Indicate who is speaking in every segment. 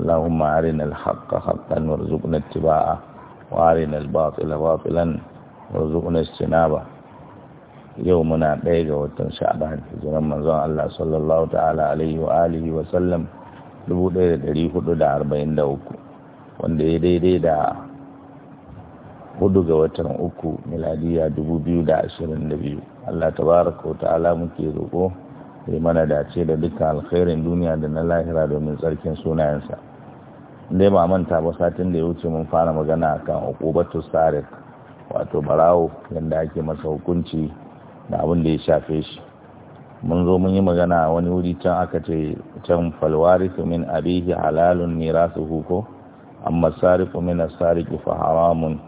Speaker 1: اللهم أرنا الحق حقا وارزقنا اتباعه وأرنا الباطل باطلا وارزقنا اجتنابه يومنا ديغا وتن شعبان هجران منزون الله صلى الله تعالى عليه وآله وسلم 1443 wanda ya daidai da hudu ga watan uku miladiya 2022 Allah tabaraka wa ta'ala muke roƙo ya mana dace da dukkan alkhairin duniya da na lahira domin tsarkin sunayensa dai ba manta ba satin da ya wuce mun fara magana kan hukubatu sarik wato barawo yadda ake masa hukunci da abin da ya shafe shi mun zo mun yi magana wani wuri can aka ce can su min abihi halalun su huko amma sariqu min as-sariqi fa haramun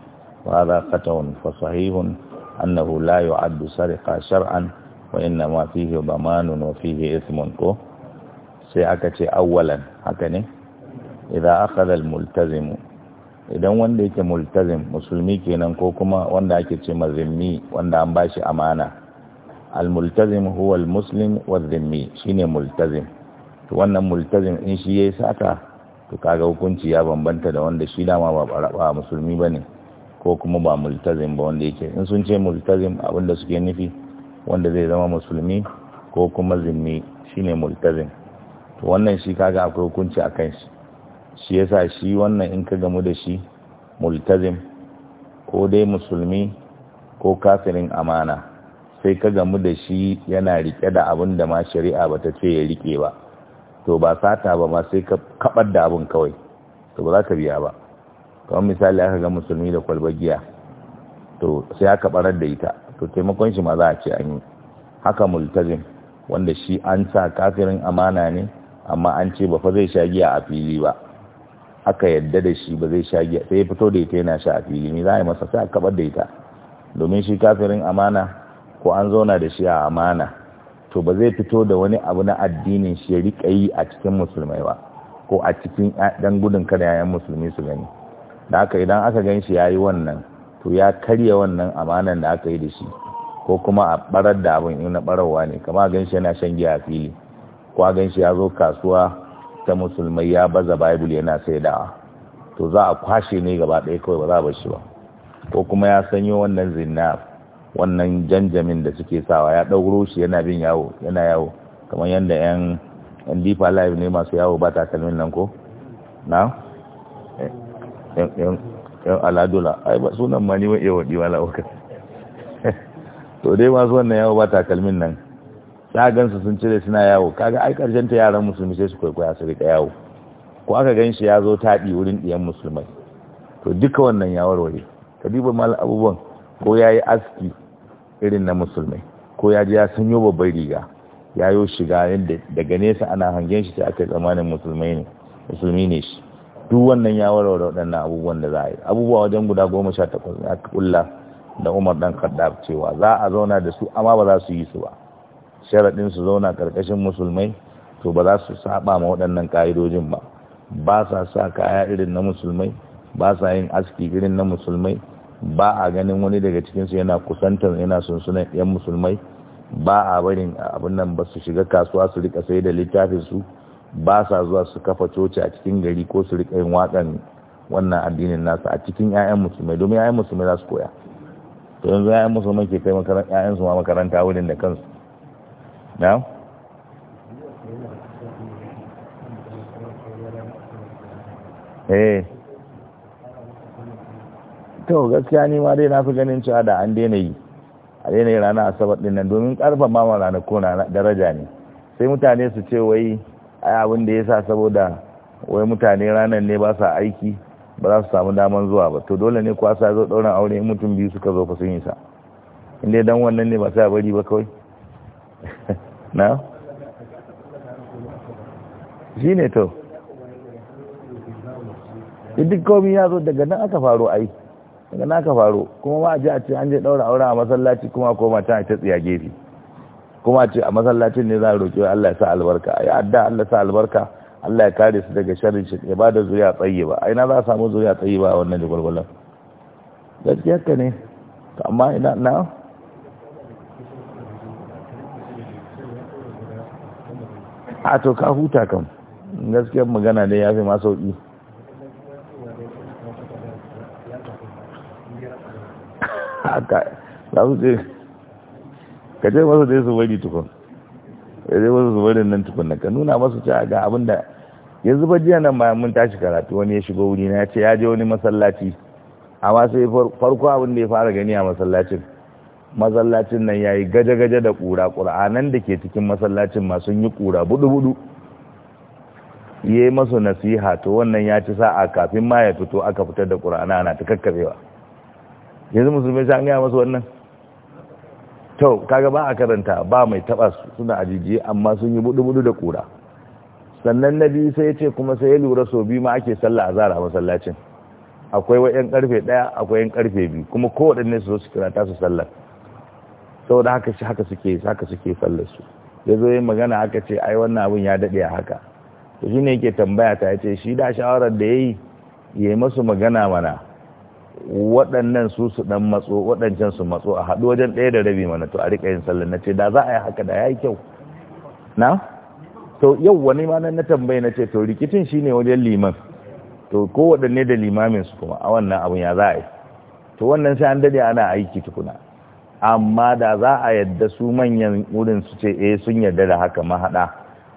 Speaker 1: wa hadha qat'un fa sahihun annahu la yu'addu sariqa shar'an wa inna ma fihi damanun wa fihi ithmun ko sai aka ce awwalan haka ne aka akhadha almultazim idan wanda yake multazim musulmi kenan ko kuma wanda ake ce mazimmi wanda an bashi amana almultazim huwa almuslim wadhimmi shine multazim to wannan multazim in shi yayi sata to kaga hukunci ya bambanta da wanda shi dama ba ba musulmi bane ko kuma ba multazim ba wanda yake in sun ce multazim abinda suke nufi wanda zai zama musulmi ko kuma zimmi shine multazim to wannan shi kaga akwai hukunci akan shi shi yasa shi wannan in ka gamu da shi multazim ko dai musulmi ko kafirin amana sai ka gamu da shi yana rike da abin da ma shari'a ba ta ce ya rike ba to ba sata ba ma sai ka kabar da abin kawai to ba za ka biya ba kamar misali aka ga musulmi da kwalbagiya to sai aka barar da ita to taimakon shi ma za a ce an yi haka multazim wanda shi an sa kafirin amana ne amma an ce ba fa zai sha giya a fili ba aka yadda da shi ba zai sha giya sai ya fito da ita yana sha a fili ne za a yi masa sai aka kabar da ita domin shi kafirin amana ko an zauna da shi a amana to ba zai fito da wani abu na addinin shi ya riƙa yi a cikin musulmai ba ko a cikin dan gudun kada yayan musulmi su gani da haka idan aka gan shi ya yi wannan to ya karya wannan amanan da aka yi da shi ko kuma a barar da abin na barawa ne kama gan shi yana shan giya a fili ko a gan shi ya zo kasuwa ta musulmai ya baza bible yana saidawa to za a kwashe ne gaba ɗaya kawai ba za a bar shi ba ko kuma ya sanyo wannan zinnar wannan janjamin da suke sawa ya ɗauro shi yana bin yawo yana yawo kamar yadda yan yan difa live ne masu yawo ba takalmin nan ko na yan eh, aladula ai ba sunan ma ni wa iya waɗi wala to dai masu wannan yawo ba takalmin nan ta gansu sun cire suna yawo kaga ai karshen ta yaran musulmi sai su kwaikwaya su rika yawo ko aka gan shi ya zo taɗi wurin ɗiyan musulmai to duka wannan ya warware ka duba mal abubuwan ko ya yi aski irin na musulmai ko ya ji ya sanyo babbar riga ya yi shiga yadda daga nesa ana hangen shi sai aka yi tsammanin musulmai ne musulmi ne shi duk wannan ya warware waɗannan abubuwan da za a yi abubuwa wajen guda goma sha takwas ne aka kulla da umar dan kaddaf cewa za a zauna da su amma ba za su yi su ba sharaɗin su zauna ƙarƙashin musulmai to ba za su saba ma waɗannan ƙa'idojin ba ba sa sa kaya irin na musulmai ba sa yin aski irin na musulmai ba a ganin wani daga cikinsu yana kusantar yana sunsuna 'yan musulmai ba a barin abin nan ba su shiga kasuwa su rika sai da littafin su ba sa zuwa su kafa coci a cikin gari ko su rika yin waƙan wannan addinin nasu a cikin 'ya'yan musulmai domin 'ya'yan musulmai za su koya to yanzu 'ya'yan musulmai ke kai 'ya'yan su ma makaranta wurin da kansu na'am eh to gaskiya ni ma dai na fi ganin cewa da an daina yi a daina yi ranar asabar din nan domin karfa ma ko na daraja ne sai mutane su ce wai ai abin da ya sa saboda wai mutane ranar ne ba sa aiki ba za su samu daman zuwa ba to dole ne kuwa sa zo ɗaurin aure mutum biyu suka zo fa sun yi sa inda dan wannan ne ba sa bari ba kawai na shi ne to duk komi ya zo daga nan aka faro ai daga nan aka faro kuma ma a ji a ce an je ɗaura aure a masallaci kuma koma can a ta tsiya gefe kuma ce a masallacin ne za a roƙi Allah ya sa albarka ai adda Allah ya sa albarka Allah ya kare su daga sharrin shi ya bada zuriya ba ai na za a samu zuriya tsayiba a wannan jigwalgwalan gaskiya ka ne amma ina na a to ka huta kam gaskiyar magana ne ya fi ma sauƙi haka za su ce ka ce masu dai su bari tukun ya zai wasu zubarin nan tukun ka nuna masu cewa ga abin da ya zuba jiya nan bayan mun tashi karatu wani ya shiga wuri na ya ce ya je wani masallaci amma sai farko abin da ya fara gani a masallacin masallacin nan yayi gaje-gaje da ƙura ƙura'anan da ke cikin masallacin masu yi ƙura budu-budu ya yi masu nasiha to wannan ya ci sa'a kafin ma ya fito aka fitar da ƙura'ana ana ta kakkabewa yanzu musulmi sa an gaya masu wannan to kaga ba a karanta ba mai taɓa suna ajijiye amma sun yi budu-budu da ƙura sannan na biyu sai ya ce kuma sai ya lura sau biyu ma ake sallah a zara masallacin akwai wa'yan karfe ɗaya akwai yan karfe biyu kuma kowaɗanne su zo su kira su sallar saboda haka shi haka suke haka suke sallar su ya zo yin magana aka ce ai wannan abin ya daɗe a haka to shine yake tambaya ta ya ce shi da shawarar da ya yi ya yi masu magana mana waɗannan su su ɗan matso waɗancan su matso a haɗu wajen ɗaya da rabi mana to a riƙa yin sallar na ce da za a yi haka da ya yi kyau na to yau wani ma na tambayi na ce to rikicin shine wajen liman to ko waɗanne da limamin su kuma a wannan abin ya za a yi to wannan sai an daɗe ana aiki tukuna amma da za a yadda su manyan wurin su ce eh sun yarda da haka mahaɗa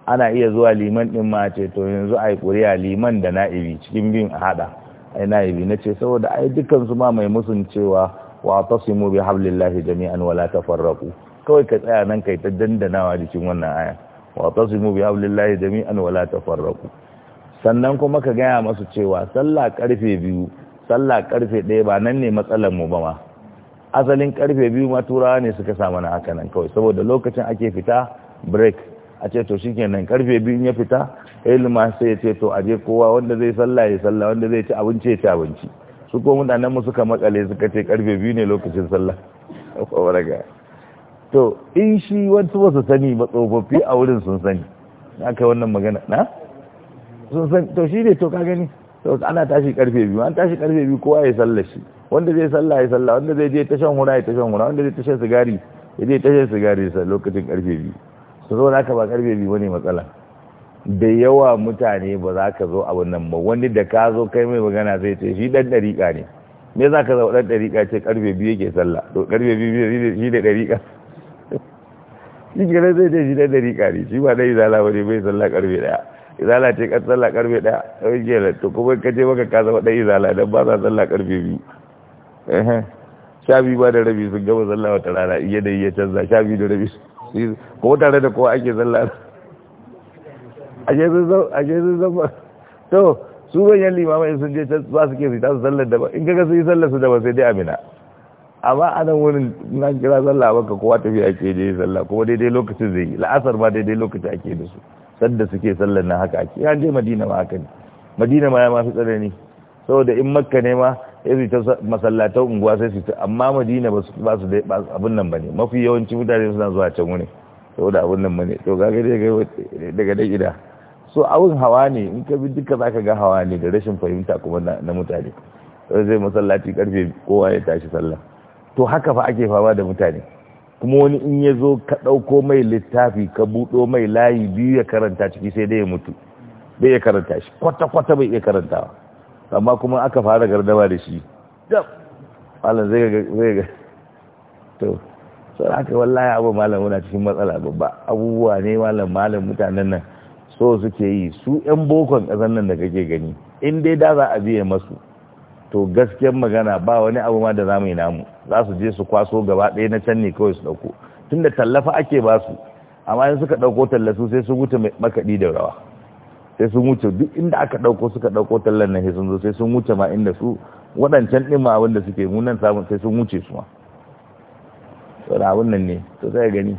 Speaker 1: ana iya zuwa liman ɗin ma ce to yanzu ai kuriya liman da na'ibi cikin bin a haɗa ai na'ibi na ce saboda ai su ma mai musun cewa wa tasimu bi hablillahi jami'an wala tafarraqu kawai ka tsaya nan kai ta dandanawa jikin wannan aya wa tasimu bi hablillahi jami'an wala tafarraqu sannan kuma ka gaya masu cewa sallah karfe biyu sallah karfe ɗaya ba nan ne matsalar mu ba ma asalin karfe biyu ma turawa ne suka samu na haka nan kawai saboda lokacin ake fita break a ce to shi kenan karfe biyu ya fita ilma sai ya ce to aje kowa wanda zai sallah ya sallah wanda zai ci abinci ya ci abinci su ko mutanen mu suka makale suka ce karfe biyu ne lokacin sallah to in shi wasu ba su sani ba tsofaffi a wurin sun sani aka wannan magana na sun sani to shi ne to ka gani to ana tashi karfe biyu an tashi karfe biyu kowa ya sallah shi wanda zai sallah ya sallah wanda zai je ta shan hura ya ta shan hura wanda zai ta shan sigari ya je ta shan sigari sa lokacin karfe biyu su zo ka ba karfe biyu wani matsala da yawa mutane ba za ka zo abin nan ba wani da ka zo kai mai magana zai ce shi dan dariƙa ne me za ka zama dan dariƙa ce karfe biyu yake sallah to karfe biyu shi da dariƙa shi gare zai ce shi dan dariƙa ne shi ba dai zala ba ne bai sallah karfe daya izala ce kan sallah karfe daya yau ke to kuma ka maka ka zama dan izala dan ba sa sallah karfe biyu sha biyu ba da rabi sun gama zalla wata rana iya da iya canza sha biyu da rabi ko tare da kowa ake zalla ashe sun zama to su ganyen limamai sun je ba su ke su ta su sallar da ba in kaga su yi sallar su da ba sai dai amina amma a nan wurin na kira a baka kowa tafi ake je zalla kuma daidai lokacin zai yi la'asar ma daidai lokaci ake da su sadda suke sallar na haka ake ya je madina ma haka ne madina ma ya mafi tsanani saboda in makka ne ma ya su ta masallatan unguwa sai su amma madina ba su da abin nan bane mafi yawanci mutane suna zuwa can wuni saboda abin nan ga to kaga daga da gida so abin hawa ne in ka bi duka za ga hawa ne da rashin fahimta kuma na mutane sai zai masallaci karfe kowa ya tashi sallah to haka fa ake fama da mutane kuma wani in ya zo ka ɗauko mai littafi ka buɗo mai layi biyu ya karanta ciki sai dai ya mutu bai ya karanta shi kwata-kwata bai iya karantawa amma kuma aka fara gardama da shi jam malam zai ga to sai aka wallahi abu malam wuna cikin matsala babba abubuwa ne malam malam mutanen nan so suke yi su yan bokon ƙasar nan da kake gani in dai da za a biye masu to gaskiyar magana ba wani abu ma da za mu yi namu za su je su kwaso gaba ɗaya na can ne kawai su ɗauko tunda tallafa ake ba su amma in suka ɗauko tallasu sai su wuce makaɗi da rawa sai sun wuce duk inda aka ɗauko suka ɗauko tallan nan sun zo sai sun wuce ma inda su waɗancan ɗin ma abin da suke munan samun sai sun wuce su ma to da abin nan ne to sai gani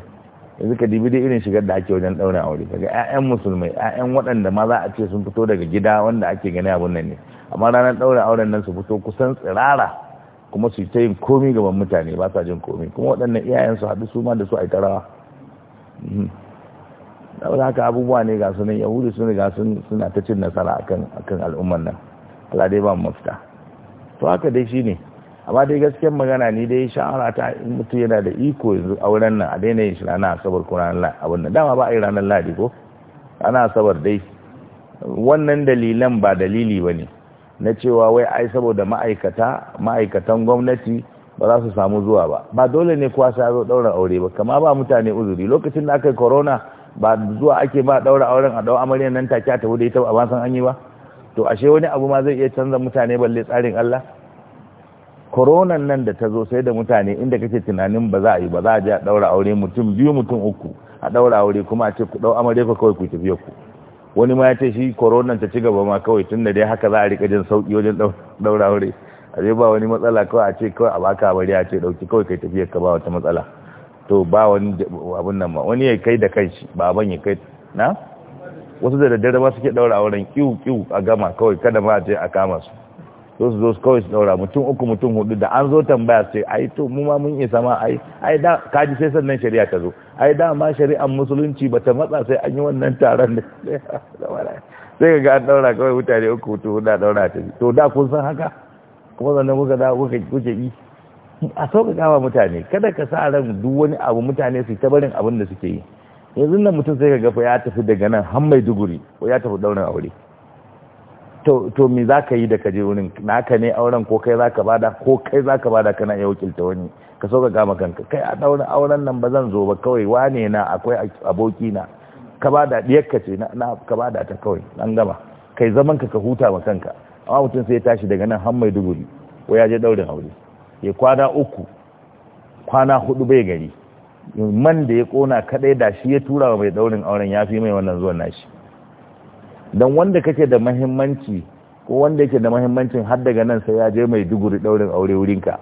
Speaker 1: yanzu ka dibi dai irin shigar da ake wajen daura aure daga ƴaƴan musulmai ƴaƴan wadanda ma za a ce sun fito daga gida wanda ake gani abin nan ne amma ranar daura auren nan su fito kusan tsirara kuma su ta yin komi gaban mutane ba sa jin komi kuma waɗannan iyayen su haɗu su ma da su a yi rawa. Hmm. saboda haka abubuwa ne ga sunan yahudu sun ga suna ta cin nasara akan al'umman nan Allah dai ba mafita to haka dai shine amma dai gaskiyar magana ni dai sha'ara ta in mutu yana da iko yanzu a wurin nan a daina yin shi a asabar ko ranar abin nan dama ba a yi ranar ladi ko ana asabar dai wannan dalilan ba dalili ba ne na cewa wai ai saboda ma'aikata ma'aikatan gwamnati ba za su samu zuwa ba ba dole ne kuwa sai zo ɗaurin aure ba kama ba mutane uzuri lokacin da aka yi corona ba zuwa ake ba daura auren a dau amaryar nan take ta wuce ta ba san an yi ba to ashe wani abu ma zai iya canza mutane balle tsarin Allah koronan nan da ta zo sai da mutane inda kake tunanin ba za a yi ba za a je a daura aure mutum biyu mutum uku a daura aure kuma a ce ku dau amarya ku kawai ku tafi ku wani ma ya ce shi koronan ta ci gaba ma kawai tun da dai haka za a rika jin sauki wajen daura aure a ba wani matsala kawai a ce kawai a baka amarya a ce dauki kawai kai tafi ka ba wata matsala to ba wani abun nan ma wani ya kai da kanshi ban ya kai na wasu da daddare ba suke daura auren kiwu kiwu a gama kawai kada ma je a kama su to su zo su kawai su daura mutum uku mutum hudu da an zo tambaya sai ai to mu ma mun isa ma ai ai da kaji sai sannan shari'a ta zo ai da ma shari'ar musulunci ta matsa sai an yi wannan taron da sai ga an daura kawai mutane uku hudu da daura ta to da kun san haka kuma sannan kuka da kuka kuke yi a sauƙaƙawa mutane kada ka sa ran duk wani abu mutane su ta barin abin da suke yi yanzu nan mutum sai ka gafa ya tafi daga nan har mai duguri ko ya tafi daunar aure to me za ka yi da je wurin naka ne auren ko kai za ka bada ko kai za ka bada kana iya wakilta wani ka so ka gama kanka kai a daunar auren nan ba zan zo ba kawai wane na akwai aboki na ka bada ka ce na ka bada ta kawai an gama kai zaman ka ka huta ma kanka amma mutum sai ya tashi daga nan har mai duguri ko ya je daurin aure ya kwana uku kwana hudu bai gari man da ya kona kadai da shi ya tura wa mai daurin auren ya fi mai wannan zuwan nashi don wanda kake da mahimmanci ko wanda yake da mahimmancin har daga nan sai ya je mai duguri daurin aure wurinka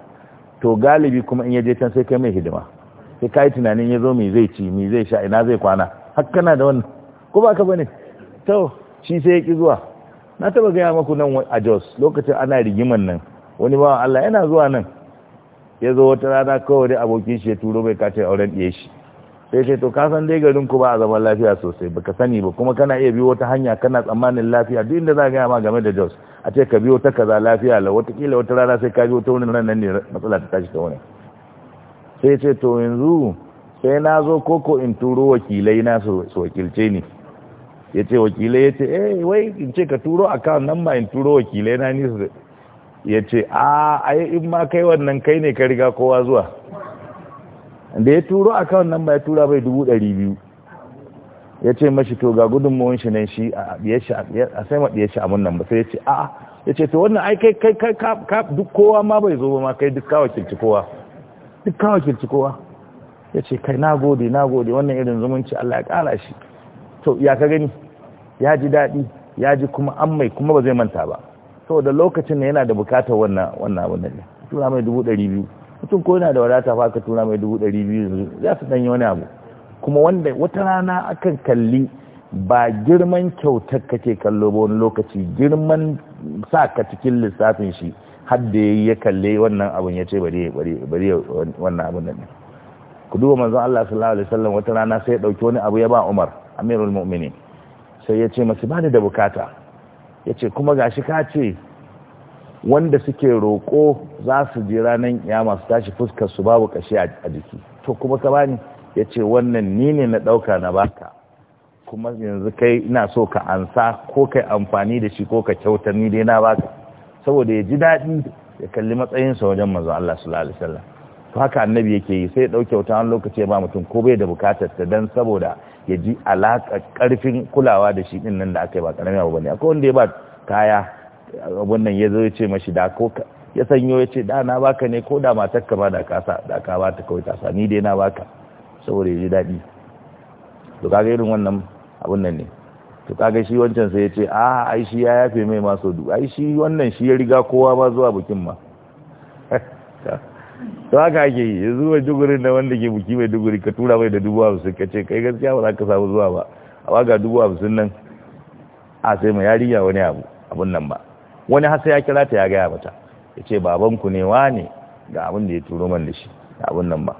Speaker 1: to galibi kuma in ya je can sai kai mai hidima sai kai tunanin ya zo mai zai ci mai zai sha ina zai kwana har kana da wannan ko ba ka bane to shi sai ya ki zuwa na taba gaya maku nan a Jos lokacin ana rigiman nan wani bawan Allah yana zuwa nan ya zo wata rana kawai abokin shi ya turo bai kace auren ɗiye shi sai ce to ka san dai garin ku ba a zaman lafiya sosai baka sani ba kuma kana iya biyo wata hanya kana tsammanin lafiya duk inda za ka ma game da Jos a ce ka biyo ta kaza lafiya la watakila wata rana sai ka biyo ta wani nan nan ne matsala ta tashi ta wani sai ce to yanzu sai na zo koko in turo wakilai na su wakilce ni ya ce wakilai ya ce eh wai in ce ka turo nan ma in turo wakilai na ni su ya ce a ayi in ma kai wannan kai ne ka riga kowa zuwa da ya turo a kan nan ba ya tura bai dubu ɗari biyu ya ce mashi to ga mawon shi nan shi a sai maɗiya shi a nan ba sai ya ce a ya ce to wannan ai kai kai kai duk kowa ma bai zo ba ma kai duk kawo kirci kowa duk kawo kirci kowa ya ce kai na gode na gode wannan irin zumunci Allah ya ƙara shi to ya ka gani ya ji daɗi ya ji kuma an mai kuma ba zai manta ba saboda lokacin ne yana da bukatar wannan wannan abin ne tura mai dubu dari biyu mutum ko yana da wadata fa ka tura mai dubu dari biyu za su ɗanyi wani abu kuma wanda wata rana akan kalli ba girman kyautar kake kallo ba wani lokaci girman sa ka cikin lissafin shi har da ya kalle wannan abun ya ce bari bari bari wannan abun ne ku duba manzon Allah sallallahu alaihi wasallam wata rana sai ya dauki wani abu ya ba Umar Amirul Mu'minin sai ya ce masa ba da bukata ya ce kuma gashi shi kace wanda suke roƙo za su ji ranar ya su tashi fuskar su babu kashi a jiki to kuma ka bani ya ce wannan ni ne na ɗauka na baka kuma yanzu kai ina so ka ansa ko kai amfani da shi ko ka kyautar ni dai na baka saboda ya ji daɗi ya kalli matsayinsa wajen mazu Allah sallallahu alaihi haka annabi yake yi sai ya dauke wata wani lokaci ba mutum ko bai da bukatar ta dan saboda ya ji alaka karfin kulawa da shi din nan da aka yi ba karami abu ne akwai wanda ya ba kaya nan ya zo ya ce mashi da ko ya sanyo ya ce da na baka ne ko da matar ka ba da kasa da ka ba ta kawai tasa ni dai na baka saboda ya ji daɗi to kaga irin wannan abun nan ne to kaga shi wancan sai ya ce a ai shi ya yafe mai ma so ai shi wannan shi ya riga kowa ba zuwa bikin ma to haka ake yi yanzu mai dugurin da wanda ke buki mai duguri ka tura mai da dubu hamsin ka ce kai gaskiya ba za ka samu zuwa ba a ga dubu hamsin nan a sai mai yariya wani abu abun nan ba wani har ya kira ta ya gaya mata ya ce baban ku ne wane ga abin da ya turo man da shi abun nan ba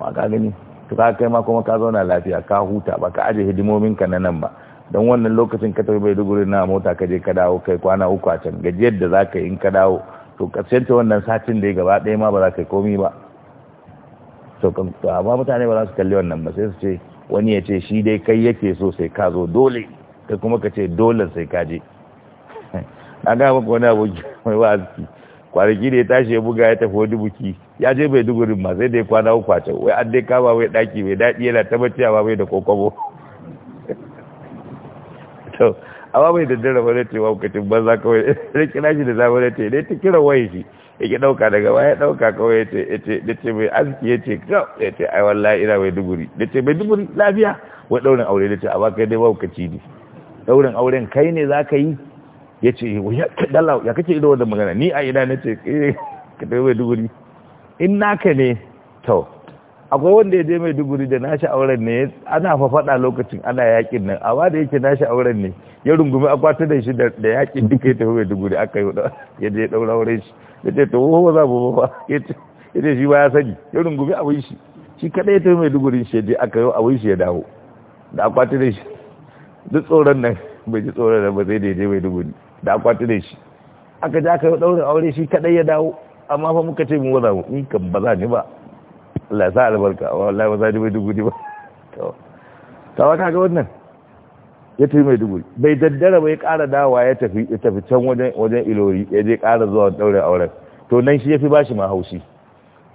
Speaker 1: ma ka gani to ka kai ma kuma ka zauna lafiya ka huta ba ka aje hidimomin ka na nan ba don wannan lokacin ka tafi bai duguri na mota ka je ka dawo kai kwana uku a can gajiyar da za ka yi in ka dawo to ƙarshen ta wannan satin da ya gaba ɗaya ma ba za ka yi komi ba to amma mutane ba za su kalli wannan ba sai su ce wani ya ce shi dai kai yake so sai ka zo dole kai kuma ka ce dole sai ka je na gama maka wani abu mai ba ziki kwanaki da ya tashi ya buga ya tafi wani buki ya je bai dugurin ma sai da ya kwana uku can wai an dai kama wai daki mai daɗi yana tabbaciya ba mai da kokobo amma bai da dare bare ce wakacin banza kawai da kira shi da zabar ce dai ta kira waye shi ke dauka daga baya dauka kawai ce Da ce mai aski yace ya ce ai walla ina mai Da ce mai duburi lafiya wa daurin aure ce a baka dai wakaci ne daurin auren kai ne ka yi ya ce ya kake ido wannan magana ni a ina ce eh, ka dai mai duburi. in naka ne to akwai wanda ya je mai duguri da nashi auren ne ana fa lokacin ana yakin nan amma da yake nashi auren ne ya rungumi akwata da shi da yakin duka ya tafi mai duguri aka yi ya je daura wurin shi ya ce to ho za mu ba ya ce shi ba ya sani ya rungumi abin shi shi kadai ya tafi mai duguri shi je aka yi abin shi ya dawo da akwata da shi duk tsoron nan bai ji tsoron nan ba sai da ya je mai duguri da akwata da shi aka je aka yi ɗaurin aure shi kadai ya dawo amma fa muka ce mu waza mu in kan ba za ni ba Allah ya sa albarka wallahi ba za ji bai duguri ba to tawa kaga wannan ya tafi mai duguri bai daddara bai ƙara dawa ya tafi ya tafi can wajen wajen ilori ya je ƙara zuwa daure auren to nan shi yafi bashi ma haushi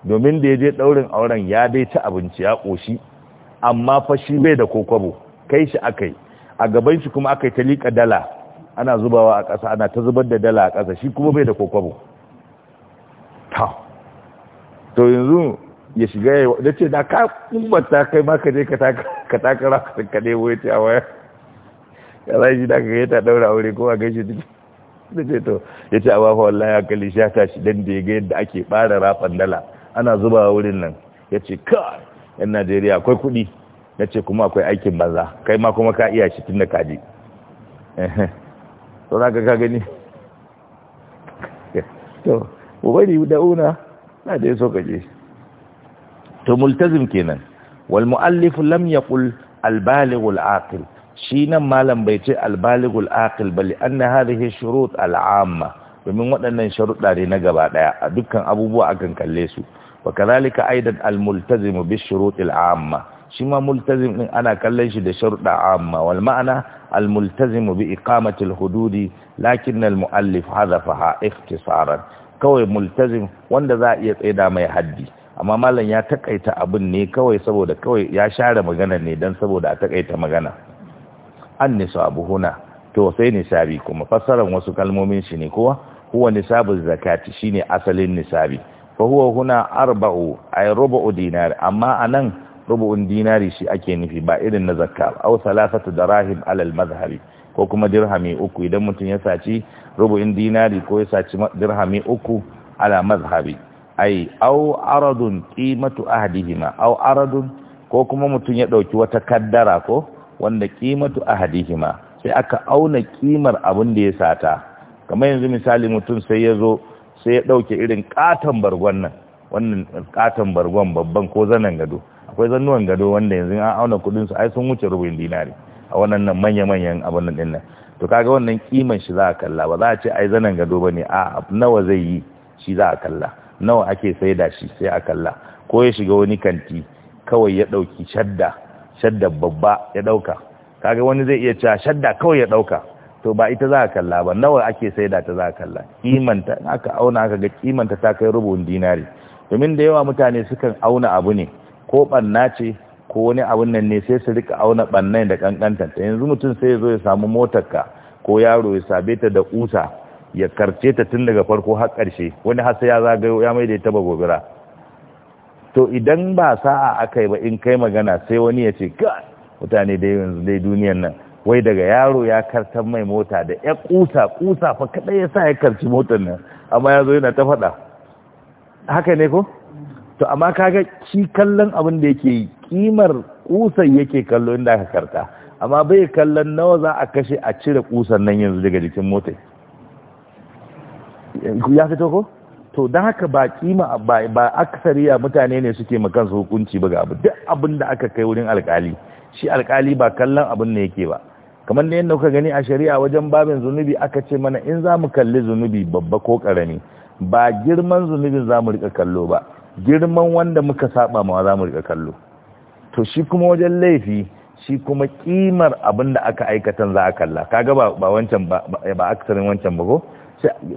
Speaker 1: domin da ya je daurin auren ya dai ci abinci ya koshi amma fa shi bai da kokobo kai shi akai a gaban shi kuma akai ta liƙa dala ana zubawa a ƙasa ana ta zubar da dala a ƙasa shi kuma bai da kokobo to yanzu ya shiga ya da ce na ka kumbata kai ma ka je ka takara ka nemo ya ce a waya ya zai shi da ka yi ta daura aure ko a gaishe duk da ce to ya ce a wafa wallahi kalli shi ya shi dan da ya ga yadda ake bara rafan dala ana zuba a wurin nan ya ce ka yan najeriya akwai kuɗi ya ce kuma akwai aikin banza kai ma kuma ka iya shi tun da ka je sau ka gani to ubari da una na da ya so ka je to multazim kenan wal muallif lam yaqul al baligh al aqil shi nan malam bai ce al baligh al aqil bali anna hadhihi shurut al amma domin waɗannan sharuɗa ne na gaba ɗaya a dukkan abubuwa akan kalle su wa kadhalika aidan al multazim bi shurut al amma shi ma multazim din ana kallon shi da sharuɗa amma wal ma'ana al multazim bi iqamati al hududi lakin al muallif hadafaha ikhtisaran kawai multazim wanda za a iya tsaida mai haddi amma malam ya takaita abin ne kawai saboda kawai ya share magana ne dan saboda a takaita magana an nisabu huna to sai nisabi kuma fassarar wasu kalmomin shi ne kowa huwa nisabu zakati shine asalin nisabi fa huwa huna arba'u ay rubu'u dinar amma anan rubu'un dinari shi ake nufi ba irin na zakka aw salasatu darahim alal mazhabi ko kuma dirhami uku idan mutum ya saci rubu'in dinari ko ya saci dirhami uku ala mazhabi ai au aradun qimatu ahdihima au aradun ko kuma mutum ya dauki wata kaddara ko wanda qimatu ahdihima sai aka auna kimar abin da ya sata kamar yanzu misali mutum sai ya zo sai ya dauke irin katon bargon nan wannan katan bargon babban ko zanan gado akwai zannuwan gado wanda yanzu an auna kudin su ai sun wuce rubin dinari a wannan manya-manyan abin nan din to kaga wannan kiman shi za ka kalla ba za a ce ai zanen gado bane a nawa zai yi shi za a kalla nawa ake saida shi sai a kalla ko ya shiga wani kanti kawai ya ɗauki shadda shadda babba ya ɗauka kaga wani zai iya cewa shadda kawai ya ɗauka to ba ita za a kalla ba nawa ake saida ta za a kalla kimanta aka auna aka ga kimanta ta kai rubun dinari domin da yawa mutane sukan auna abu ne ko ɓanna ce ko wani abun nan ne sai su rika auna ɓannan da kankantanta yanzu mutum sai ya zo ya samu motarka ko yaro ya sabe ta da ƙusa ya karce ta tun daga farko har karshe wani har ya zagayo ya ita ba gobira to idan ba sa'a aka yi ba in kai magana sai wani ya ce ga mutane da yanzu dai duniyan nan wai daga yaro ya kartar mai mota da ya kusa kusa fa kadai ya sa ya karci motar nan amma ya zo yana ta faɗa haka ne ko to amma kaga shi kallon abin da yake yi kimar kusan yake kallo inda aka karta amma bai kallon nawa za a kashe a cire kusan nan yanzu daga jikin motar ya fito ko to don haka ba kima ba aksariya mutane ne suke ma su hukunci ba ga abu duk abin da aka kai wurin alkali shi alkali ba kallon abin ne yake ba kamar da yadda kuka gani a shari'a wajen babin zunubi aka ce mana in za mu kalli zunubi babba ko karami ba girman zunubin za mu rika kallo ba girman wanda muka saba ma za mu rika kallo to shi kuma wajen laifi shi kuma kimar abin da aka aikatan za a kalla kaga ga ba wancan ba ba aksarin wancan ba ko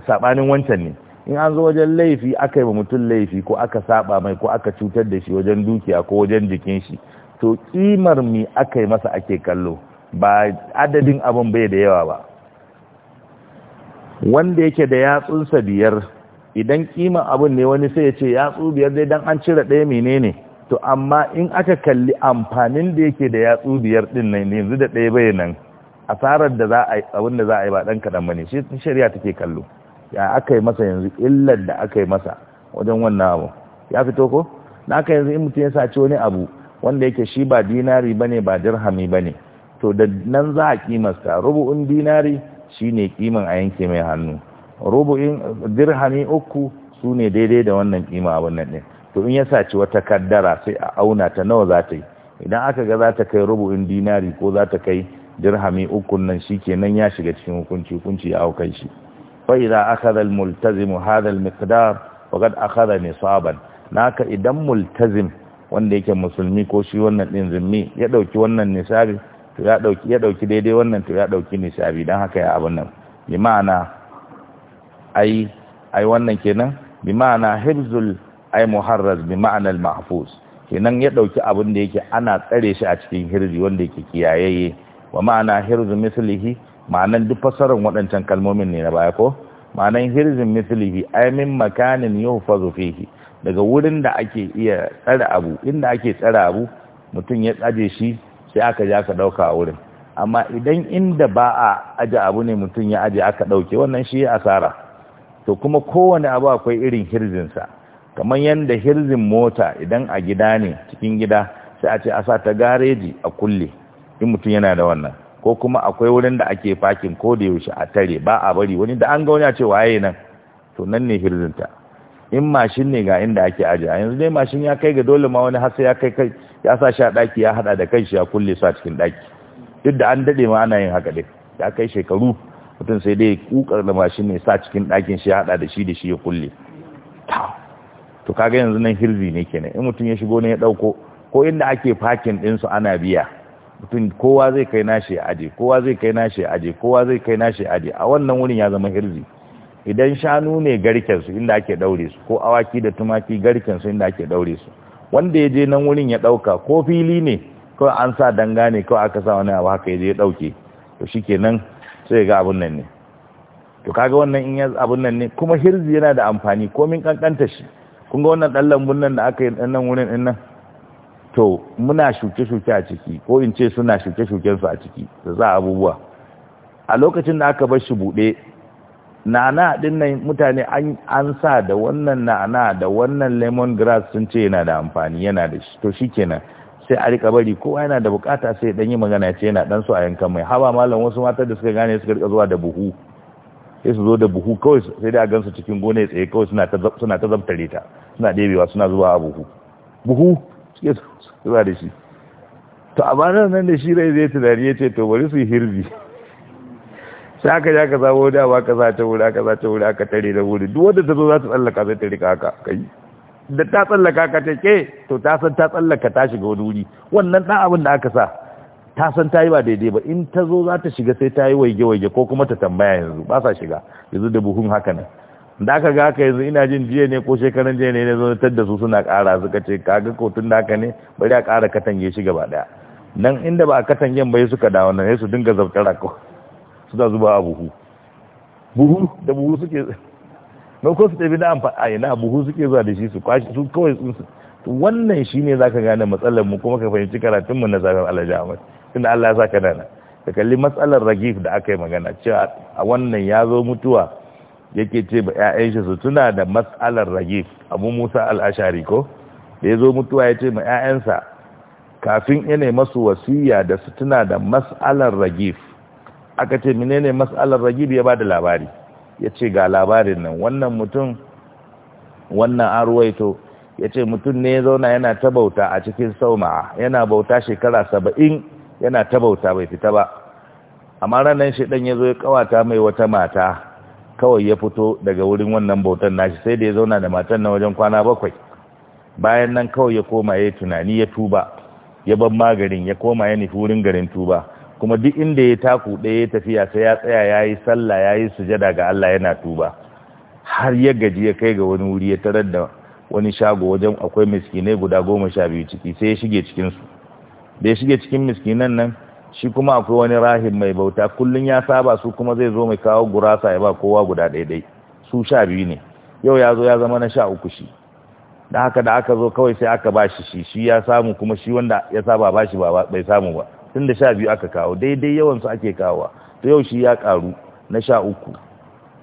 Speaker 1: sabanin wancan ne in an zo wajen laifi aka yi wa mutum laifi ko aka saba mai ko aka cutar da shi wajen dukiya ko wajen jikin shi to kimar mi aka yi masa ake kallo ba adadin abin bai da yawa ba wanda yake da yatsunsa biyar idan kimar abin ne wani sai ya ce yatsu biyar dai dan an cire ɗaya menene to amma in aka kalli amfanin da yake da yatsu biyar din nan yanzu da ɗaya bai nan asarar da za a yi abin da za a yi ba dan kadan bane shi shari'a take kallo ya aka yi masa yanzu illar da aka yi masa wajen wannan abu ya fito ko na aka yanzu in mutum ya saci wani abu wanda yake shi ba dinari bane ba dirhami bane to da nan za a kimasta rubu'un dinari shine kiman a yanke mai hannu rubu'in dirhami uku su ne daidai da wannan kima abin nan ɗin to in ya saci wata kaddara sai a auna ta nawa za ta yi idan aka ga za ta kai rubu'in dinari ko za ta kai dirhami ukun nan shikenan ya shiga cikin hukunci hukunci ya aukai shi fa idza akhadha al multazim hadha al miqdar faqad akhadha nisaban naka idan multazim wanda yake musulmi ko shi wannan din zimmi ya dauki wannan nisabi to ya dauki ya dauki daidai wannan to ya dauki nisabi dan haka ya abun nan bi ma'ana ai ai wannan kenan bi ma'ana hirzul ai muharraz bi ma'anal mahfuz kenan ya dauki abin da yake ana tsare shi a cikin hirzi wanda yake kiyayaye wa ma'ana hirzun mislihi ma'anan duk fasarar waɗancan kalmomin ne na baya ko ma'anan hirzin mislihi ay min makanin yuhfazu fihi daga wurin da ake iya tsare abu inda ake tsare abu mutum ya tsaje shi sai aka je aka ɗauka a wurin amma idan inda ba a aje abu ne mutum ya aje aka ɗauke wannan shi asara to kuma kowane abu akwai irin hirzinsa kamar yadda hirzin mota idan a gida ne cikin gida sai a ce a sa ta gareji a kulle in mutum yana da wannan ko kuma akwai wurin da ake fakin ko da yaushe a tare ba a bari wani da an ga wani a ce waye nan to nan ne hirzinta in mashin ne ga inda ake aje a yanzu dai mashin ya kai ga dole ma wani hasa ya kai kai ya sa shi a daki ya hada da kanshi ya kulle su a cikin daki duk da an daɗe ma ana yin haka dai ya kai shekaru mutum sai dai kukar da mashin ne sa cikin dakin shi ya hada da shi da shi ya kulle to kaga yanzu nan hirzi ne kenan in mutum ya shigo ne ya dauko ko inda ake fakin din su ana biya mutum kowa zai kai nashi ya aje kowa zai kai nashi ya aje kowa zai kai nashi ya aje a wannan wurin ya zama hirzi idan shanu ne garkensu inda ake daure su ko awaki da tumaki garkensu inda ake daure su wanda ya je nan wurin ya dauka ko fili ne kawai an sa danga ne kawai aka sa wani abu haka ya je ya dauke to shikenan sai ga abun nan ne to kaga wannan in ya abun nan ne kuma hirzi yana da amfani komin kankanta shi kun ga wannan dan lambun nan da aka yi nan wurin din nan to muna shuke-shuke a ciki ko in ce suna shuke-shukensu a ciki da za abubuwa a lokacin da aka bar shi buɗe nana din nan mutane an sa da wannan nana da wannan lemon grass sun ce yana da amfani yana da shi to shikenan sai a rika bari kowa yana da bukata sai dan yi magana ya ce yana dan so a yankan mai haba malam wasu matar da suka gane suka rika zuwa da buhu sai su zo da buhu kawai sai da gansu cikin gona tsaye kawai suna ta zabtare ta suna ɗebewa suna zuwa a buhu buhu zuwa da shi to a banar nan da shi rai zai tunani ya ce to bari su hirbi sai aka ja ka samu dama ka sa ta wuri aka sa ta wuri aka tare da wuri duk wanda ta zo za ta tsallaka sai ta ka haka kai da ta tsallaka ka ta ke to ta san ta tsallaka ta shiga wani wuri wannan ɗan abin da aka sa ta san ta yi ba daidai ba in ta zo za ta shiga sai ta yi waige-waige ko kuma ta tambaya yanzu ba sa shiga yanzu da buhun haka nan da aka ga haka yanzu ina jin jiya ne ko shekaran jiya ne zo tar da su suna ƙara suka ce kaga kotun da haka ne bari a ƙara katange shi gaba daya nan inda ba a katangen bai suka dawo nan su dinga zabtara ko suna zuba a buhu buhu da buhu suke na ko su tafi da amfani na buhu suke zuwa da shi su kwashi su kawai sun su wannan shine zaka gane matsalar mu kuma ka fahimci karatun mu na zafin alhaji ahmad tunda Allah ya saka nana ka kalli matsalar ragif da aka yi magana cewa a wannan ya zo mutuwa yake ce ba 'ya'yan shi su tuna da mas'alar ragif abu musa al'ashari ko da ya zo mutuwa ya ce ma 'ya'yansa. kafin yana masu wasiya da su tuna da mas'alar ragif aka ce menene mas'alar ragif ya ba da labari ya ce ga labarin nan wannan mutum wannan arwaito ya ce mutum ne ya zauna yana ta bauta a cikin sauma yana bauta shekara saba'in yana ta bauta bai fita ba amma ranar shi ɗan ya zo ya kawata mai wata mata kawai ya fito daga wurin wannan bautan nashi sai da ya zauna da matan na wajen kwana bakwai bayan nan kawai ya koma ya tunani ya tuba ya ban magarin ya koma ya nufi wurin garin tuba kuma duk inda ya taku ɗaya ya tafiya sai ya tsaya ya yi sallah ya yi sujada ga Allah yana tuba har ya gaji ya kai ga wani wuri ya tarar da wani shago wajen akwai miskinai guda goma sha biyu ciki sai ya shige cikinsu da ya shige cikin miskinan nan shi kuma akwai wani rahim mai bauta kullun ya saba su kuma zai zo mai kawo gurasa ya ba kowa guda daidai su sha biyu ne yau ya zo ya zama na sha uku shi da haka da aka zo kawai sai aka ba shi shi ya samu kuma shi wanda ya saba ba shi bai samu ba tun da sha biyu aka kawo daidai yawansu ake kawo to yau shi ya karu na sha uku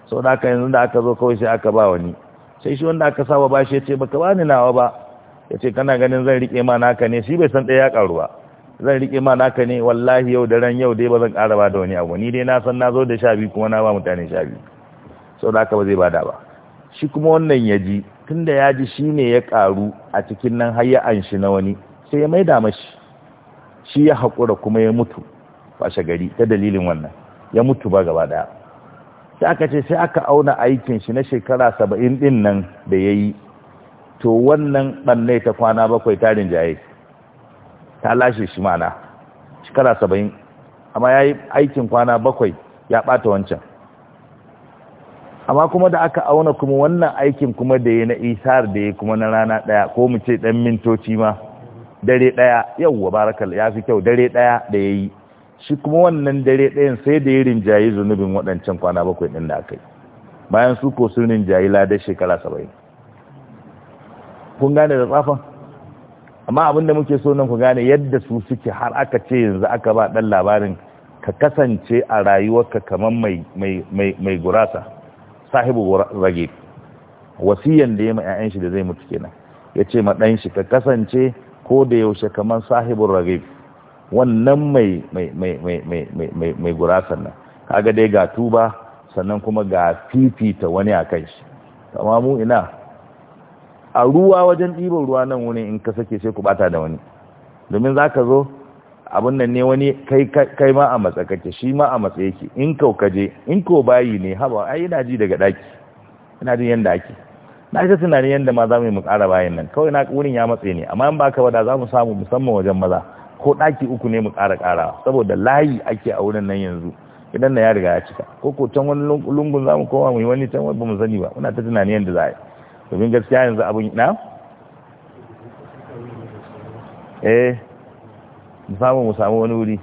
Speaker 1: sau da aka yanzu da aka zo kawai sai aka ba wani sai shi wanda aka saba ba shi ya ce baka ba ni nawa ba ya ce kana ganin zan riƙe ma naka ne shi bai san ɗaya ya karu ba zan riƙe ma naka ne wallahi yau da ran yau dai ba zan ƙara ba da wani abu ni dai na san na zo da sha biyu kuma na ba mutane sha biyu sau da aka ba zai bada ba shi kuma wannan ya ji tun da ya ji shi ne ya ƙaru a cikin nan har ya anshi na wani sai ya maida mashi shi ya haƙura kuma ya mutu washe gari ta dalilin wannan ya mutu ba gaba ɗaya sai aka ce sai aka auna aikin shi na shekara saba'in ɗin nan da ya yi to wannan ɓanne ta kwana bakwai tarin jaye ta lashe shi mana shekara saba'in amma ya yi aikin kwana bakwai ya ɓata wancan amma kuma da aka auna kuma wannan aikin kuma da ya na isar da ya kuma na rana ɗaya ko mu ce ɗan mintoci ma dare ɗaya wa barakal ya fi kyau dare ɗaya da ya yi shi kuma wannan dare ɗayan sai da ya rinjayi zunubin waɗancan kwana bakwai ɗin da aka yi bayan su ko sun rinjayi ladar shekara saba'in kun gane da tsafan amma abin da muke so nan ku gane yadda su suke har aka ce yanzu aka ba dan labarin ka kasance a rayuwarka kamar mai mai mai mai gurasa sahibu rage wasiyan da ya ma ƴaƴan shi da zai mutu kenan yace ma dan shi ka kasance ko da yaushe kamar sahibu rage wannan mai mai mai mai mai mai mai gurasan nan kaga dai ga tuba sannan kuma ga fifita wani a kai shi amma ina a ruwa wajen ɗiban ruwa nan wani in ka sake sai ku bata da wani domin za ka zo abin nan ne wani kai ma a matsa shi ma a matsa yake in kau je in ko bayi ne haba ai ina ji daga daki ina jin yanda ake na ta tunanin yanda ma za mu yi mu ƙara bayan nan kawai na wurin ya matse ne amma in ba ka wada za mu samu musamman wajen maza ko daki uku ne mu ƙara ƙara saboda layi ake a wurin nan yanzu idan na ya riga ya cika ko ko can wani lungun za mu koma mu yi wani can wani ba mu sani ba muna ta tunanin yanda za a yi domin gaskiya yanzu abin na eh samu mu samu wani wuri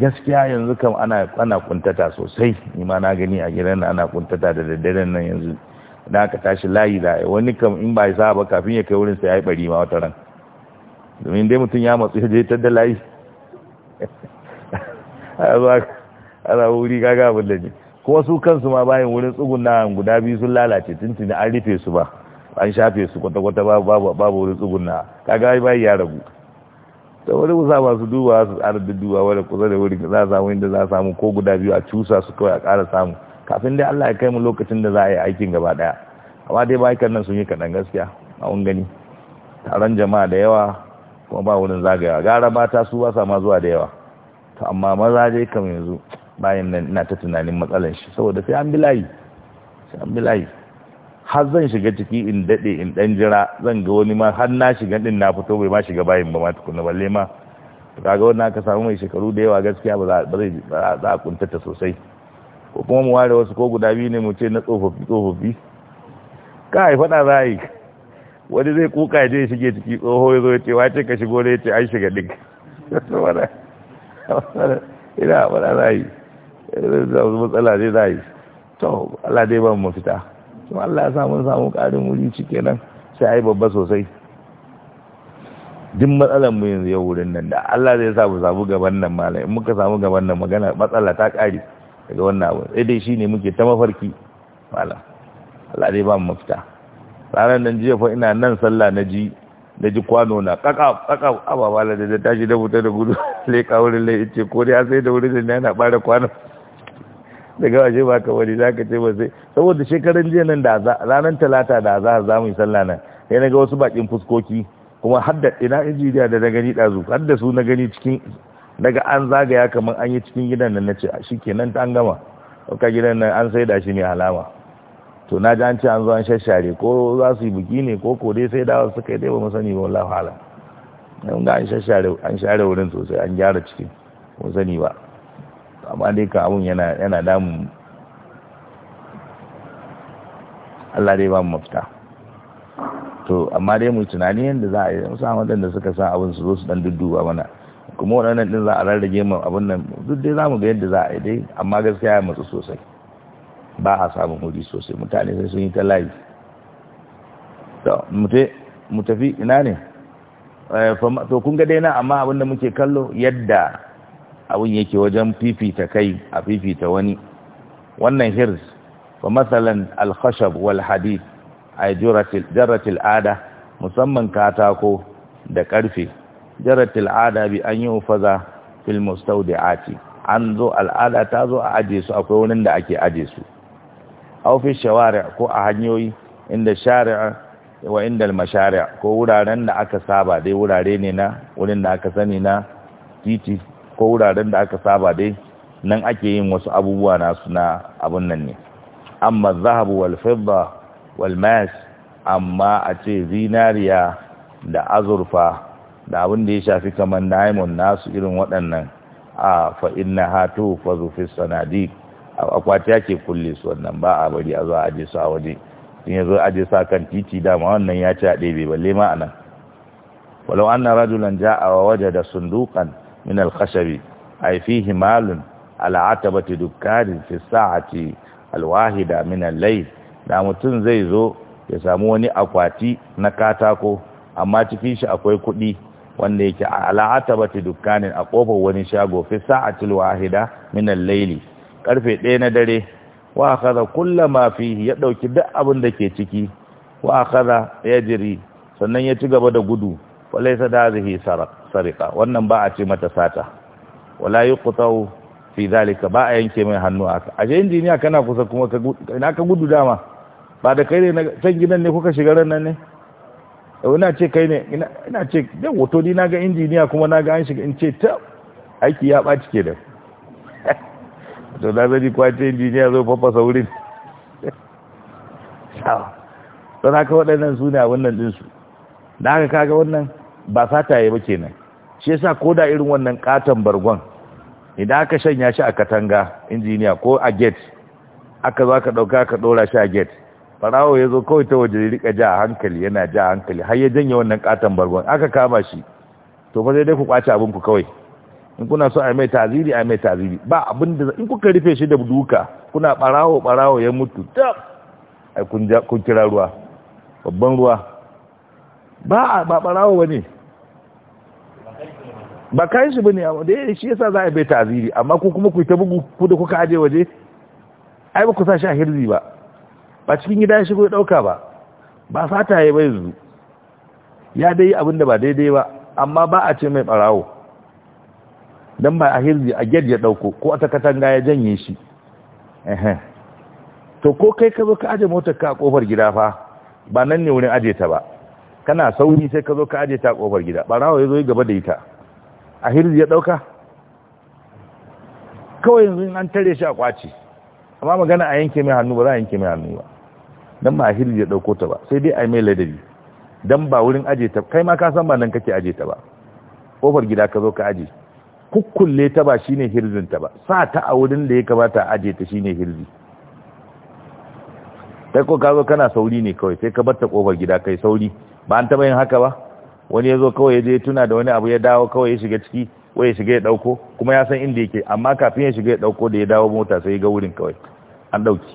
Speaker 1: gaskiya yanzu kam ana ana kuntata sosai ni ma na gani a gidan ana kuntata da daddaren nan yanzu da aka tashi layi da wani kam in ba ya sa ba kafin ya kai wurin sai ya yi bari ma wata ran domin dai mutum ya matsu ya je ta da layi a a zuwa wuri gaga abin da ne ko su kansu ma bayan wurin tsugunna guda biyu sun lalace tuntuni an rufe su ba an shafe su kwata-kwata babu babu wurin tsugunna kaga bayan ya ragu da wani kusa masu duba su tsara da duba kusa da wurin za a samu inda za a samu ko guda biyu a cusa su kawai a ƙara samu kafin dai Allah ya kai mu lokacin da za a yi aikin gaba daya amma dai bayan nan sun yi kaɗan gaskiya a wani gani taron jama'a da yawa kuma ba wurin zagayawa gara mata su ba sa ma zuwa da yawa to amma maza dai kam yanzu bayan nan ina ta tunanin matsalan shi saboda sai an bilayi sai an bilayi har zan shiga ciki in dade in dan jira zan ga wani ma har na shiga din na fito bai ma shiga bayin ba ma tukuna balle ma kaga wani aka samu mai shekaru da yawa gaskiya ba za a kuntata sosai ko kuma mu ware wasu ko guda biyu ne mu ce na tsofaffi tsofaffi kai fada za yi wani zai kuka ya je ya shige ciki tsoho ya zo ya ce wace ka shigo ne ya ce an shiga ɗin ina faɗa za yi da wasu matsala zai za yi to Allah dai ba mu fita to Allah ya samu samu ƙarin wuri cike nan sai ai babba sosai duk matsalar mu yanzu yau wurin nan da Allah zai sa mu samu gaban nan malai in muka samu gaban nan magana matsala ta kare daga wannan abu sai dai shine muke ta mafarki malam Allah dai ba mu mafita ranar nan jiya fa ina nan sallah na ji da ji kwano na kakaf kakaf ababa da tashi da fita da gudu leka wurin lai ce ko dai sai da wurin da yana bare kwano daga waje ba ka bari za ka ce ba sai saboda shekaran jiya nan da ranar talata da za za mu yi sallah nan sai na ga wasu bakin fuskoki kuma har da ina injiniya da na gani ɗazu har da su na gani cikin daga an zagaya kamar an yi cikin gidan nan na ce ah, shi kenan ta an gama ɗauka gidan nan an sai da shi ne alama to na ji an ce an zo an shashare ko za su yi buki ne ko ko dai sai dawa suka yi dai ba mu ba wallahi hala an ga an shashare an share wurin sosai an gyara cikin mu sani ba amma dai ka abun yana yana damu. Allah dai ba mu mafita to amma dai mu tunani yanda za a yi musa waɗanda suka san abin su zo su dan dudduba mana kuma wadannan din za a rarrage mu abin nan duk dai za mu ga yadda za a yi dai amma gaskiya ya matsu sosai ba a samun hudi sosai mutane sai sun yi ta layi mu tafi ina ne eh, to kun ga dai na amma abin da muke kallo yadda abin yake wajen fifita kai a fifita wani wannan hirs fa masalan al-khashab wal hadid ay juratil jaratil ada musamman katako da karfe jaratil ada bi an yi faza fil mustawdi'ati an zo al'ada ta zo a aje su akwai wurin da ake aje su aw fi shawari' ko a hanyoyi inda shari'a wa inda al-mashari' ko wuraren da aka saba dai wurare ne na wurin da aka sani na titi ko wuraren da aka saba dai nan ake yin wasu abubuwa na suna abun nan ne amma zahabu wal fidda wal mas amma a ce zinariya da azurfa da abin da ya shafi kamar diamond nasu irin waɗannan a fa inna hatu fa zufi sanadi akwati yake kulle su wannan ba a bari a zuwa a aje su a waje in ya zo aje sa kan titi dama wannan ya ci a ɗebe balle ma anan walau anna rajulan a waje da sundukan. min al-khashabi ay fihi malun dukkanin fi sa'ati alwahida min al da mutun zai zo ya samu wani akwati na katako amma cikin shi akwai kuɗi wanda yake a atabati dukkanin a ƙofar wani shago fi sa'atil wahida min al-layl karfe ɗaya na dare wa akhadha kullama fihi ya ɗauki duk abin da ke ciki wa akhadha yajri sannan ya ci gaba da gudu falaysa da zihi as wannan ba a ce mata sata wala yi kutau fi zalika ba a yanke mai hannu aka ashe injiniya kana kusa kuma ka ina ka gudu dama ba da kai ne na can gidan ne kuka shiga ran nan ne ina ce kai ne ina ce da wato ni naga injiniya kuma naga an shiga in ce ta aiki ya ɓaci ke da to na zani kwace injiniya zo fafasa wurin don haka waɗannan su ne a wannan ɗinsu da haka kaga wannan ba sataye ba kenan shi yasa da irin wannan katon bargon idan aka shanya shi a katanga injiniya ko a gate aka zo aka dauka ka dora shi a gate farawo ya zo kawai ta waje rika ja a hankali yana ja hankali har ya janye wannan katon bargon aka kama shi to fa sai dai ku kwace abin ku kawai in kuna so a mai taziri a mai taziri ba abin da in kuka rufe shi da duka kuna barawo barawo ya mutu tab ai kun kira ruwa babban ruwa ba ba barawo bane ba kayan shi ba ne da shi yasa za a bai ta'ziri amma ko kuma ku ta bugu ku da kuka aje waje ai ba ku sa shi a hirzi ba ba cikin gida ya shigo ya dauka ba ba fata ya bai zu ya dai abinda ba daidai ba amma ba a ce mai barawo dan ba a hirzi a ged ya dauko ko a takatanga ya janye shi to ko kai ka zo ka aje motar ka a kofar gida fa ba nan ne wurin aje ta ba kana sauri sai ka zo ka aje ta a kofar gida barawo ya zo gaba da ita a hirzi ya ɗauka kawai yanzu an tare shi a kwace amma magana a yanke mai hannu ba za a yanke mai hannu ba don ba a hirzi ya ɗauko ta ba sai dai a yi mai ladabi don ba wurin aje ta kai ma ka san ba nan kake aje ta ba kofar gida ka zo ka aje kukkulle ta ba shine hirzin ta ba sa ta a wurin da ya kamata a aje ta shine hirzi sai ko ka zo kana sauri ne kawai sai ka bar ta kofar gida kai sauri ba an taba yin haka ba wani ya zo kawai ya je tuna da wani abu ya dawo kawai ya shiga ciki waye ya shiga ya dauko kuma ya san inda yake amma kafin ya shiga ya dauko da ya dawo mota sai ya ga wurin kawai an dauki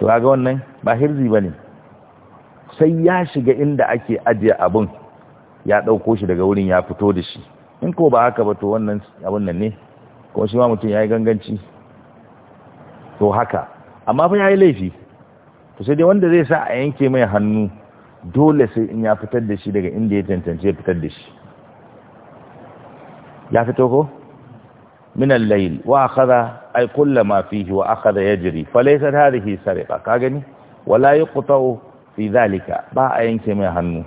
Speaker 1: to kaga wannan ba hirzi bane sai ya shiga inda ake ajiye abun ya dauko shi daga wurin ya fito da shi in ko ba haka ba to wannan abun nan ne kuma shi ma mutum yayi ganganci to haka amma fa yayi laifi to sai dai wanda zai sa a yanke mai hannu dole sai in ya fitar da shi daga inda ya ya fitar da shi ya fito ko min al-layl wa akhadha ay kull ma fihi wa akhadha yajri falaysa hadhihi sariqa ka gani wala yuqta'u fi dhalika ba a yanke mai hannu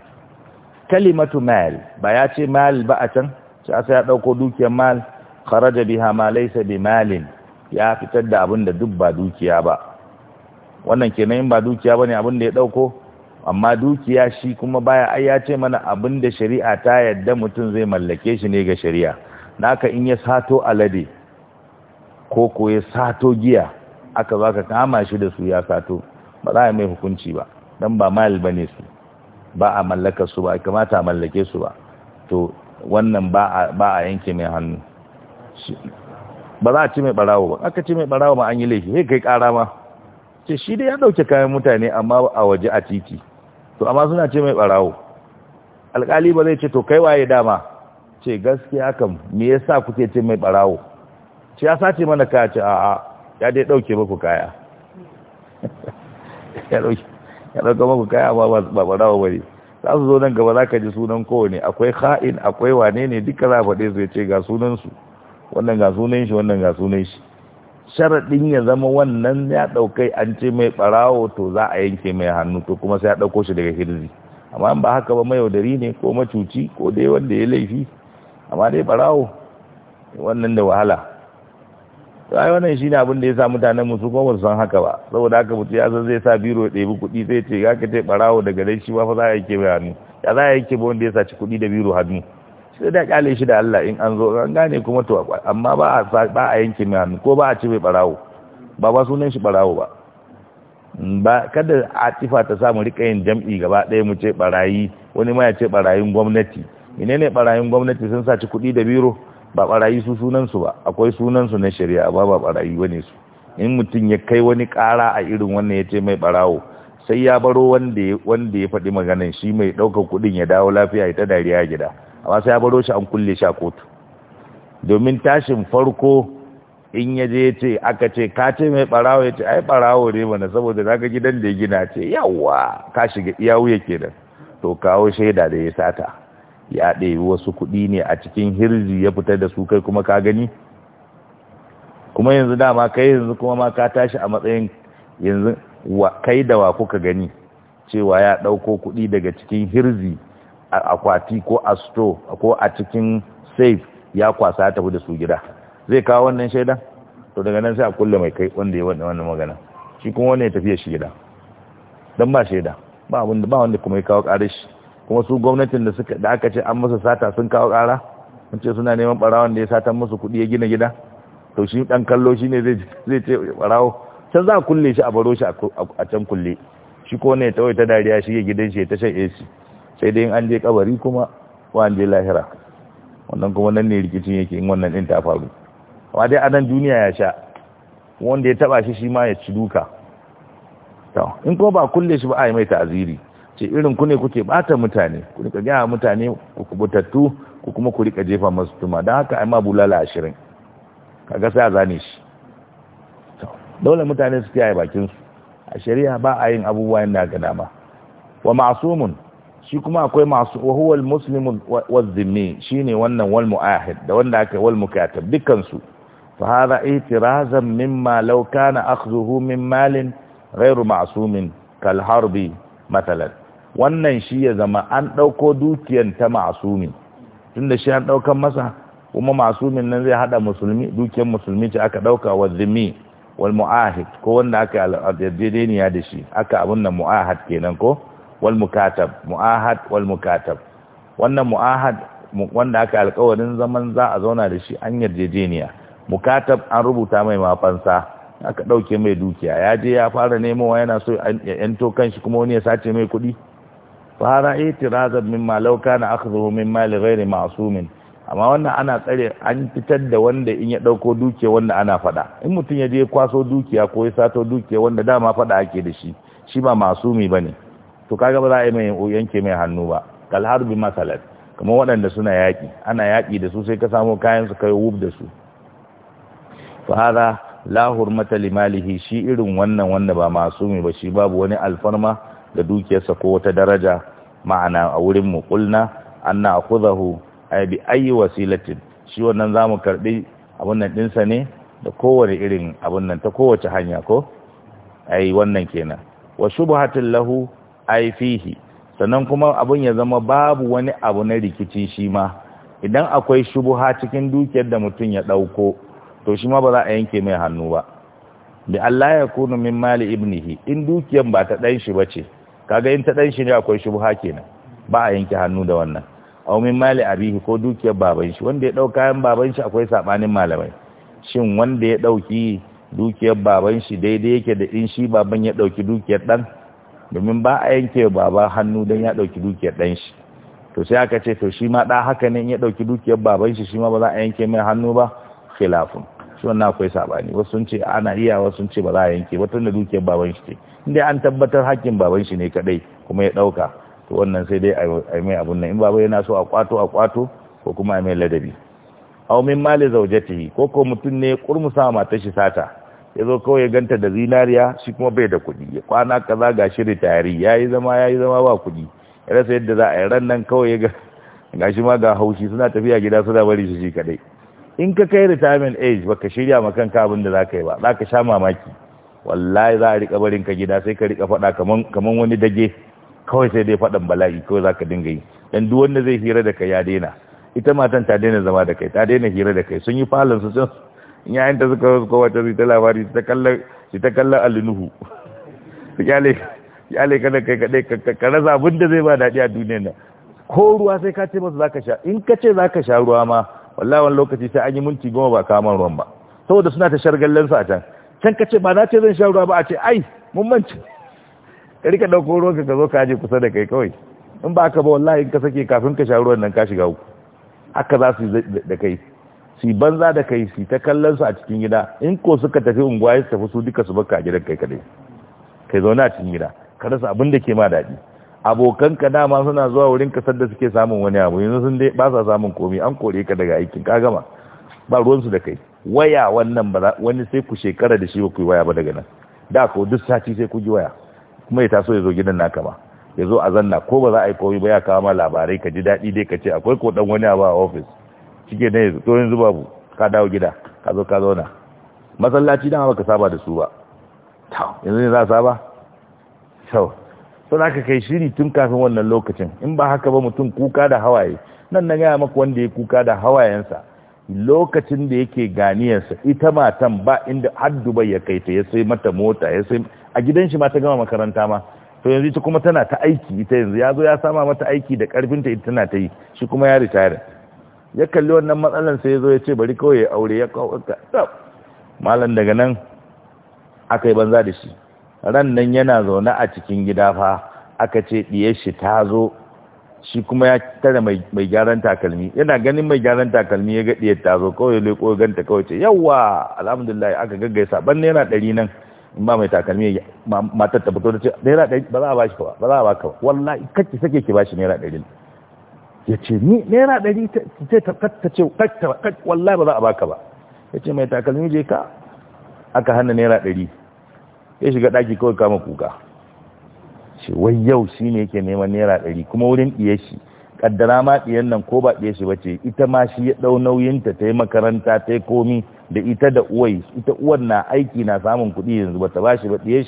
Speaker 1: kalimatu mal ba ya ce mal ba a can sai ya ɗauko dukiyar mal kharaja biha ma laysa bi malin ya fitar da abin da duk ba dukiya ba wannan kenan in ba dukiya bane abin da ya ɗauko? amma dukiya shi kuma baya ai ya ce mana abin da shari'a ta yadda mutum zai mallake shi ne ga shari'a naka in ya sato alade ko ko ya sato giya aka baka kama shi da su ya sato ba za a mai hukunci ba dan ba mal bane su ba a mallaka su ba kamata a mallake su ba to wannan ba a yanke mai hannu ba za a ci mai barawo ba aka ci mai barawo ma an yi laifi sai kai kara ma ce shi dai ya dauke kayan mutane amma a waje a titi to amma suna ce mai barawo alkali ba zai ce to kai waye dama ce gaskiya kam me yasa kuke ce mai barawo ce ya sace mana kaya ce a'a ya dai dauke muku kaya ya dauke muku kaya ba ba barawo bane za su zo nan gaba za ka ji sunan kowane akwai ha'in akwai wane ne duka za a faɗe su ya ce ga sunansu wannan ga sunan shi wannan ga sunan shi sharaɗin ya zama wannan ya ɗaukai an ce mai ɓarawo to za a yanke mai hannu to kuma sai ya ɗauko shi daga hirzi amma ba haka ba mayaudari ne ko macuci ko dai wanda ya laifi amma dai ɓarawo wannan da wahala ai wannan shine abin da ya sa mutanen mu su kuma ba su san haka ba saboda haka mutum ya san zai sa biro ya ɗebi kuɗi zai ce ga ka ce ɓarawo daga dai shi ba fa za a yanke mai hannu ya za a yanke ba wanda ya saci kuɗi da biro hannu sai da kyale shi da Allah in an zo an gane kuma to amma ba a ba a yanke mai hannu ko ba a ci mai barawo ba ba sunan shi barawo ba ba kada a tifa ta samu rika yin jam'i gaba ɗaya mu ce barayi wani ma ya ce barayin gwamnati menene barayin gwamnati sun saci kuɗi da biro ba barayi su sunan su ba akwai sunan su na shari'a ba ba barayi wani su in mutum ya kai wani kara a irin wannan ya ce mai barawo sai ya baro wanda ya faɗi maganan shi mai ɗaukar kuɗin ya dawo lafiya ya ta dariya gida amma sai ya baro shi an kulle shi a kotu domin tashin farko in ya je ce aka ce ka ce mai barawo ya ce ai barawo ne mana saboda zaka gidan da ya gina ce yawa ka shiga iya wuya nan to kawo shaida da ya sata ya ɗaya wasu kuɗi ne a cikin hirji ya fitar da su kai kuma ka gani kuma yanzu dama kai yanzu kuma ma ka tashi a matsayin yanzu kai da wa kuka gani cewa ya ɗauko kuɗi daga cikin hirzi akwati ko a store ko a cikin safe ya kwasa ya tafi da su gida zai kawo wannan shaidan to daga nan sai a kulle mai kai wanda ya wannan wannan magana shi kuma wanda ya tafi shi gida don ba shaida ba wanda ba wanda kuma ya kawo karar shi kuma su gwamnatin da suka da aka ce an masa sata sun kawo kara mun ce suna neman barawan da ya satan musu kuɗi ya gina gida to shi dan kallo shi zai zai ce barawo can za a kulle shi a baro shi a can kulle shi ko ne ta wai ta dariya shi ya gidan shi ta shan AC sai dai an je kabari kuma ko an je lahira wannan kuma nan ne rikicin yake in wannan din ta faru amma dai adan duniya ya sha wanda ya taba shi shi ma ya ci duka to in kuma ba kulle shi ba a mai taziri ce irin ku ne kuke bata mutane ku rika gaya mutane ku kubutattu ku kuma ku rika jefa masu tuma don haka ai ma bulala ashirin kaga sai a zane shi dole mutane su kiyaye bakin su a shari'a ba a yin abubuwa yana ga dama wa ma'sumun shi kuma akwai masu wahuwal muslimun wazzimni shi ne wannan wal mu'ahid da wanda aka wal mukatab dukansu fa hada itirazan mimma law kana akhdhuhu min malin ghairu ma'sumin kal harbi matalan wannan shi ya zama an dauko dukiyan ta ma'sumi tunda shi an daukan masa kuma ma'sumin nan zai hada musulmi dukiyan musulmi ce aka dauka wazzimmi wal mu'ahid ko wanda aka yarjejeniya da shi aka abun nan mu'ahad kenan ko wal mukatab mu'ahad wal mukatab wannan mu'ahad wanda aka alkawarin zaman za a zauna da shi an yarjejeniya mukatab an rubuta mai mafansa aka ɗauke mai dukiya ya je ya fara nemowa yana so ya yanto kanshi kuma wani ya sace mai kuɗi fara itirazar min malau kana akhdhu min mali ghairi ma'sumin amma wannan ana tsare an fitar da wanda in ya ɗauko dukiya wanda ana faɗa in mutum ya je kwaso dukiya ko ya sato dukiya wanda dama faɗa ake da shi shi ba masumi bane to kaga ba za a yi mai yanke mai hannu ba kal harbi masalat kamar waɗanda suna yaƙi ana yaƙi da su sai ka samo kayan su kai wub da su fa hada la hurmata limalihi shi irin wannan wanda ba masumi ba shi babu wani alfarma da dukiyarsa ko wata daraja ma'ana a wurin mu kulna anna akhudahu ay bi ayi wasilatin shi wannan zamu karbi abun nan sa ne da kowane irin abun nan ta kowace hanya ko ai wannan kenan wa shubhatin lahu ai fihi sannan kuma abin ya zama babu wani abu na rikici shi ma idan akwai shubuha cikin dukiyar da mutum ya ɗauko, to shi ma ba za a yanke mai hannu ba bi Allah ya kunu min mali ibnihi in dukiyar ba ta dan shi bace kaga in ta dan shi ne akwai shubuha kenan ba a yanke hannu da wannan aw min mali abihi ko dukiyar baban shi wanda ya dauka kayan baban shi akwai sabanin malamai shin wanda ya dauki dukiyar baban shi daidai yake da in shi baban ya dauki dukiyar dan domin ba a yanke baba hannu don ya ɗauki dukiyar ɗan shi to sai aka ce to shi ma ɗa haka ne ya ɗauki dukiyar baban shi shi ma ba za a yanke mai hannu ba khilafun shi wannan akwai sabani wasu sun ce ana iya wasu sun ce ba za a yanke ba tunda dukiyar baban shi ce inda an tabbatar hakkin baban shi ne kadai kuma ya ɗauka to wannan sai dai a yi mai abun nan in baba yana so a kwato a kwato ko kuma a mai ladabi aw min mali zawjatihi ko ko mutum ne kurmusa matar shi sata ya zo kawai ya ganta da zinariya shi kuma bai da kuɗi ya kwana kaza ga shi ritari ya yi zama ya yi zama ba kuɗi ya rasa yadda za a yi ran nan kawai ga shi ma ga haushi suna tafiya gida suna bari shi shi kadai in ka kai retirement age ka shirya ma kanka abin da zaka yi ba zaka sha mamaki wallahi za a rika barin ka gida sai ka rika faɗa kaman wani dage kawai sai dai faɗan bala'i kawai zaka dinga yi dan duk wanda zai hira da kai ya daina ita matan ta daina zama da kai ta daina hira da kai sun yi falon su yayin da suka suka wata zai ta labari ta ta kallon alinuhu ya le kada kai kadai ka rasa abin da zai ba daɗi a duniyar nan ko ruwa sai ka ce masa ka sha in ka ce za ka sha ruwa ma wallahi wani lokaci sai an yi minti goma ba kaman ruwan ba saboda suna ta shargallen su a can can ka ce ba na ce zan sha ruwa ba a ce ai mun manci ka rika ɗauko ruwan ka zo ka je kusa da kai kawai in ba ka ba wallahi in ka sake kafin ka sha ruwan nan ka shiga uku haka za su yi da kai si banza da kai si ta kallon su a cikin gida in ko suka tafi unguwa ya tafi su duka su baka a gidan kai kadai kai zauna a cikin gida ka rasa abin da ke ma daɗi abokan ka dama suna zuwa wurin kasar da suke samun wani abu yanzu sun dai ba sa samun komai an kore ka daga aikin ka gama ba ruwan su da kai waya wannan ba wani sai ku shekara da shi ba ku yi waya ba daga nan da ko duk sati sai ku ji waya kuma ya taso ya zo gidan naka ba ya zo a zanna ko ba za a yi komai ba ya kawo ma labarai ka ji daɗi dai ka ce akwai ko dan wani abu a ofis Cike ne yanzu to yanzu babu ka dawo gida ka zo ka zauna masallaci dama baka saba da su ba to yanzu ne za saba to sun ka kai shiri tun kafin wannan lokacin in ba haka ba mutum kuka da hawaye nan na gaya maka wanda ya kuka da hawayensa lokacin da yake ganiyarsa ita matan ba inda har dubai ya kai ta ya sai mata mota ya sai a gidan shi ma ta gama makaranta ma to yanzu ita kuma tana ta aiki ita yanzu ya zo ya sama mata aiki da karfinta ita tana ta yi shi kuma ya ritaya ya kalli wannan matsalan sai ya zo ya ce bari kawai ya aure ya kawo malam daga nan aka yi banza da shi ran nan yana zaune a cikin gida fa aka ce diyar shi ta zo shi kuma ya tare mai gyaran takalmi yana ganin mai gyaran takalmi ya ga diyar ta zo kawai leko ganta kawai ce yawa alhamdulillah aka gaggaisa ban naira ɗari nan in ba mai takalmi matar ta fito da ce naira ɗari ba za a ba shi ba ba za a ba ka wallahi kacce sake ki ba shi naira ɗari ya ce ni naira ɗari ta ce wallahi ba za a baka ba ya ce mai takalmi je ka aka hana naira ɗari ya shiga ɗaki kawai kama kuka ce wai yau shi ne yake neman naira ɗari kuma wurin ɗiye shi ƙaddara ma ɗiyan nan ko ba ɗiye shi ba ce ita ma shi ya ɗau nauyinta ta yi makaranta ta yi komi da ita da uwai ita uwan na aiki na samun kuɗi yanzu ba ba shi ba ɗiye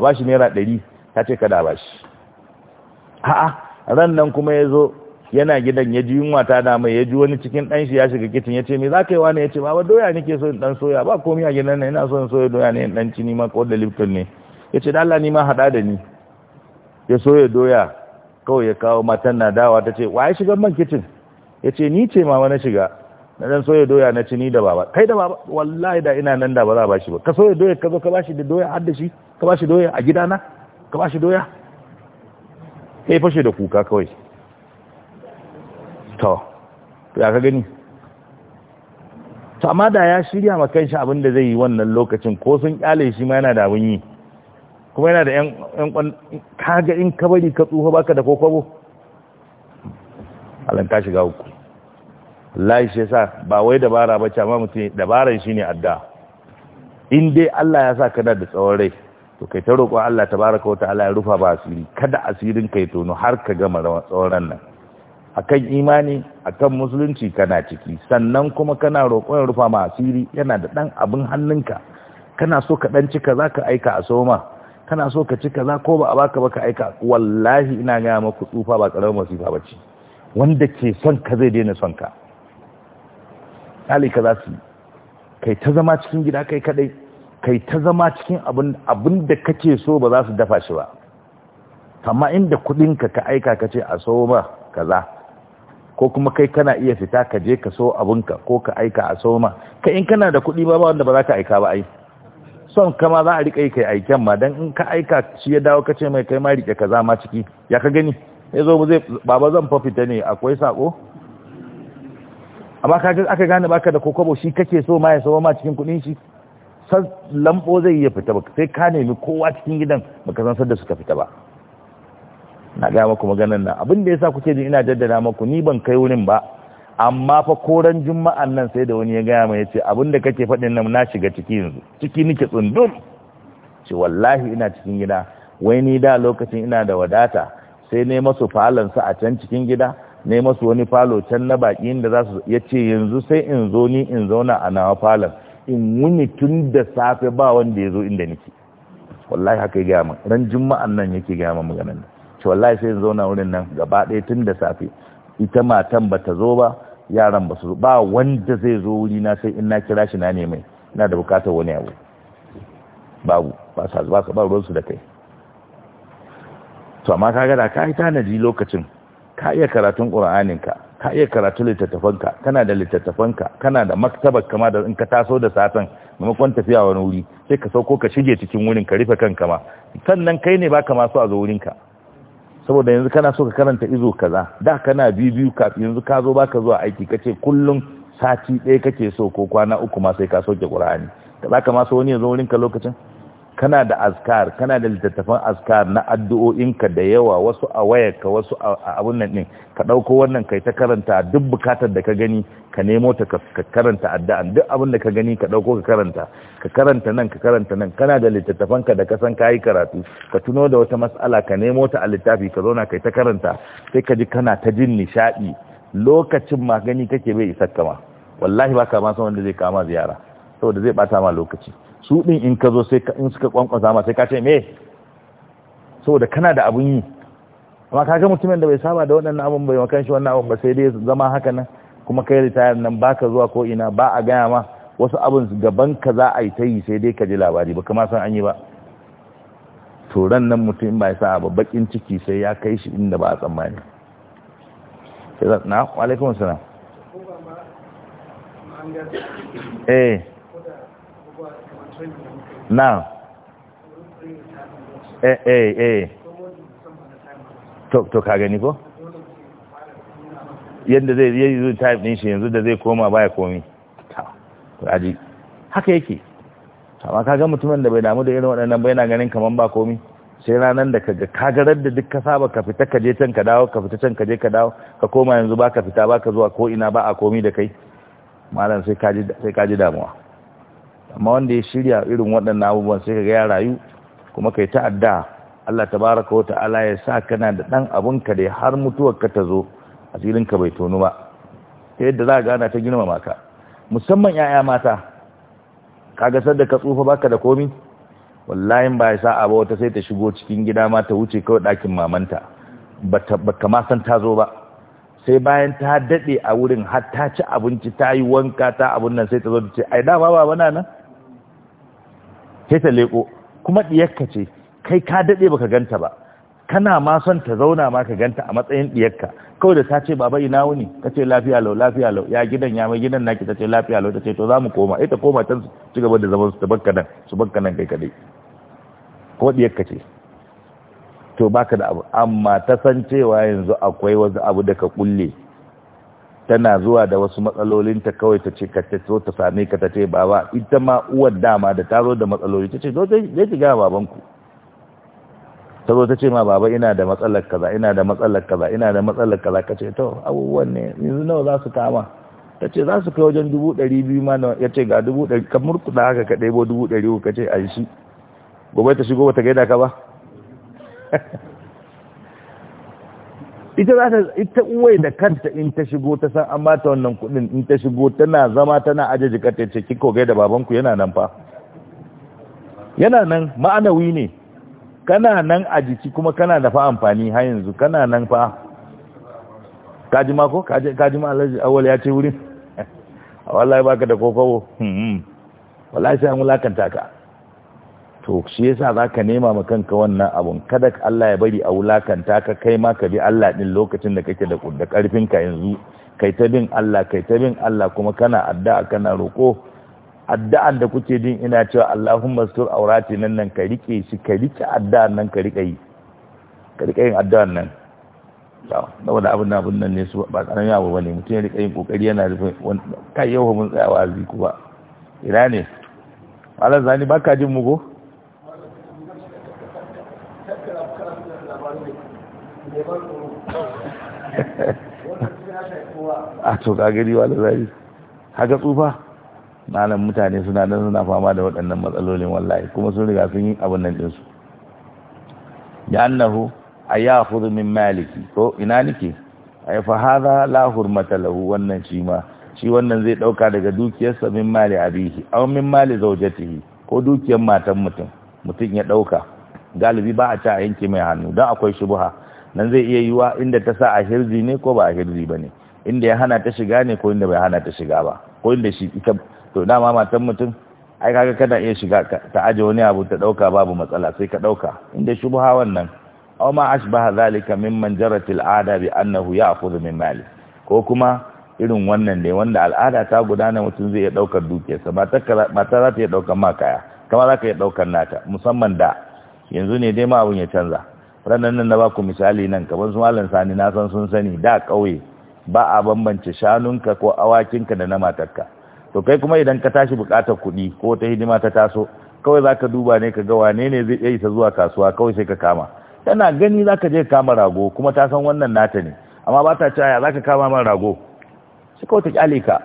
Speaker 1: a ba shi naira ɗari ta ce kada ba shi a'a ran nan kuma ya zo yana gidan ya ji yunwa ta dama mai ya ji wani cikin ɗan shi ya shiga kicin ya ce me za ka yi wani ya ce ba doya nake so in ɗan soya ba komai a gidan nan ina so in soya doya ne in ɗan ci ni ma ko da lifton ne ya ce da Allah ni ma haɗa da ni ya soya doya kawai ya kawo matan na dawa ta ce wa ya shiga man kicin ya ce ni ce ma na shiga na dan soya doya na ci ni da baba kai da baba wallahi da ina nan da ba za ba shi ba ka soya doya ka zo ka bashi da doya har da shi ka bashi doya a gidana ka bashi doya kai fashe da kuka kawai to ya ka gani to amma da ya shirya ma kanshi abin da zai yi wannan lokacin ko sun kyale shi ma yana da abin yi kuma yana da yan kwan kaga in ka bari ka tsufa baka da kokobo alan ka shiga uku Allah shi yasa ba wai dabara ba ce amma mutum dabaran shine adda in dai Allah ya sa kana da tsawon rai to kai ta roƙon Allah tabaraka wa ta'ala ya rufa ba asiri kada asirin kai tono har ka gama tsawon nan akan imani akan musulunci kana ciki sannan kuma kana roƙon rufa masiri yana da ɗan abin hannunka kana so ka ɗan cika za ka aika a soma kana so ka cika za ko ba a baka ba ka aika wallahi ina gaya maku tsufa ba ƙarar masifa ba ce wanda ke son ka zai daina son ka alika za su kai ta zama cikin gida kai kaɗai kai ta zama cikin abin da kake so ba za su dafa shi ba amma inda kuɗinka ka aika ka ce a soma kaza ko kuma kai kana iya fita ka je ka so abinka ko ka aika a soma ka in kana da kuɗi ba ba wanda ba za ka aika ba ai son kama za a riƙa yi kai aiken ma don in ka aika shi ya dawo kace mai kai ma riƙe kaza ma ciki ya ka gani ya zo zai baba zan fa fita ne akwai sako amma kaga aka gane baka da kokobo shi kake so ma ya so ma cikin kuɗin shi san lambo zai iya fita ba sai ka nemi kowa cikin gidan baka san sadda suka fita ba na ga maku maganar nan abin da yasa kuke jin ina jaddada maku ni ban kai wurin ba amma fa koran juma'an nan sai da wani ya gaya mai yace abin da kake faɗin nan na shiga ciki yanzu ciki nake tsundum ce wallahi ina cikin gida wai ni da lokacin ina da wadata sai ne masu falon sa a can cikin gida ne masu wani falo can na baki da za su yace yanzu sai in zo ni in zauna a nawa falon in wuni tun da safe ba wanda ya zo inda nake wallahi haka ya gaya mun ran juma'an nan yake gaya mun maganar nan ce wallahi sai in zauna wurin nan gaba ɗaya tun da safe ita matan ba ta zo ba yaran ba su ba wanda zai zo wuri na sai in na kira shi na neman na da bukatar wani abu babu ba sa ka ba ruwan su da kai to amma ka gada ka yi tanaji lokacin ka iya karatun ƙura'anin ka ka iya karatu ka kana da ka kana da maktabar kama da in ka taso da satan maimakon tafiya wani wuri sai ka sauko ka shige cikin wurin ka rufe kanka ma sannan kai ne baka masu a zo wurinka saboda yanzu kana so ka karanta izo kaza da kana biyu kafin yanzu ka zo baka zuwa aiki kace kullum sati ɗaya kake so ko kwana uku ma sai ka soke qur'ani ka kama ma so wani ya zo wurinka lokacin kana da azkar kana da littattafan azkar na addu'o'inka da yawa wasu a wayarka wasu a abun nan din ka dauko wannan kai ta karanta duk bukatar da ka gani ka nemo ta ka karanta addu'an duk abin da ka gani ka dauko ka karanta ka karanta nan ka karanta nan kana da littattafan ka da ka san kai karatu ka tuno da wata mas'ala ka nemo ta a littafi ka zauna kai ta karanta sai ka ji kana ta jin nishadi lokacin ma gani kake bai isa kama wallahi baka ma san wanda zai kama ziyara saboda zai bata ma lokaci su ɗin in ka zo sai in suka kwankwasa ma sai ka ce me saboda kana da abun yi amma kaga mutumin da bai saba da waɗannan abun bai makan shi wannan abun ba sai dai zama haka nan kuma kai ritayar nan baka zuwa ko ina ba a gaya ma wasu abun gaban ka za a yi ta yi sai dai ka ji labari ba kama san an yi ba to ran nan mutum ba sa ba bakin ciki sai ya kai shi inda ba a tsammani na alaikum salam eh na eh eh eh to to ka gani ko Yanda zai yi zuwa type din shi yanzu da zai koma baya komi aji haka yake amma kaga mutumin da bai damu da irin waɗannan bai na ganin kaman ba komi sai ranan da kaga kagarar da duk ka saba ka fita ka je can ka dawo ka fita can ka je ka dawo ka koma yanzu ba ka fita ba ka zuwa ko ina ba a komi da kai malam sai ka ji damuwa amma wanda ya shirya irin waɗannan abubuwan sai kaga ya rayu kuma kai ta'adda Allah tabaraka wa ta'ala ya sa kana da dan abun ka da har mutuwar ka ta zo asirin ka bai tonu ba ta yadda za ka ana ta girmama ka musamman yaya mata kaga da ka tsufa baka da komi wallahi ba ya sa ba wata sai ta shigo cikin gida ma ta wuce kawai ɗakin mamanta ka ma san ta zo ba sai bayan ta daɗe a wurin har ta ci abinci ta yi wanka ta abun nan sai ta zo ta ce ai dama ba bana nan sai ta leko kuma diyarka ce kai ka dade baka ganta ba kana ma son ta zauna ma ka ganta a matsayin diyarka kawai da ta ce baba ina wuni ta ce lafiya lau lafiya lau ya gidan ya mai gidan naki ta ce lafiya lau ta ce to za mu koma ita koma can su ci gaba da zaman su ta bakka nan su bakka nan kai kadai ko diyarka ce to baka da abu amma ta san cewa yanzu akwai wasu abu da ka kulle tana zuwa da wasu matsalolinta kawai ta ce ka ta so ta same ka ta ce baba ita ma uwar dama da ta zo da matsaloli ta ce zo zai ki gaya babanku ta zo ta ce ma baba ina da matsalar kaza ina da matsalar kaza ina da matsalar kaza ka ce to abubuwan ne yanzu nawa za su kama ta ce za su kai wajen dubu ɗari biyu ma na ya ce ga dubu ɗari ka murkuɗa haka ka ɗebo dubu ɗari ka ce a shi gobe ta shigo ba ta gaida ka ba ita za ta ita uwai da kanta in ta shigo ta san an bata wannan kuɗin in ta shigo tana zama tana aje jikar ta ce kiko babanku yana nan fa yana nan ma'anawi ne kana nan a jiki kuma kana da fa amfani har yanzu kana nan fa kaji ma ko kaji ma alhaji awal ya ce wurin wallahi baka da kokowo hmm, hmm. wallahi sai an wulakanta ka to shi yasa zaka nema ma kanka wannan abun kada Allah ya bari a wulakanta ka kai ma ka bi Allah din lokacin da kake da kudda karfin ka yanzu kai ta bin Allah kai ta bin Allah kuma kana addu'a kana roko addu'an da kuke jin ina cewa Allahumma sur aurati nan nan ka rike shi ka rike addu'an nan ka rike yi ka rike yin addu'an nan saboda abin abun nan ne su ba tsanan ba bane mutum ya rike yin kokari yana rufe kai yau mun wa azi kuma ina ne Allah zani baka jin mugo a to ka gari wa da zai haka tsufa malam mutane suna nan suna fama da waɗannan matsalolin wallahi kuma sun riga sun yi abin nan ɗinsu da annahu a ya min maliki ko ina nike a yi fahaza la hurmata wannan shi ma shi wannan zai ɗauka daga dukiyarsa min mali abihi aw min mali zaujatihi ko dukiyar matan mutum mutum ya ɗauka galibi ba a ci a yanke mai hannu don akwai shubuha nan zai iya yiwa inda ta sa a hirzi ne ko ba a hirzi ba ne inda ya hana ta shiga ne ko inda bai hana ta shiga ba ko inda shi ita to dama matan mutum ai kaga kana iya shiga ta aje wani abu ta dauka babu matsala sai ka dauka inda shubha wannan aw ma ashbaha zalika mimman jarat al'ada bi annahu ya'khudhu min mali ko kuma irin wannan ne wanda al'ada ta gudana mutum zai iya daukar dukiyarsa mata za ta iya daukar ma kaya kama za ka iya daukar nata musamman da yanzu ne dai ma abun ya canza ranar nan na ba ku misali nan kamar su malam sani na san sun sani da ƙauye ba a bambance shanunka ko awakinka da na matarka to kai kuma idan ka tashi buƙatar kuɗi ko ta hidima ta taso kawai zaka duba ne ka ga wane ne zai iya isa zuwa kasuwa kawai sai ka kama tana gani za ka je kama rago kuma ta san wannan nata ne amma ba ta ci aya za ka kama man rago shi kawai ta kyale ka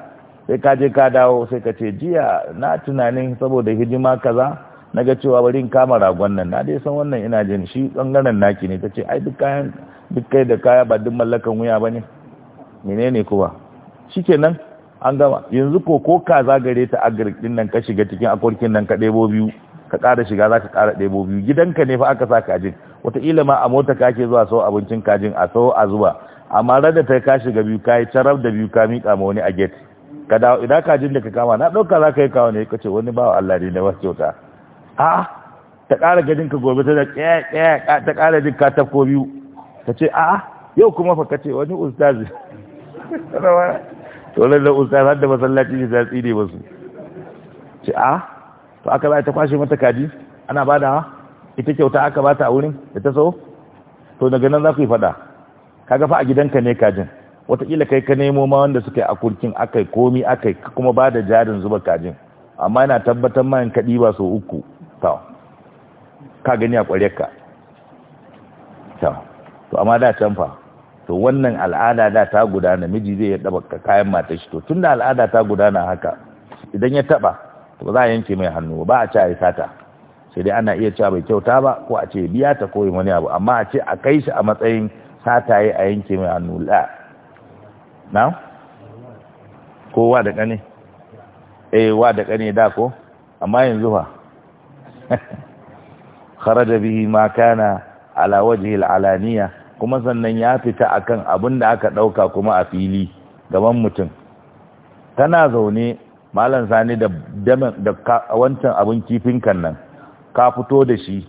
Speaker 1: sai ka je ka dawo sai ka ce jiya na tunanin saboda hidima kaza na ga cewa bari in kama ragon nan na dai san wannan ina jin shi ɓangaren naki ne ta ce ai duk kayan duk kai da kaya ba duk mallakan wuya ba ne menene kuma nan an gama yanzu ko ko ka zagare ta agric nan ka shiga cikin akwarkin nan ka ɗebo biyu ka ƙara shiga za ka ƙara ɗebo biyu gidanka ne fa aka sa kajin wataƙila ma a mota ka ke zuwa sau abincin kajin a sau a zuba amma rada ta ka shiga biyu ka yi carar da biyu ka miƙa ma wani a get ka dawo idan kajin da ka kama na ɗauka za ka yi kawo ne ka ce wani bawa Allah ne na wasu kyauta a ta ƙara gajin ka gobe ta da ƙaya ƙaya ta ƙara jin ka tafko biyu ta ce a yau kuma fa ka ce wani ustazi to da ustazi har da masallaci ne sai tsire masu su ce a to aka ba ta kwashe mata kaji ana badawa ita kyauta aka ba ta a wurin da ta so to daga nan za ku yi fada ka fa a gidanka ne kajin watakila kai ka nemo ma wanda suka yi kurkin akai komi akai kuma ba da jarin zuba kajin amma yana tabbatar ma kaɗi ba so uku to ka gani a ka to amma da can to wannan al'ada da ta gudana miji zai yadda baka kayan mata shi to da al'ada ta gudana haka idan ya taba to za a yanke mai hannu ba a ce a yi sata sai dai ana iya cewa bai kyauta ba ko a ce biya ta koyi wani abu amma a ce a kai shi a matsayin sata yi a yanke mai hannu la na kowa da kane eh wa da kane da ko amma yanzu fa خرج bihi ma كان على وجه alaniya kuma sannan ya fita akan abin da aka dauka kuma a fili gaban mutum tana zaune malam sani da da wancan abin kifin kan nan ka fito da shi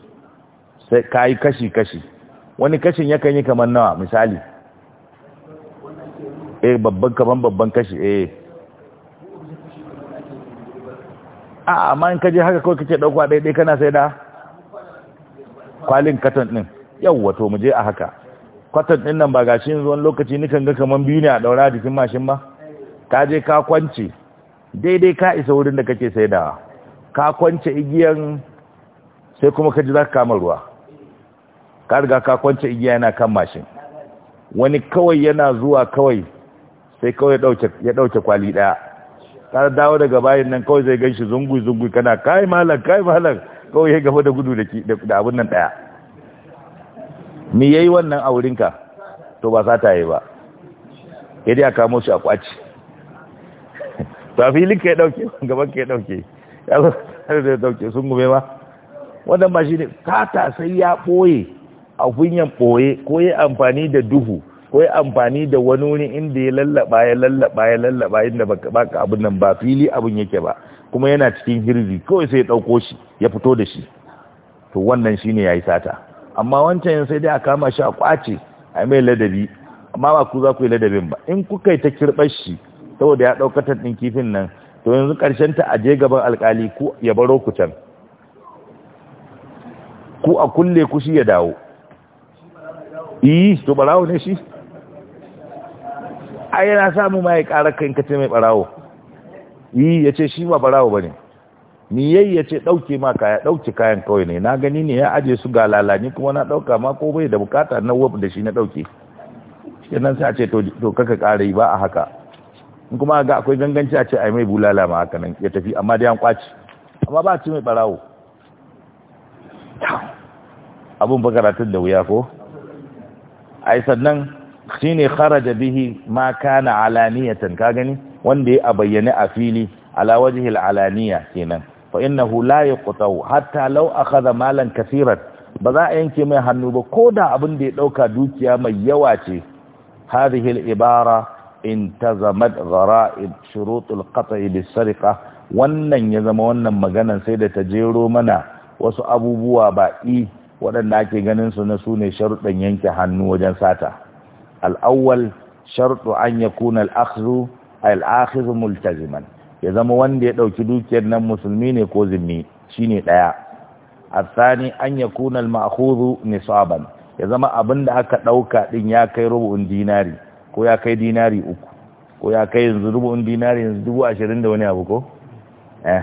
Speaker 1: sai kai kashi kashi wani kashin yakan yi kamar nawa misali eh babban kaman babban kashi eh A'a, amma in kaje haka kawai kake ɗauka ɗaiɗai kana sai da kwalin katon ɗin Yau, to mu je a haka kwaton ɗin nan ba ga shi zuwan lokaci nikan ga kaman biyu ne a daura jikin mashin ba ka je ka kwance daidai ka isa wurin da kake saidawa ka kwance igiyan sai kuma ka ji za ka kama ruwa ka riga ka kwance igiya yana kan mashin wani kawai yana zuwa kawai sai kawai ya ɗauke kwali daya ka dawo daga bayan nan kawai zai ganshi zungu zungu kana kai malam kai malam kawai ya gaba da gudu da abin nan daya ni yayi wannan a ka to ba sa ta yi ba ya dai a kamo shi a kwaci ba filin ka ya dauke gaban ka ya dauke ya zo da ya dauke sun gube ba? wannan ba shi ne kata sai ya boye a kunyan boye ko ya amfani da duhu ko amfani da wani wuri inda ya lallaba ya lallaba ya lallaba inda baka abin nan ba fili abin yake ba kuma yana cikin hirzi kawai sai ya ɗauko shi ya fito da shi to wannan shine yayi sata amma wancan sai dai a kama shi a kwace a mai ladabi amma ba ku za ku yi ladabin ba in kuka yi ta kirɓar shi saboda ya ɗaukatar ɗin kifin nan to yanzu ƙarshen ta aje gaban alkali ku ya baro ku can ku a kulle ku shi ya dawo iyi to barawo ne shi ai yana samu ma ya ƙara kan kace mai barawo yi ya ce shi ba barawo ba ne ni yayi ya ce ɗauke ma kaya ɗauke kayan kawai ne na gani ne ya aje su ga lalani kuma na ɗauka ma ko bai da bukata na wab da shi na ɗauke shi nan sai a ce to kaka ƙara yi ba a haka in kuma ga akwai ganganci a ce ai mai bulala ma haka nan ya tafi amma dai an kwaci amma ba a ci mai barawo abun ba da wuya ko ai sannan shine kharaja bihi ma kana alaniyatan ka gani wanda ya bayyane a fili ala wajhi alaniya kenan fa innahu la yuqtau hatta law akhadha malan kaseeran ba za a yanke mai hannu ba koda abin da ya dauka dukiya mai yawa ce hadhihi al-ibara intazamat gharaib shurut al-qat'i bis wannan ya zama wannan maganan sai da ta jero mana wasu abubuwa ba'i waɗanda ake ganin su na sune sharuɗan yanke hannu wajen sata al'awwal sharɗu an ya kuna al'akhizu al'akhizu multaziman ya zama wanda ya ɗauki dukiyar nan musulmi ne ko zimmi shine ɗaya asani an ya kuna al-ma'khudhu nisaban ya zama abin da aka ɗauka din ya kai rubu'un dinari ko ya kai dinari uku ko ya kai yanzu rubu'un dinari yanzu dubu ashirin da wani abu ko eh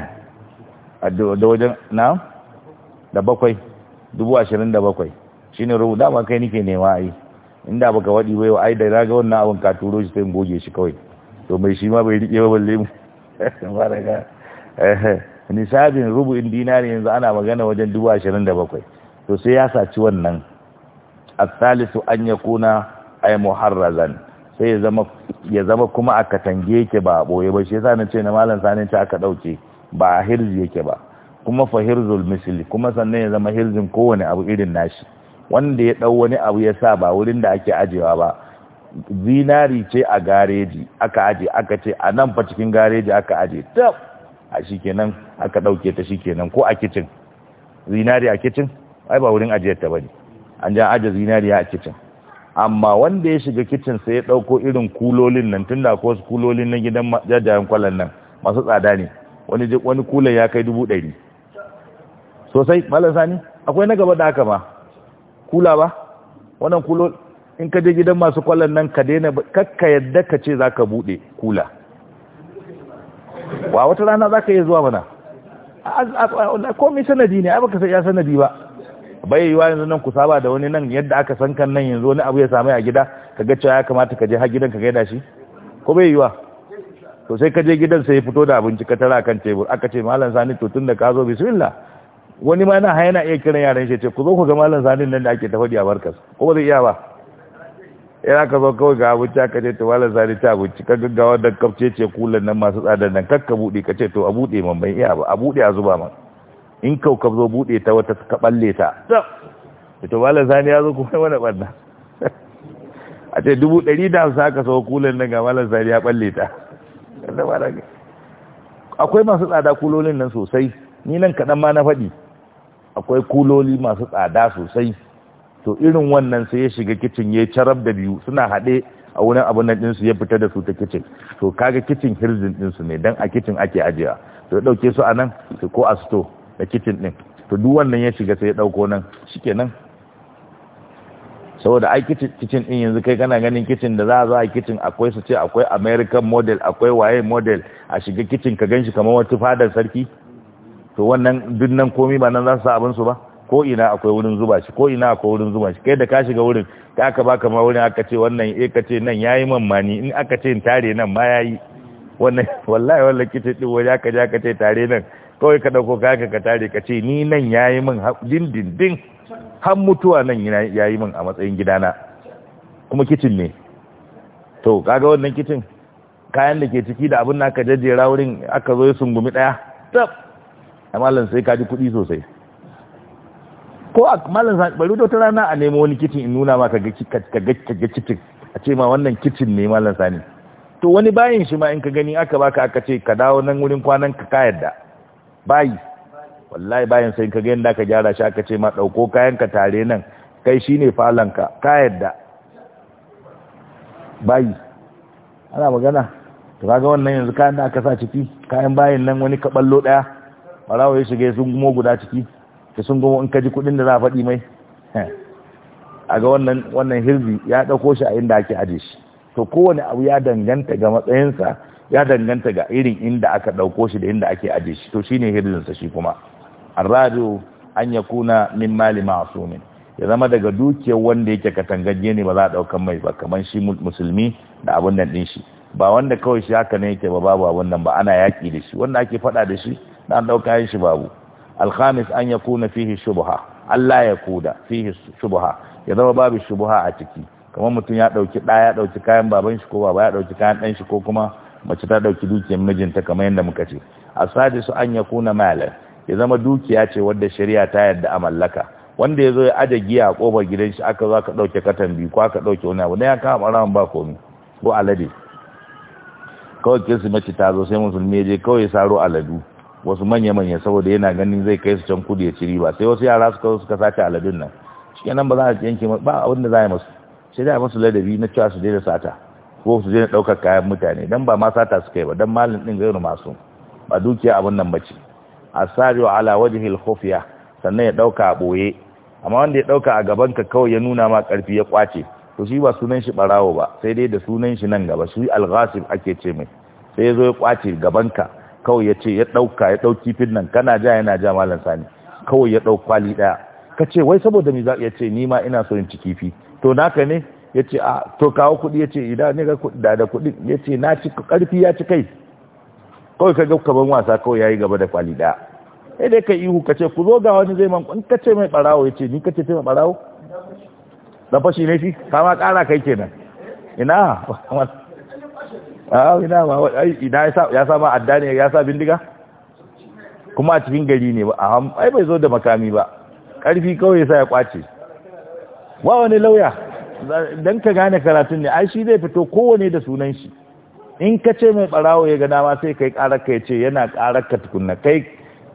Speaker 1: da wajen na da bakwai dubu shine rubu dama kai nike nema a inda baka wadi bai wa ai da raga wannan abin ka turo shi sai goge shi kawai to mai shi ma bai rike ba balle mu rubu in dinari yanzu ana magana wajen dubu ashirin da bakwai to sai ya saci wannan salisu an yakuna ay muharrazan sai ya zama kuma a katange yake ba a ɓoye ba shi yasa na ce na malam sanin ta aka ɗauke ba a hirzi yake ba kuma fa hirzul misli kuma sannan ya zama hirzin kowane abu irin nashi wanda ya ɗau wani abu ya sa ba wurin da ake ajewa ba zinari ce a gareji aka aje aka ce a nan fa cikin gareji aka aje ta a shi kenan aka ɗauke ta shi kenan ko a kicin zinari a kicin ai ba wurin ajiyar ta bane an ja aje zinari a kicin amma wanda ya shiga kicin sai ya ɗauko irin kulolin nan tun da wasu kulolin na gidan jajayen kwallon nan masu tsada ne wani wani kulan ya kai dubu ɗari sosai malam sani akwai na gaba da haka ma kula ba wannan kulo in ka je gidan masu kwallon nan ka daina kakka yadda ka ce za ka kula wa wata rana za ka iya zuwa mana komai sanadi ne ai baka sai ya sanadi ba bai yiwa yanzu nan ku saba da wani nan yadda aka san kan nan yanzu wani abu ya samu a gida ka ga cewa ya kamata ka je har gidan ka gaida shi ko bai yiwa to sai ka je gidan sai ya fito da abinci ka tara kan tebur aka ce malam sani to tun da ka zo bismillah wani ma na haya iya kiran yaran shi ce ku zo ku ga malam sanin nan da ake ta faɗi a barkas ko ba zai iya ba yana ka zo kawai ga abinci aka ce to malam sani ta abinci ka gaggawa da kafce ce kulan nan masu tsadar nan kakka buɗe ka ce to a buɗe man ban iya ba a buɗe a zuba man in kau ka zo buɗe ta wata ka balle ta to malam sani ya zo kuma wani ɓarna a ce dubu ɗari da hamsin aka sau kulan nan ga malam sani ya balle ta akwai masu tsada kulolin nan sosai ni nan kaɗan ma na faɗi akwai kuloli masu tsada sosai to irin wannan sai ya shiga kicin ya carab da biyu suna haɗe a wurin abin nan ɗinsu ya fita da su ta kicin to kaga kicin hirzin ɗinsu ne don a kicin ake ajiya to ya ɗauke su a nan ko a sito da kicin ɗin to duk wannan ya shiga sai ya ɗauko nan shi nan. saboda ai kicin ɗin yanzu kai kana ganin kicin da za a zo a kicin akwai su ce akwai american model akwai waye model a shiga kicin ka ganshi kamar wata fadar sarki to wannan duk komi ba nan za su sa abin su ba ko ina akwai wurin zuba shi ko ina akwai wurin zuba shi kai da ka shiga wurin ka aka baka ma wurin aka ce wannan eh ka ce nan yayi mammani in aka ce tare nan ma yayi wannan wallahi wallahi kice din waje aka ja ka ce tare nan kawai ka dauko kaka ka tare ka ce ni nan yayi min din, har mutuwa nan yayi min a matsayin gidana kuma kicin ne to kaga wannan kicin kayan da ke ciki da abin da aka jajjera wurin aka zo ya sungumi daya tab a malam sai kaji kudi sosai ko a malam bari da wata rana a nemo wani kicin in nuna ma ka ga cikin a ce ma wannan kicin ne malam sani to wani bayin shi ma in ka gani aka baka aka ce ka dawo nan wurin kwanan ka kayar da bayi wallahi bayan sai ka ga yanda ka gyara shi aka ce ma dauko kayan ka tare nan kai shine falan ka kayar da bayi ana magana to kaga wannan yanzu kayan da aka sa ciki kayan bayin nan wani kaballo daya barawo ya shiga ya sungumo guda ciki ya sungumo in ka ji kuɗin da za a faɗi mai a ga wannan hirzi ya ɗauko shi a inda ake aje shi to kowane abu ya danganta ga matsayinsa ya danganta ga irin inda aka ɗauko shi da inda ake aje shi to ne hirzinsa shi kuma arraju an ya kuna min mali ne ya zama daga dukiyar wanda yake katangajje ne ba za a ɗaukan mai ba kamar shi musulmi da abin nan ɗin shi ba wanda kawai shi haka ne yake ba babu abin nan ba ana yaƙi da shi wanda ake faɗa da shi dan dauka shi babu alkhamis an yakuna fihi shubha Allah ya kuda fihi shubha ya zama babu shubha a ciki kamar mutum ya dauki da ya dauki kayan baban shi ko baba ya dauki kayan dan shi ko kuma mace ta dauki dukiyar mijinta kamar yanda muka ce asadisu an yakuna malan ya zama dukiya ce wadda shari'a ta yarda a mallaka wanda ya zo ya aje giya a kofar gidan shi aka zo aka dauke katan biyu ko aka dauke wani abu dan ya kama barawan ba komai ko alade kawai mace ta zo sai musulmi ya je kawai saro aladu wasu manya-manya saboda yana ganin zai kai su can kudu ya ciri ba, sai wasu yara suka suka sace aladun nan shi nan ba za a yanke ba abin da za a yi masu sai da masu ladabi na cewa su da sata ko su daina ɗaukar kayan mutane don ba ma sata suka yi ba don malin ɗin gairu masu ba dukiya abin nan bace asariu ala waje hilkofiya sannan ya ɗauka a ɓoye amma wanda ya ɗauka a gaban ka kawai ya nuna ma ƙarfi ya kwace to shi ba sunan shi ɓarawo ba sai dai da sunan shi nan gaba shi alghasib ake ce mai sai ya zo ya kwace gaban ka kawai ya ce ya ɗauka ya ɗauki fin nan kana ja yana ja malam sani kawai ya ɗau kwali ɗaya ka ce wai saboda mi za ya ce ni ma ina so in ci kifi to naka ne ya ce a ah, to kawo kuɗi ya ce idan ne ga da da kuɗi ya ce na ci ƙarfi ya ci kai kawai ka ga kaman wasa kawai ya yi gaba da kwali ɗaya sai dai ka ihu ka ce ku zo ga wani zai man in ka ce mai ɓarawo ya ce ni ka ce mai ɓarawo na fashi ne shi kama ƙara kai kenan ina Ah, ina ya ma adda ne ya sa bindiga kuma a cikin gari ne ba ai bai zo da makami ba Karfi kawai ya sa ya kwace Wa wani lauya don ka gane karatun ne ai shi zai fito kowane da sunan shi in ka ce mai barawo ya gana ma sai kai ƙararka ya ce yana ƙarar ka tukunna kai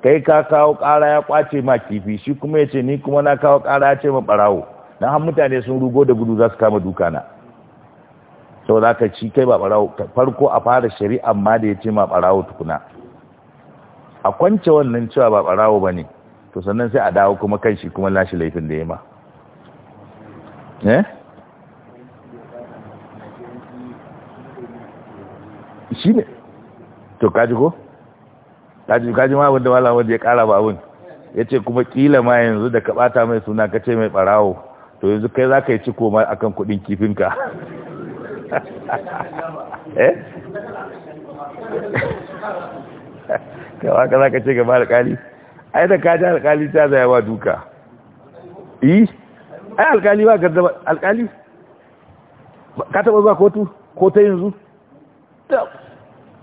Speaker 1: kai ka kawo ƙara ya kwace ma kifi shi kuma ya ce ni kuma na kawo ƙara ya ce mai ɓarawo na han mutane sun rugo da gudu za su kama dukana sau da aka ci kai ba barawo farko a fara shari'a ma da ya ce ma barawo tukuna a kwance wannan cewa ba barawo ba ne to sannan sai a dawo kuma kan shi kuma lashe laifin da ya ma eh shi ne to kaji ko kaji kaji ma da wala wanda ya kara ba abin? ya ce kuma kila ma yanzu da ka bata mai suna ka ce mai barawo to yanzu kai za ka yi ciko ma akan kudin kifinka eh kawai ka za ka ce gaba alkali ai da kaji alkali ta zaya wa duka yi e? ai alkali ba zaba alkali ka taba zuwa kotu ko ta yanzu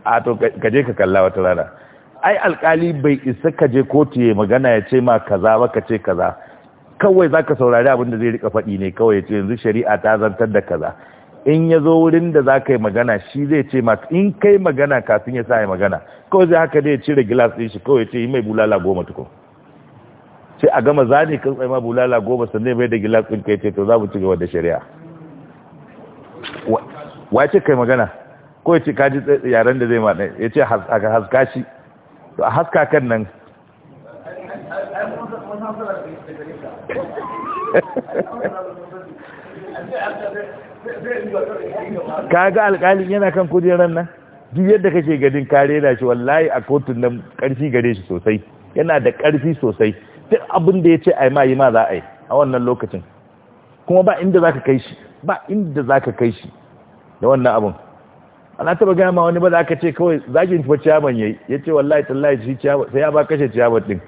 Speaker 1: a to ka je ka kalla wata rana ai alkali bai isa ka je kotu ya magana ya ce ma kaza ba ka ce kaza kawai za ka saurari abinda zai rika faɗi ne kawai ya ce yanzu shari'a ta zantar da kaza in ya zo wurin da za ka yi magana shi zai ce masu in kai magana kafin ya sa yi magana kawai zai haka dai cire gilas ɗin shi kawai ce yi mai bulala goma tukun sai a gama za ne kan tsaye bulala goma sannan mai da gilas ɗin kai ce to za mu ci gaba da shari'a wa ce kai magana kawai ce kaji yaren da zai ma ya ce a haska shi to a haska kan nan kaga alƙalin yana kan kujerar nan duk yadda kake gadin kare da shi wallahi a kotun nan ƙarfi gare shi sosai yana da ƙarfi sosai duk abin da ya ce a yi ma yi ma za a yi a wannan lokacin kuma ba inda za ka kai shi ba inda za ka kai shi da wannan abin ana taba gama wani ba za ka ce kawai zagin fa ya yi ya ce wallahi tallahi shi ciyaban sai ya ba kashe ciyaban din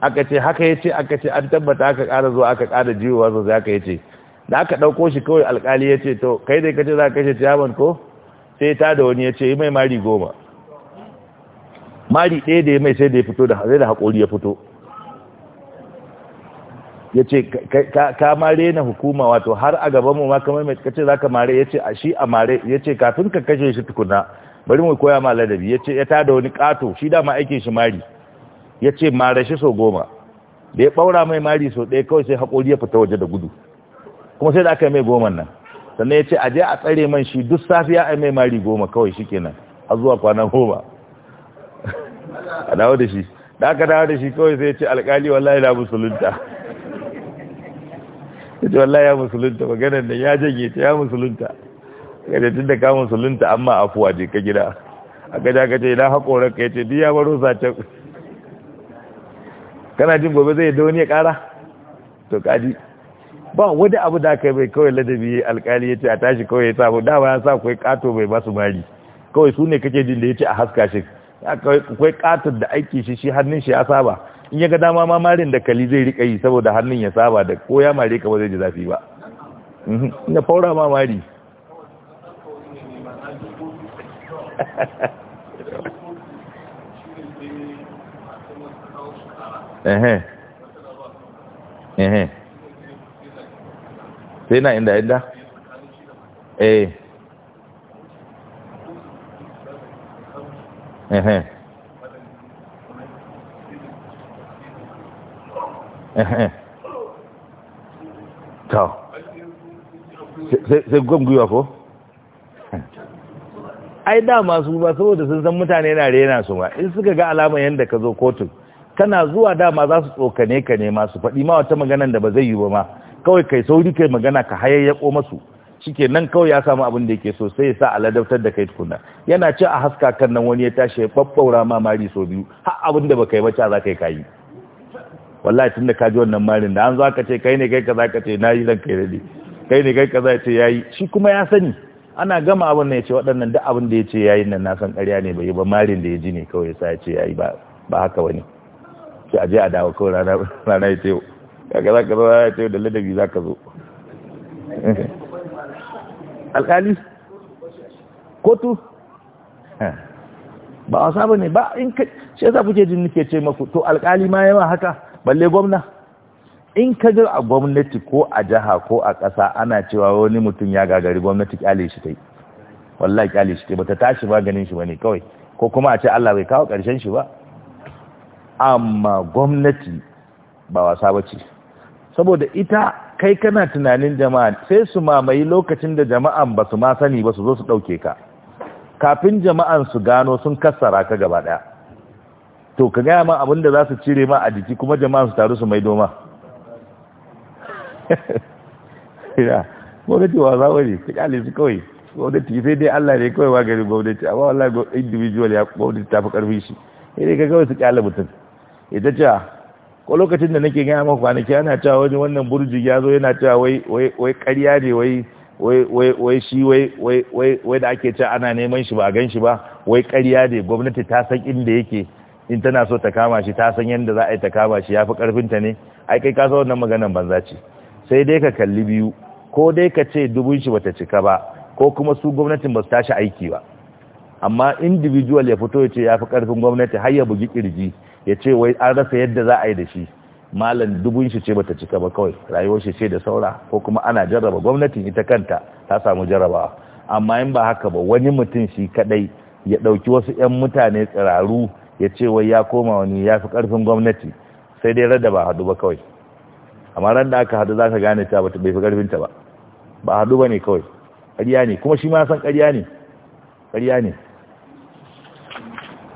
Speaker 1: aka ce haka ya ce aka ce an tabbata aka ƙara zuwa aka ƙara jiwowa sosai haka ya ce da aka ɗauko shi kawai alƙali ya ce to kai dai kace za ka kashe ciyaman ko sai ta da wani ya ce mai mari goma mari ɗaya da ya mai sai da ya fito da zai da haƙori ya fito ya ce ka mare na hukuma wato har a gaban mu ma kamar mai kace za ka mare ya ce a shi a mare ya ce kafin ka kashe shi tukuna bari mu koya ma ladabi ya ce ya ta da wani ƙato shi dama aikin shi mari ya ce mare shi sau goma da ya ɓaura mai mari sau ɗaya kawai sai haƙori ya fita waje da gudu kuma sai da aka yi mai goma nan sannan ya ce a je a tsare man shi duk safiya a mai mari goma kawai shi kenan a zuwa kwanan goma a dawo da shi da aka dawo da shi kawai sai ya ce alkali wallahi na musulunta ya ce wallahi ya musulunta maganar da ya janye ta ya musulunta kada tun da ka musulunta amma afuwa je ka gida A gaja ka ce idan haƙoran ka ya ce duk ya baro sacen kana jin gobe zai da wani ya ƙara to kaji ba wadda abu da aka yi bai kawai ladabi alkali ya ce a tashi kawai ya samu dama ya sa kawai kato bai basu mari kawai su ne kake jin da ya ce a haska shi kawai katon da aiki shi shi hannun shi ya saba in ya ga dama ma marin da kali zai rika yi saboda hannun ya saba da ko ya mare kama zai ji zafi ba mhm. na faura ma mari ehe ehe sai na inda inda eh eh eh sai gwam gwiwa ko ai dama su ba saboda sun san mutane na rena su ma in suka ga alama yadda ka zo kotun kana zuwa dama za su tsokane ka ne masu faɗi ma wata maganan da ba zai yi ba ma kawai kai sauri kai magana ka hayayyako masu shike nan kawai ya samu abin da yake so sai ya sa a aladaftar da kai tukuna yana ci a haska kan nan wani ya tashi ya babbaura mamari sau biyu har abin da ba kai ba za ka yi kayi wallahi da ka ji wannan marin da an zo aka ce kai ne kai kaza ka ce na zan kai dade kai ne kai kaza ce yayi shi kuma ya sani ana gama abin nan ya ce waɗannan duk abin da ya ce yayi nan na san ƙarya ne bai ba marin da ya ji ne kawai ya sa ya ce yayi ba ba haka bane sai a je a dawo kawai rana rana ya ce kaga za ka zo ya ce da ladabi za ka zo alkali kotu ba wasa ba ne ba in ka shi yasa ke jini ke ce maku to alkali ma yawa haka balle gwamna in ka ga a gwamnati ko a jiha ko a ƙasa ana cewa wani mutum ya gagari gwamnati kyale shi ta yi wallah kyale shi ta yi ba ta tashi maganin shi ne kawai ko kuma a ce Allah bai kawo ƙarshen shi ba amma gwamnati ba wasa ba ce saboda ita kai kana tunanin jama'a sai su mamaye lokacin da jama'an ba su ma sani ba su zo su ɗauke ka kafin jama'an su gano sun kassara ka gaba ɗaya to ka gaya ma abin da za su cire ma a jiki kuma jama'an su taru su mai doma gwamnati wa zawo ta ka kyale su kawai gwamnati sai dai allah ne kawai wa gari gwamnati amma wallahi individual ya gwamnati ta fi karfi shi sai dai ka kawai su kyale mutum ita ce ko lokacin da nake gaya maka kwanaki ana cewa wani wannan burji ya zo yana cewa wai wai wai ƙarya ne wai wai wai shi wai wai wai da ake cewa ana neman shi ba a gan shi ba wai ƙarya ne gwamnati ta san inda yake in tana so ta kama shi ta san yadda za a yi ta kama shi ya fi ta ne ai kai ka san wannan maganar banza ce sai dai ka kalli biyu ko dai ka ce dubun shi bata cika ba ko kuma su gwamnatin ba su tashi aiki ba amma individual ya fito ya ce ya fi ƙarfin gwamnati har ya bugi kirji ya ce wai an rasa yadda za a yi da shi malam dubun shi ce bata cika ba kawai rayuwar shi ce da saura ko kuma ana jarraba gwamnatin ita kanta ta samu jarrabawa amma in ba haka ba wani mutum shi kadai ya dauki wasu yan mutane tsiraru ya ce wai ya koma wani ya fi karfin gwamnati sai dai rada ba hadu ba kawai amma ran da aka hadu za ka gane ta bata bai fi karfin ta ba ba hadu bane kawai ƙarya ne kuma shi ma san ƙarya ne ƙarya ne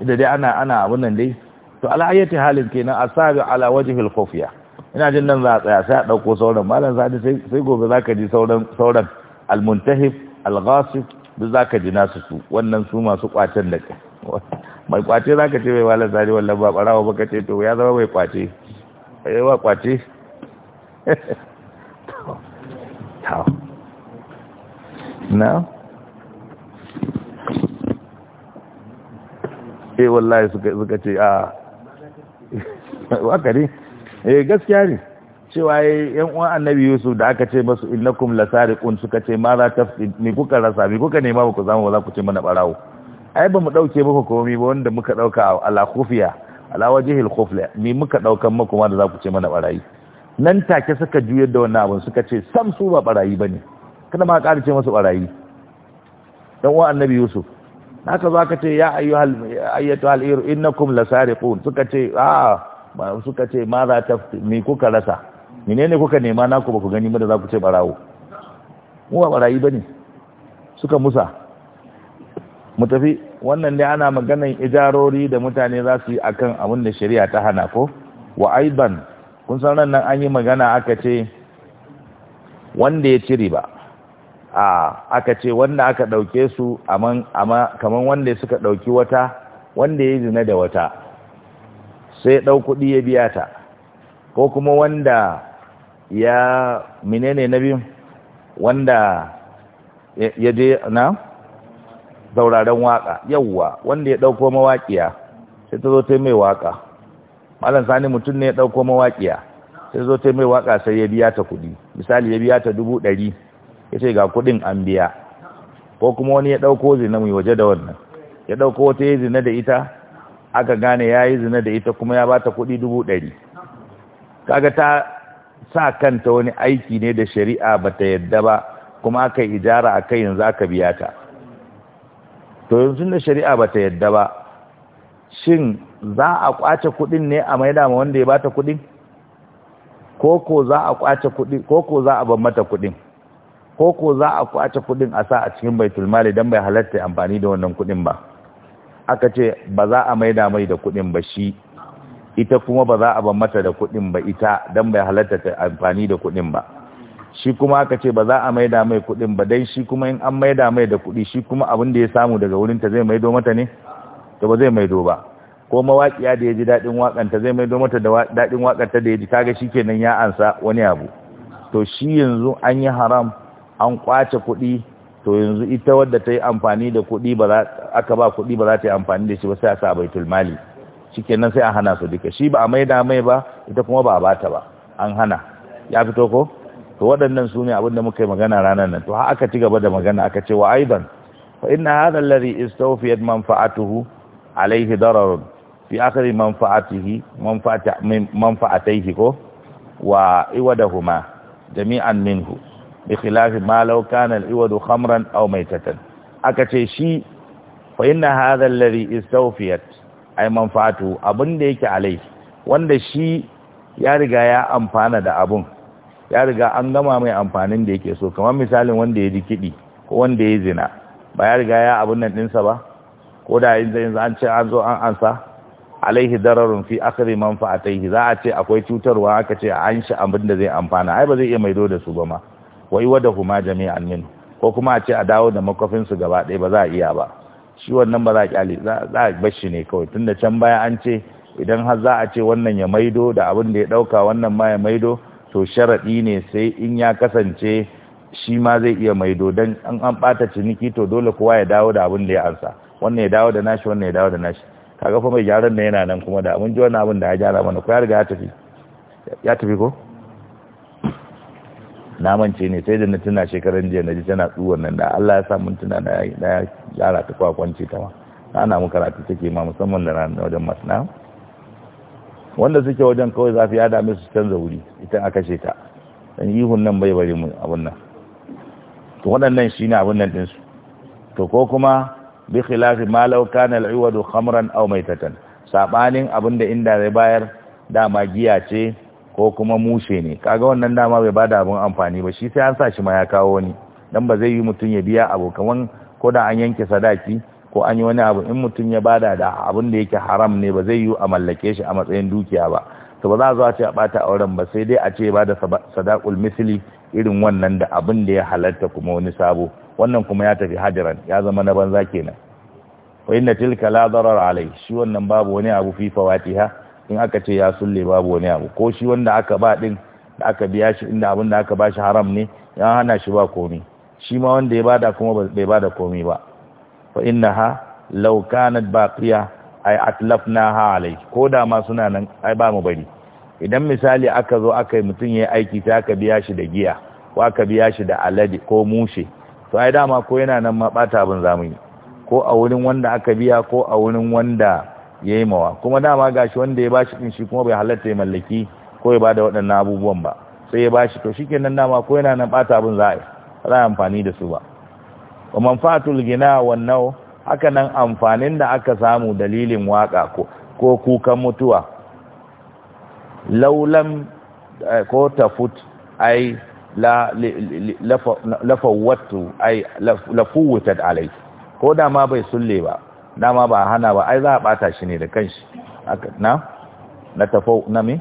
Speaker 1: idan dai ana ana abun nan dai to ala'ayyati halin kenan asabi ala wajhil khufiya ina jin nan za a tsaya sai a dauko sauran malam zadi sai gobe zaka ji sauran sauran almuntahib alghasib duk zaka ji nasu su wannan su masu kwacen da mai kwace zaka ce mai malam zadi wallahi ba barawa ba kace to ya zama mai kwace eh wa kwace ta na eh wallahi suka suka ce a ah, waka ne eh gaskiya ne cewa yan uwan annabi yusuf da aka ce masu innakum lasariqun suka ce ma za tafsi ni kuka rasa me kuka nema ba ku zama ba za ku ce mana barawo ai ba mu dauke muku komai ba wanda muka dauka ala khufiya ala wajhil khufla mi muka daukan muku ma da za ku ce mana barayi nan take suka juyar da wannan abun suka ce sam su ba barayi bane kada ma ƙara ce masu barayi dan uwan annabi yusuf naka zo aka ce ya ayyuhal ayyatu al-ir innakum lasariqun suka ce a'a ba suka ce ma za ta me kuka rasa ne kuka nema naku ba ku gani ba da za ku ce barawo mu ba barayi bane suka musa mu tafi wannan ne ana maganan ijarori da mutane za su yi a kan abin da shari'a ta hana ko wa aiban kun san ran an yi magana aka ce wanda ya ci riba a aka ce wanda aka dauke su kaman wanda suka ɗauki wata wanda ya zina da wata sai ɗau kuɗi ya biya ta ko kuma wanda ya ne na biyu wanda ya je na zauraren waka yawwa wanda ya ɗauko mawaƙiya sai ta zo ta mai waka malam sani mutum ne ya ɗauko mawaƙiya sai zo ta mai waka sai ya biya ta kuɗi misali ya biya ta dubu ɗari ya ce ga kuɗin an biya ko kuma wani ya ɗauko zina mai waje da wannan ya ɗauko wata ya zina da ita aka gane ya yi zina da ita kuma ya ba ta kuɗi dubu ɗari kaga ta sa kanta wani aiki ne da shari'a ba ta yadda ba kuma aka yi ijara a kai yanzu aka biya ta to yanzu da shari'a ba ta yadda ba shin za a kwace kuɗin ne a maida ma wanda ya ba ta kuɗin koko za za a ban mata kuɗin koko za a kwace kuɗin a sa a cikin baitulmali don bai halatta amfani da wannan kuɗin ba aka ce ba za a maida mai da kuɗin ba shi ita kuma ba za a ban mata da kuɗin ba ita don bai halatta ta amfani da kuɗin ba shi kuma aka ce ba za a maida mai kuɗin ba dai shi kuma in an maida mai da kuɗi shi kuma abin da ya samu daga wurin ta zai maido mata ne to ba zai maido ba ko mawaƙiya da ya ji daɗin ta zai maido mata da daɗin ta da ya ji kaga shi kenan ya ansa wani abu to shi yanzu an yi haram an kwace kuɗi to yanzu ita wadda ta yi amfani da kuɗi ba za aka ba kuɗi ba za ta yi amfani da shi ba sai a sa baitul mali nan sai an hana su duka shi ba a maida mai ba ita kuma ba a bata ba an hana ya fito ko to waɗannan su ne abinda muka yi magana ranar nan to har aka ci gaba da magana aka ce wa aidan fa inna hadha alladhi istawfiyat manfa'atuhu alayhi dararun fi akhir manfa'atihi manfa'atihi ko wa iwadahuma jami'an minhu bi khilafi ma law kana al-iwadu khamran aw maytatan aka ce shi fa inna hadha alladhi istawfiyat ay manfaatu abin da yake alai wanda shi ya riga ya amfana da abun ya riga an gama mai amfanin da yake so kamar misalin wanda ya ji ko wanda ya zina ba ya riga ya abun nan dinsa ba ko da yanzu yanzu an ce an zo an ansa alaihi dararun fi akhri manfaatihi za a ce akwai cutarwa aka ce an shi abin da zai amfana ai ba zai iya maido da su ba ma wai wada huma jami'an min ko kuma a ce a dawo da makofin su gaba ɗaya ba za a iya ba shi wannan ba za a kyale za a bashi ne kawai tunda can baya an ce idan har za a ce wannan ya maido da abin da ya ɗauka wannan ma ya maido to sharaɗi ne sai in ya kasance shi ma zai iya maido don an an ɓata ciniki to dole kowa ya dawo da abin da ya ansa wannan ya dawo da nashi wannan ya dawo da nashi kaga fa mai gyaran da yana nan kuma da mun ji wannan abin da ya gyara mana ko ya riga ya tafi ya tafi ko na mance ne sai da na tuna shekaran jiya na ji tana tsuwon nan da Allah ya sa mun tuna na ya yara ta kwakwance ta ma ana mu karatu take ma musamman da ran wajen masna wanda suke wajen kawai zafi ya dame su canza wuri ita aka ce ta dan ihun nan bai bari mu abun nan to waɗannan shine abun nan din su to ko kuma bi khilafi ma law kana al-iwadu khamran aw maytatan sabanin abinda inda zai bayar dama giya ce ko kuma mushe ne kaga wannan dama bai bada abin amfani ba shi sai an sa shi ma ya kawo wani dan ba zai yi mutum ya biya abu kaman ko da an yanke sadaki ko an yi wani abu in mutum ya bada da abin da yake haram ne ba zai yi a mallake shi a matsayin dukiya ba to ba za a zo a ce a bata auren ba sai dai a ce ba da sadaqul misli irin wannan da abin da ya halatta kuma wani sabo wannan kuma ya tafi hajiran ya zama na banza kenan wa inna tilka la darar alai shi wannan babu wani abu fi fawatiha in aka ce ya sulle babu wani abu ko shi wanda aka ba din da aka biya shi inda abin da aka ba shi haram ne ya hana shi ba komi shi ma wanda ya bada kuma bai bada komi ba fa innaha law kanat baqiya ay atlafnaha alai ko da ma suna nan ai ba mu bari idan misali aka zo aka yi mutum ya aiki sai aka biya shi da giya ko aka biya shi da alade ko mushe to ai dama ko yana nan ma bata abin zamani ko a wurin wanda aka biya ko a wurin wanda ya yi mawa kuma dama shi wanda ya bashi din shi kuma bai halatta ya mallaki ko ya bada waɗannan abubuwan ba sai ya bashi to shi kenan dama ko yana nan bata abin za a yi amfani da su ba wa manfa'atul gina wannan haka nan amfanin da aka samu dalilin waka ko kukan mutuwa laulan eh, ko fut ai la ai lafuwutat alai ko da ma bai sulle ba dama ba a hana ba ai za a bata shi ne da kanshi na na tafo na me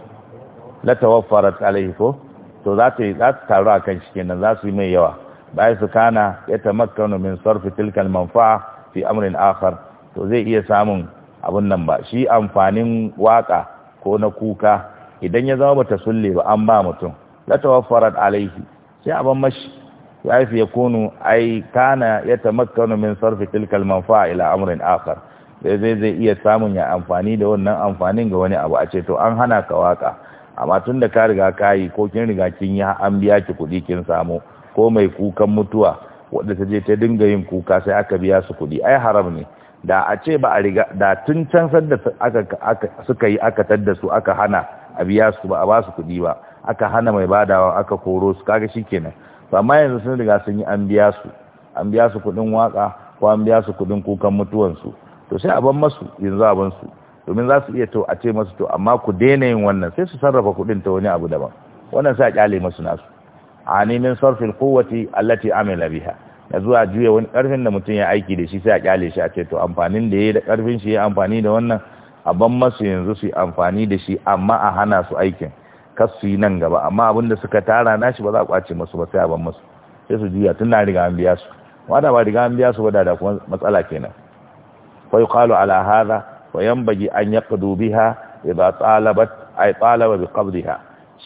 Speaker 1: la tawaffarat alaihi ko to za ta za ta taru a kanshi kenan za su yi mai yawa bai su kana ya tamakkanu min sarfi tilka manfa'a fi amrin akhar to zai iya samun abun nan ba shi amfanin waka ko na kuka idan ya zama ba ta sulle ba an ba mutum la tawaffarat alaihi sai a ban mashi حيث ai أي كان يتمكن من صرف تلك المنفعة إلى أمر آخر zai zai iya samun ya amfani da wannan amfanin ga wani abu a ce to an hana ka waka amma tun da ka riga ka yi ko kin riga kin yi an biya ki kuɗi kin samu ko mai kukan mutuwa wadda ta je ta dinga yin kuka sai aka biya su kuɗi ai haram ne da a ce ba a riga da tun can sanda aka suka yi aka tadda su aka hana a biya su ba a ba su kuɗi ba aka hana mai badawa aka koro su kaga shikenan to amma yanzu sun riga sun yi an biya su an biya su kuɗin waka ko an biya su kuɗin kukan mutuwansu to sai a masu yanzu a su domin za su iya to a ce masu to amma ku daina yin wannan sai su sarrafa kuɗin ta wani abu daban wannan sai a kyale masu nasu a nemin sarfin kowace allati amila biha na zuwa juya wani karfin da mutum ya aiki da shi sai a kyale shi a ce to amfanin da ya da karfin shi ya amfani da wannan a ban masu yanzu su yi amfani da shi amma a hana su aikin kasu yi nan gaba amma abin da suka tara nashi ba za a kwace masu ba sai a ban masu sai su juya tun na riga an biya su wanda ba riga an biya su ba da kuma matsala kenan fa yuqalu ala hadha wa yanbaghi an yaqdu biha idza talabat ay talaba bi qabdiha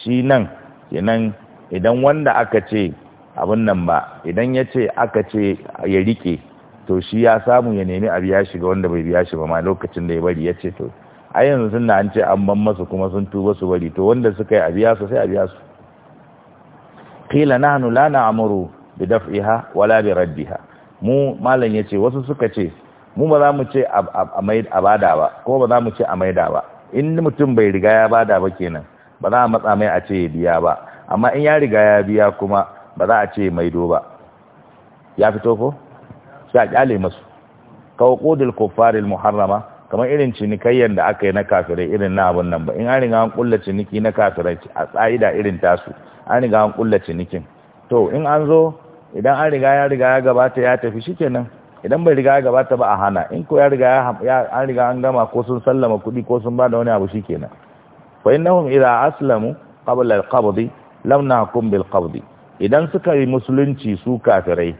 Speaker 1: shi nan kenan idan wanda aka ce abin nan ba idan yace aka ce ya rike to shi ya samu ya nemi a biya shi ga wanda bai biya shi ba ma lokacin da ya bari yace to a yanzu sun na an ce an ban masu kuma sun tuba su bari to wanda suka yi a su sai a biya su na nahnu la da bi daf'iha wala bi raddiha mu malam ce wasu suka ce mu ba za mu ce a bada ba ko ba za mu ce a maida ba in mutum bai riga ya bada ba kenan ba za a matsa mai a ce ya biya ba amma in ya riga ya biya kuma ba za a ce maido ba ya fito ko sai a kyale masu Kawo kawqudul kuffaril muharrama kamar irin cinikayyar da aka yi na kafirai irin na abin nan ba in an riga an kulla ciniki na kafirai a tsa'ida irin tasu an riga an kulla cinikin to in an zo idan an riga ya riga ya gabata ya tafi shikenan idan bai riga ya gabata ba a hana in ko ya riga ya an riga an gama ko sun sallama kuɗi ko sun bada wani abu shikenan fa innahum idza aslamu qabla al-qabd lam nahkum bil qabd idan suka yi musulunci su kafirai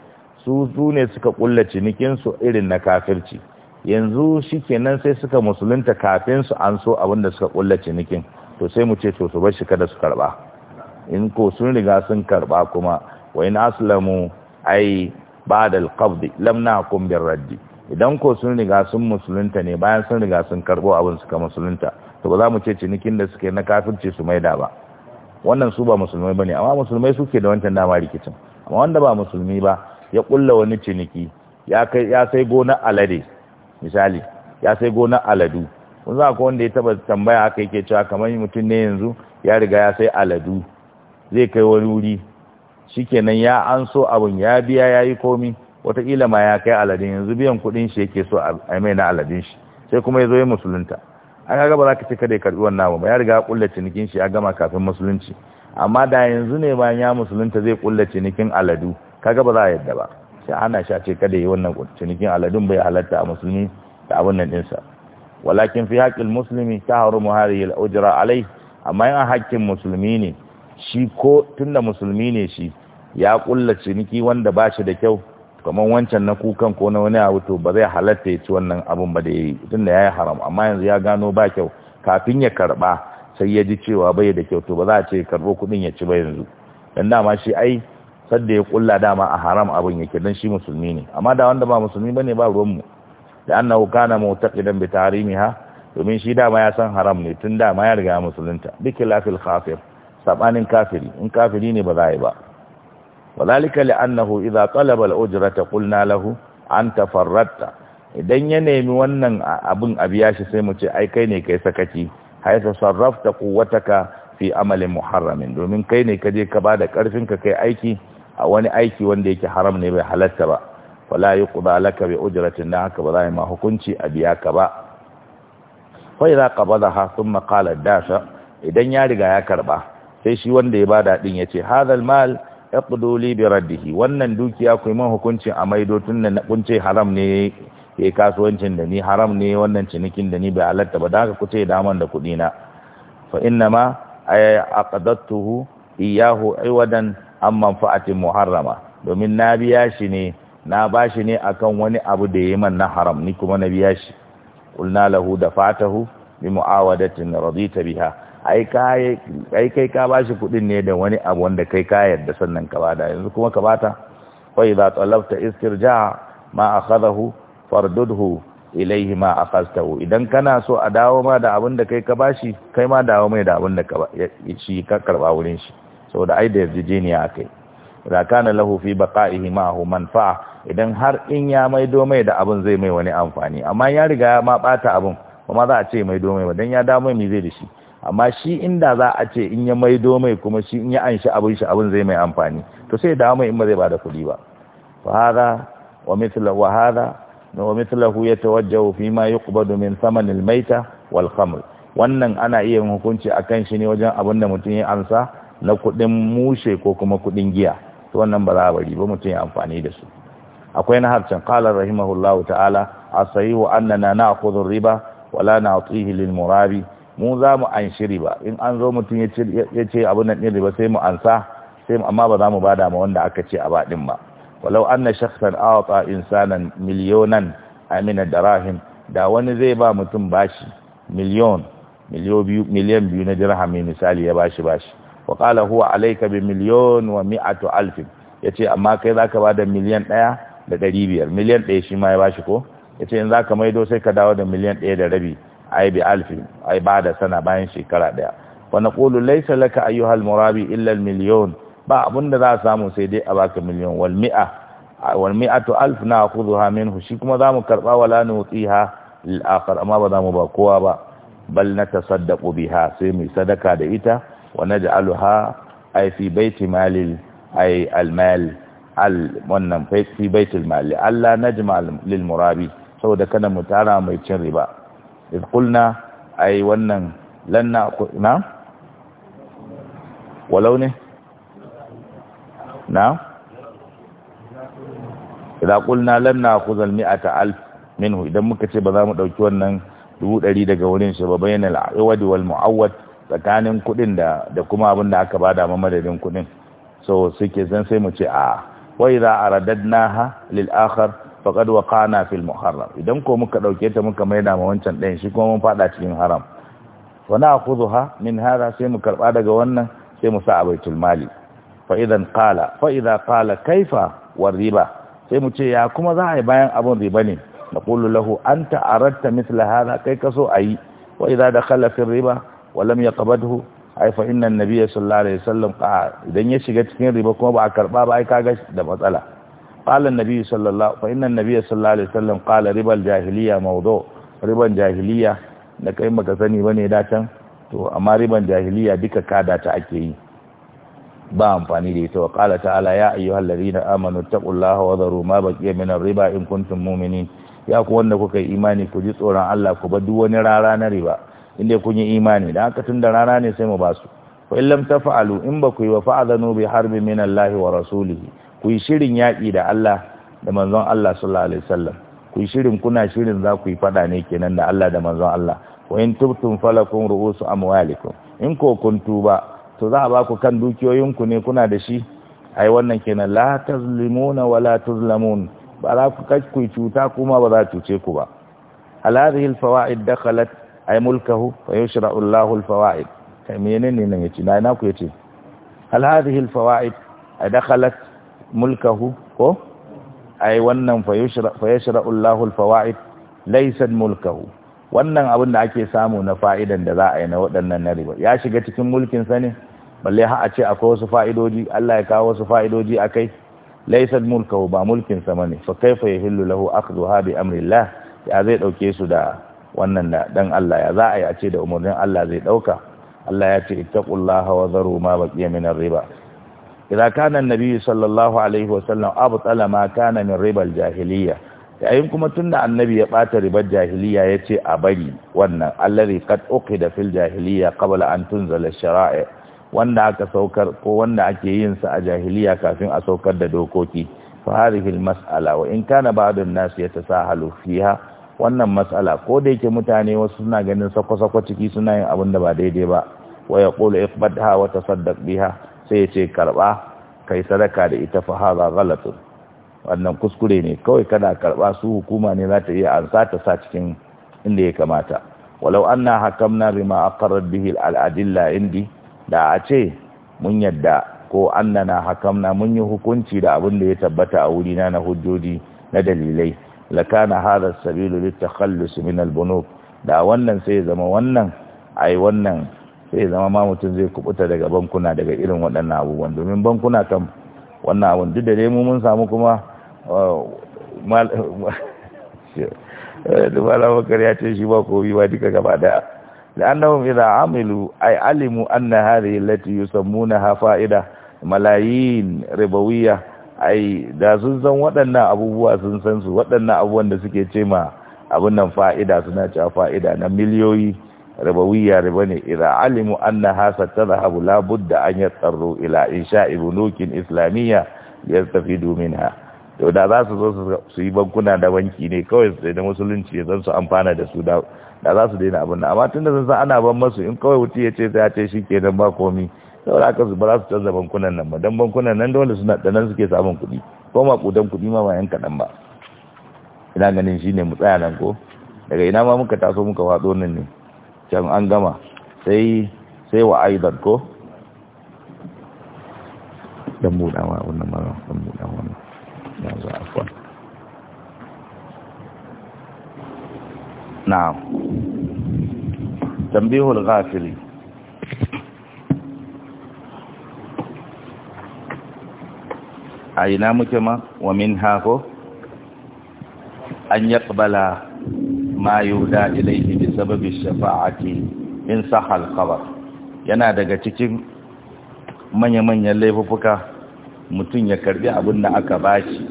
Speaker 1: su su suka kulla cinikin su irin na kafirci yanzu shi kenan sai suka musulunta kafin su an so abin da suka kulla cinikin to sai mu ce to su bar shi kada su karba in ko sun riga sun karba kuma wa in aslamu ai badal, qabdi, qabd lam bir raddi idan ko sun riga sun musulunta ne bayan sun riga sun karbo abin suka musulunta to ba za mu ce cinikin da suke na kafirci su maida ba wannan su ba musulmai bane amma musulmai suke da wancan dama rikicin amma wanda ba musulmi ba ya kulla wani ciniki ya kai ya sai gona alade misali ya sai gonar aladu kun za ku wanda ya taba tambaya aka yake cewa kamar mutum ne yanzu ya riga ya sai aladu zai kai wani wuri shikenan ya an so abun ya biya ya yi komi wataƙila ma ya kai aladun yanzu biyan kuɗin shi yake so a mai na aladun shi sai kuma ya zo ya musulunta an ga gaba za ka ce kada ya karɓi wannan abu ba ya riga ya kulla cinikin shi ya gama kafin musulunci amma da yanzu ne bayan ya musulunta zai kulla cinikin aladu Ka gaba za a yadda ba sai ana sha ce kada yi wannan cinikin aladun bai halatta a musulmi da abin nan ɗinsa walakin fi haƙƙin musulmi ta haru muhari al'ujira alai amma yana haƙƙin musulmi ne shi ko tunda musulmi ne shi ya ƙulla ciniki wanda ba shi da kyau kamar wancan na kukan ko na wani abu to ba zai halatta ya ci wannan abun ba da ya yi tunda ya yi haram amma yanzu ya gano ba kyau kafin ya karɓa sai ya ji cewa bai da kyau to ba za a ce karɓo kuɗin ya ci ba yanzu dan dama shi ai sadda ya kulla dama a haram abin yake don shi musulmi ne amma da wanda ba musulmi bane ba ruwan mu da annahu kana mu'taqidan bi tarimiha domin shi dama ya san haram ne tun dama ya riga musulunta bi khilafil kafir sabanin kafiri in kafiri ne ba za yi ba walalika li'annahu idza talaba al-ujrata qulna lahu anta farratta idan ya nemi wannan abin biya shi sai mu ce ai kai ne kai sakaci haisa sarrafta quwwataka fi amalin muharramin domin kai ne ka je ka bada karfin ka kai aiki A wani aiki wanda yake haram ne bai halatta ba wala yi yuqda laka bai ujiratin da haka ba za a ma hukunci a biya ka ba za ka qabadaha thumma makalar dasa idan ya riga ya karba sai shi wanda ya ba daɗin ya ce hadal mal ya li bi raddihi wannan dukiya ku man hukunci a maido da na kunce haram ne ke kasuwancin da ni haram ne wannan cinikin da ni bai halatta ba da haka kuce daman da kuɗi na fa inna ma a aƙadattuhu iyahu wadan an manfa'atin muharrama domin na biya shi ne na ba shi ne akan wani abu da ya man na haram ni kuma na biya shi ulna lahu da fatahu bi mu'awadatin radita biha ai kai ai kai ka bashi kudin ne da wani abu wanda kai ka yarda sannan ka bada yanzu kuma ka bata fa idza talabta istirja ma akhadahu fardudhu ilaihi ma akhaztahu idan kana so a dawo ma da abin da kai ka bashi kai ma dawo mai da abin da ka shi ka karba wurin shi saboda ai da yarjejeniya kai da kana lahu fi baqa'ihi ma'ahu manfa idan har in ya maido mai da abin zai mai wani amfani amma ya riga ya ma bata abin kuma za a ce maido mai dan ya dawo mai zai da shi amma shi inda za a ce in ya maido mai kuma shi in ya shi abin shi abin zai mai amfani to sai dawo in ba zai bada kuɗi ba fa hada wa mithla wa fi ma yuqbadu min thaman maita wal wannan ana iya hukunci akan shi ne wajen abin da mutum ya amsa na kuɗin mushe ko kuma kuɗin giya to wannan ba za a bari ba mutum ya amfani da su akwai na harcen kalar rahimahullahu ta'ala asahihu annana kudin riba wala na'tihi lil murabi mu za mu anshi riba in an zo mutum ya ce abu nan ɗin riba sai mu ansa sai amma ba za mu bada ma wanda aka ce a ba ɗin ba walau anna shakhsan a'ta insanan miliyonan amina darahim da wani zai ba mutum bashi miliyon biyu na dirhami misali ya bashi bashi wa qala huwa alayka bi milyon wa yace amma kai zaka bada miliyan 1 da 500 miliyan 1 shi ma ya bashi ko yace in zaka maido sai ka dawo da miliyan 1 da rabi ai bi alf ai bada sana bayan shekara daya wa naqulu laysa laka ayyuha al murabi illa al ba abunda za samu sai dai a baka miliyon wal mi'a wal mi'atu alf na khudhuha minhu shi kuma zamu karba wala nutiha lil akhar amma ba zamu ba kowa ba bal natasaddaqu biha sai mu sadaka da ita wa naj'aluha ay fi baiti malil ay almal al wannan fi baitil mali Allah najma lil murabi saboda kada mu tara mai cin riba idh qulna ay wannan lanna na walau ne na idza qulna lan na'khudha al-mi'ata alf minhu idan muka ce ba za mu dauki wannan dubu dari daga wurin shi ba bainal awad wal mu'awwad tsakanin kuɗin da da kuma abin da aka bada mamadadin madadin kuɗin so suke zan sai mu ce a wa idza aradadnaha lil akhar faqad waqana fil muharram idan ko muka dauke ta muka maida ma wancan ɗayan shi kuma mun fada cikin haram wa na'khudha min hada sai mu karba daga wannan sai mu sa a baitul mali fa idan qala fa idza qala kaifa war riba sai mu ce ya kuma za a yi bayan abun riba ne naqulu lahu anta aradta mithla hada kai kaso ayi wa idza dakhala fil riba walam ya qabadhu ai fa inna annabiyya sallallahu alaihi wasallam qala idan ya shiga cikin riba kuma ba a karba ba ai kaga da matsala qala annabiyyu sallallahu fa inna annabiyya sallallahu alaihi wasallam qala riba jahiliya mawdu riba jahiliya da kai maka sani bane da can to amma riba jahiliya duka ka da ta ake yi ba amfani da ita wa qala ta'ala ya ayyuhal ladina amanu taqullaha wa dharu ma baqiya min riba in kuntum mu'minin ya ku wanda kuka yi imani ku ji tsoron Allah ku ba duk wani rara na riba inda kun yi imani da haka tun da rana ne sai mu ba su fa in lam taf'alu in ba ku yi wa fa'adhanu bi harbin min Allah wa rasulihi ku yi shirin yaƙi da Allah da manzon Allah sallallahu alaihi wasallam ku yi shirin kuna shirin za ku yi fada ne kenan da Allah da manzon Allah wain in tubtum falakum ru'usu amwalikum in ko kun tuba to za a ba ku kan dukiyoyinku ne kuna da shi ai wannan kenan la tazlimuna wa la tuzlamun ba za ku kai ku cuta kuma ba za cuce ku ba al hadhihi al fawaid dakhalat ay mulkahu fa yushra'u Allahu al-fawaid kai menene nan yace na na ku yace hal hadhihi al-fawaid ay dakhalat mulkahu ko ay wannan fa yushra fa yashra'u Allahu al-fawaid laysa mulkahu wannan abin da ake samu na fa'idan da za a yi na waɗannan na riba ya shiga cikin mulkin sa ne balle ha a ce akwai wasu fa'idoji Allah ya kawo wasu fa'idoji akai laysa mulkahu ba mulkin sa bane fa kaifa yahillu lahu akhdhu bi amri Allah ya zai dauke su da wannan da dan Allah ya za a yi a ce da umarnin Allah zai dauka Allah ya ce ittaqullaha wa zaru ma baqiya min ar-riba idza kana an-nabi sallallahu alaihi wa sallam abtala ma kana min riba al-jahiliyya yayin kuma tunda annabi ya bata ribar jahiliya yace a bari wannan allazi qad uqida fil jahiliya qabla an tunzala ash-shara'i wanda aka saukar ko wanda ake yin sa a jahiliya kafin a saukar da dokoki fa hadhihi al-mas'ala wa in kana ba'd an-nas yatasahalu fiha wannan matsala ko da yake mutane wasu suna ganin sako-sako ciki suna yin abin da ba daidai ba wa ya qulu iqbadha wa tasaddaq biha sai yace karba kai sadaka da ita fa hadha ghalatun wannan kuskure ne kawai kada karba su hukuma ne za ta iya ansa ta sa cikin inda ya kamata walau anna hakamna bima aqarrat bihi al-adilla indi da a ce mun yadda ko annana hakamna mun yi hukunci da abin da ya tabbata a wurina na hujjoji na dalilai lakana hadha sabilu litakhallus min albunub da wannan sai zama wannan ai wannan sai zama ma mutum zai kubuta daga bankuna daga irin waɗannan abubuwan domin bankuna kan wannan abun duk da dai mu mun samu kuma da malamin ya ce shi ba ko ba duka gaba da لأنهم idha amilu أي alimu anna hadhihi allati yusammunaha fa'ida malayin ribawiyah ai da sun san waɗannan abubuwa sun san su waɗannan abubuwan da suke ce ma abin nan fa'ida suna cewa fa'ida na miliyoyi rabawiya riba ne idan alimu anna hasa ta zahabu labudda an ya tsaro ila insha ibulukin islamiyya ya tafi domin ha to da za su zo su yi bankuna da banki ne kawai su da musulunci ya zan su amfana da su da za su daina abin nan amma tun da sun san ana ban masu in kawai wuti ya ce sai a ce shi kenan ba komi saboda aka su ba za su canza bankunan nan ba don bankunan nan dole suna da nan suke samun kuɗi ko maƙudan kuɗi ma ba yan kaɗan ba ina ganin shi ne mu tsaya nan ko daga ina ma muka taso muka faɗo nan ne can an gama sai sai wa aidan ko dan buɗawa wannan ma dan buɗawa wannan ya zo afwan na tambihul ghafili a ina muke ma wa min hako an yaqbala ma yuda ilayhi bi sababi shafa'ati in sahal khabar yana daga cikin manya-manyan laifuka mutum ya karbi abin da aka bashi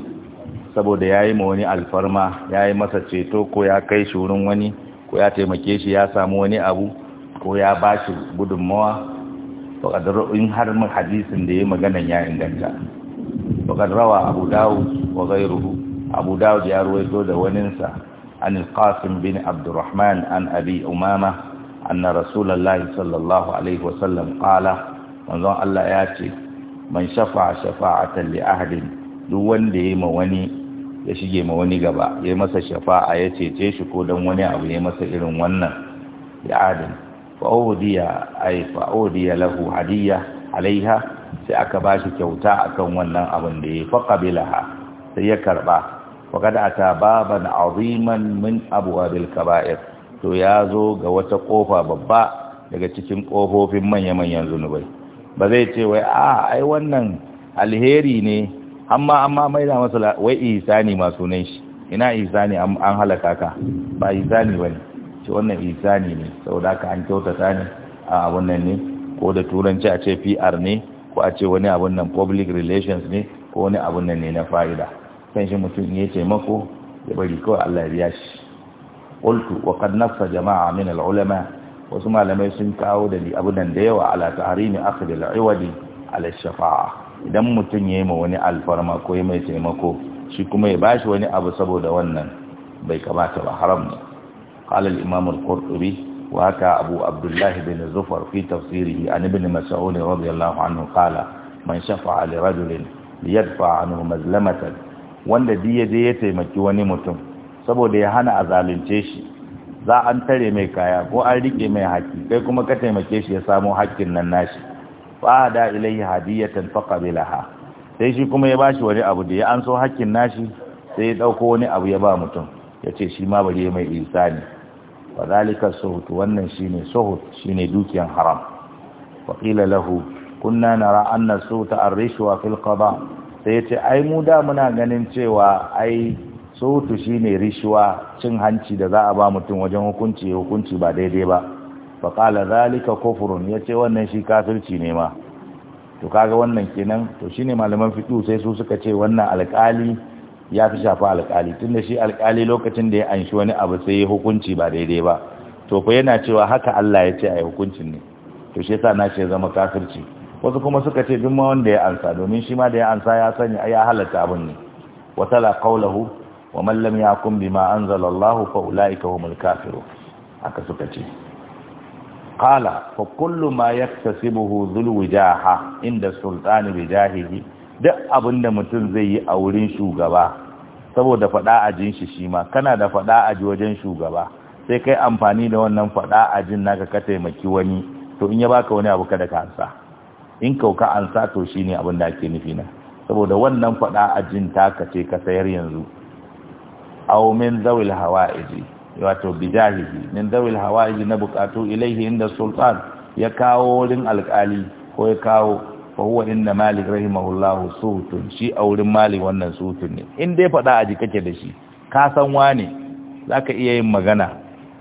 Speaker 1: saboda yayi ma wani alfarma yayi masa ceto ko ya kai shi wurin wani ko ya taimake shi ya samu wani abu ko ya bashi gudunmawa to in har hadisin da yayi maganan ya inganta وقد روى أبو داود وغيره أبو داود يروي دود وننسى عن القاسم بن عبد الرحمن عن أبي أمامة أن رسول الله صلى الله عليه وسلم قال منظر الله ياتي من شفع شفاعة لأهد دون دي موني ya shige ma wani gaba ya masa shafa'a ya cece shi ko don wani abu ya masa irin wannan ya adin fa'udiya ay fa'udiya lahu hadiyya alaiha sai aka ba shi kyauta akan wannan abin da ya bilaha sai ya karba da ata baban aziman min abwabil kaba'ir to ya zo ga wata ƙofa babba daga cikin ƙofofin manya-manyan zunubai ba zai ce wai a ai wannan alheri ne amma amma mai da masu wai isa ne ma sunan shi ina isa ne an halaka ka ba isa ne wani ce wannan isa ne ne, saboda ka an kyautata ne a wannan ne ko da turanci a ce PR ne ko a ce wani abun nan public relations ne ko wani abun nan ne na fa'ida kan shi mutum ya ce mako ya bari kawai Allah ya biya shi qultu wa qad nafsa jama'a min al-ulama wasu malamai sun kawo da abun nan da yawa ala tahrimi akhd al-iwadi ala shafa'a idan mutum ya yi ma wani alfarma ko ya mai taimako shi kuma ya bashi wani abu saboda wannan bai kamata ba haram ne qala al-imam al-qurtubi وهكا أبو عبد الله بن زفر في تفسيره عن ابن مسعون رضي الله عنه قال من شفع لرجل ليدفع عنه مزلمة wanda duk ya je ya taimaki wani mutum saboda ya hana a zalunce shi za an tare mai kaya ko an rike mai haƙƙi kai kuma ka taimake shi ya samo haƙƙin nan nashi fa da ilayhi hadiyatan fa qabilaha sai shi kuma ya bashi wani abu da ya an so haƙƙin nashi sai ya dauko wani abu ya ba mutum yace shi ma bari mai insani wa zalika suhut wannan shine suhut shine dukiyan haram wa qila lahu kunna nara anna suhut ar-rishwa fil qada sai yace ai mu da muna ganin cewa ai suhut shine rishwa cin hanci da za a ba mutum wajen hukunci hukunci ba daidai ba fa qala zalika kufrun yace wannan shi kafirci ne ma to kaga wannan kenan to shine malaman fiqh sai su suka ce wannan alƙali ya fi shafa alƙali tun da shi alƙali lokacin da ya anshi wani abu sai ya hukunci ba daidai ba to ku yana cewa haka Allah ya ce a hukuncin ne to shi yasa na ce zama kafirci wasu kuma suka ce duk ma wanda ya ansa domin shi ma da ya ansa ya sanya ya halatta abin ne wa tala qawluhu wa man lam ma bima anzala Allah fa ulaika humul kafirun haka suka ce qala fa kullu ma yaktasibuhu dhul wijaha inda sultani bijahihi duk abin da mutum zai yi a wurin shugaba saboda faɗa jin shi shi ma kana da faɗa ji wajen shugaba sai kai amfani da wannan faɗa jin naka ka taimaki wani to in ya baka wani abu kada ka ansa in kauka ansa to shine abin da ake nufi na saboda wannan faɗa jin taka ce ka sayar yanzu aumin min zawil hawaiji wato bijahihi min zawil hawaiji na bukatu ilaihi inda sultan ya kawo wurin alkali ko ya kawo fa huwa inna malik rahimahullahu sutun shi a wurin malik wannan sutun ne in dai faɗa a ji kake da shi ka san za zaka iya yin magana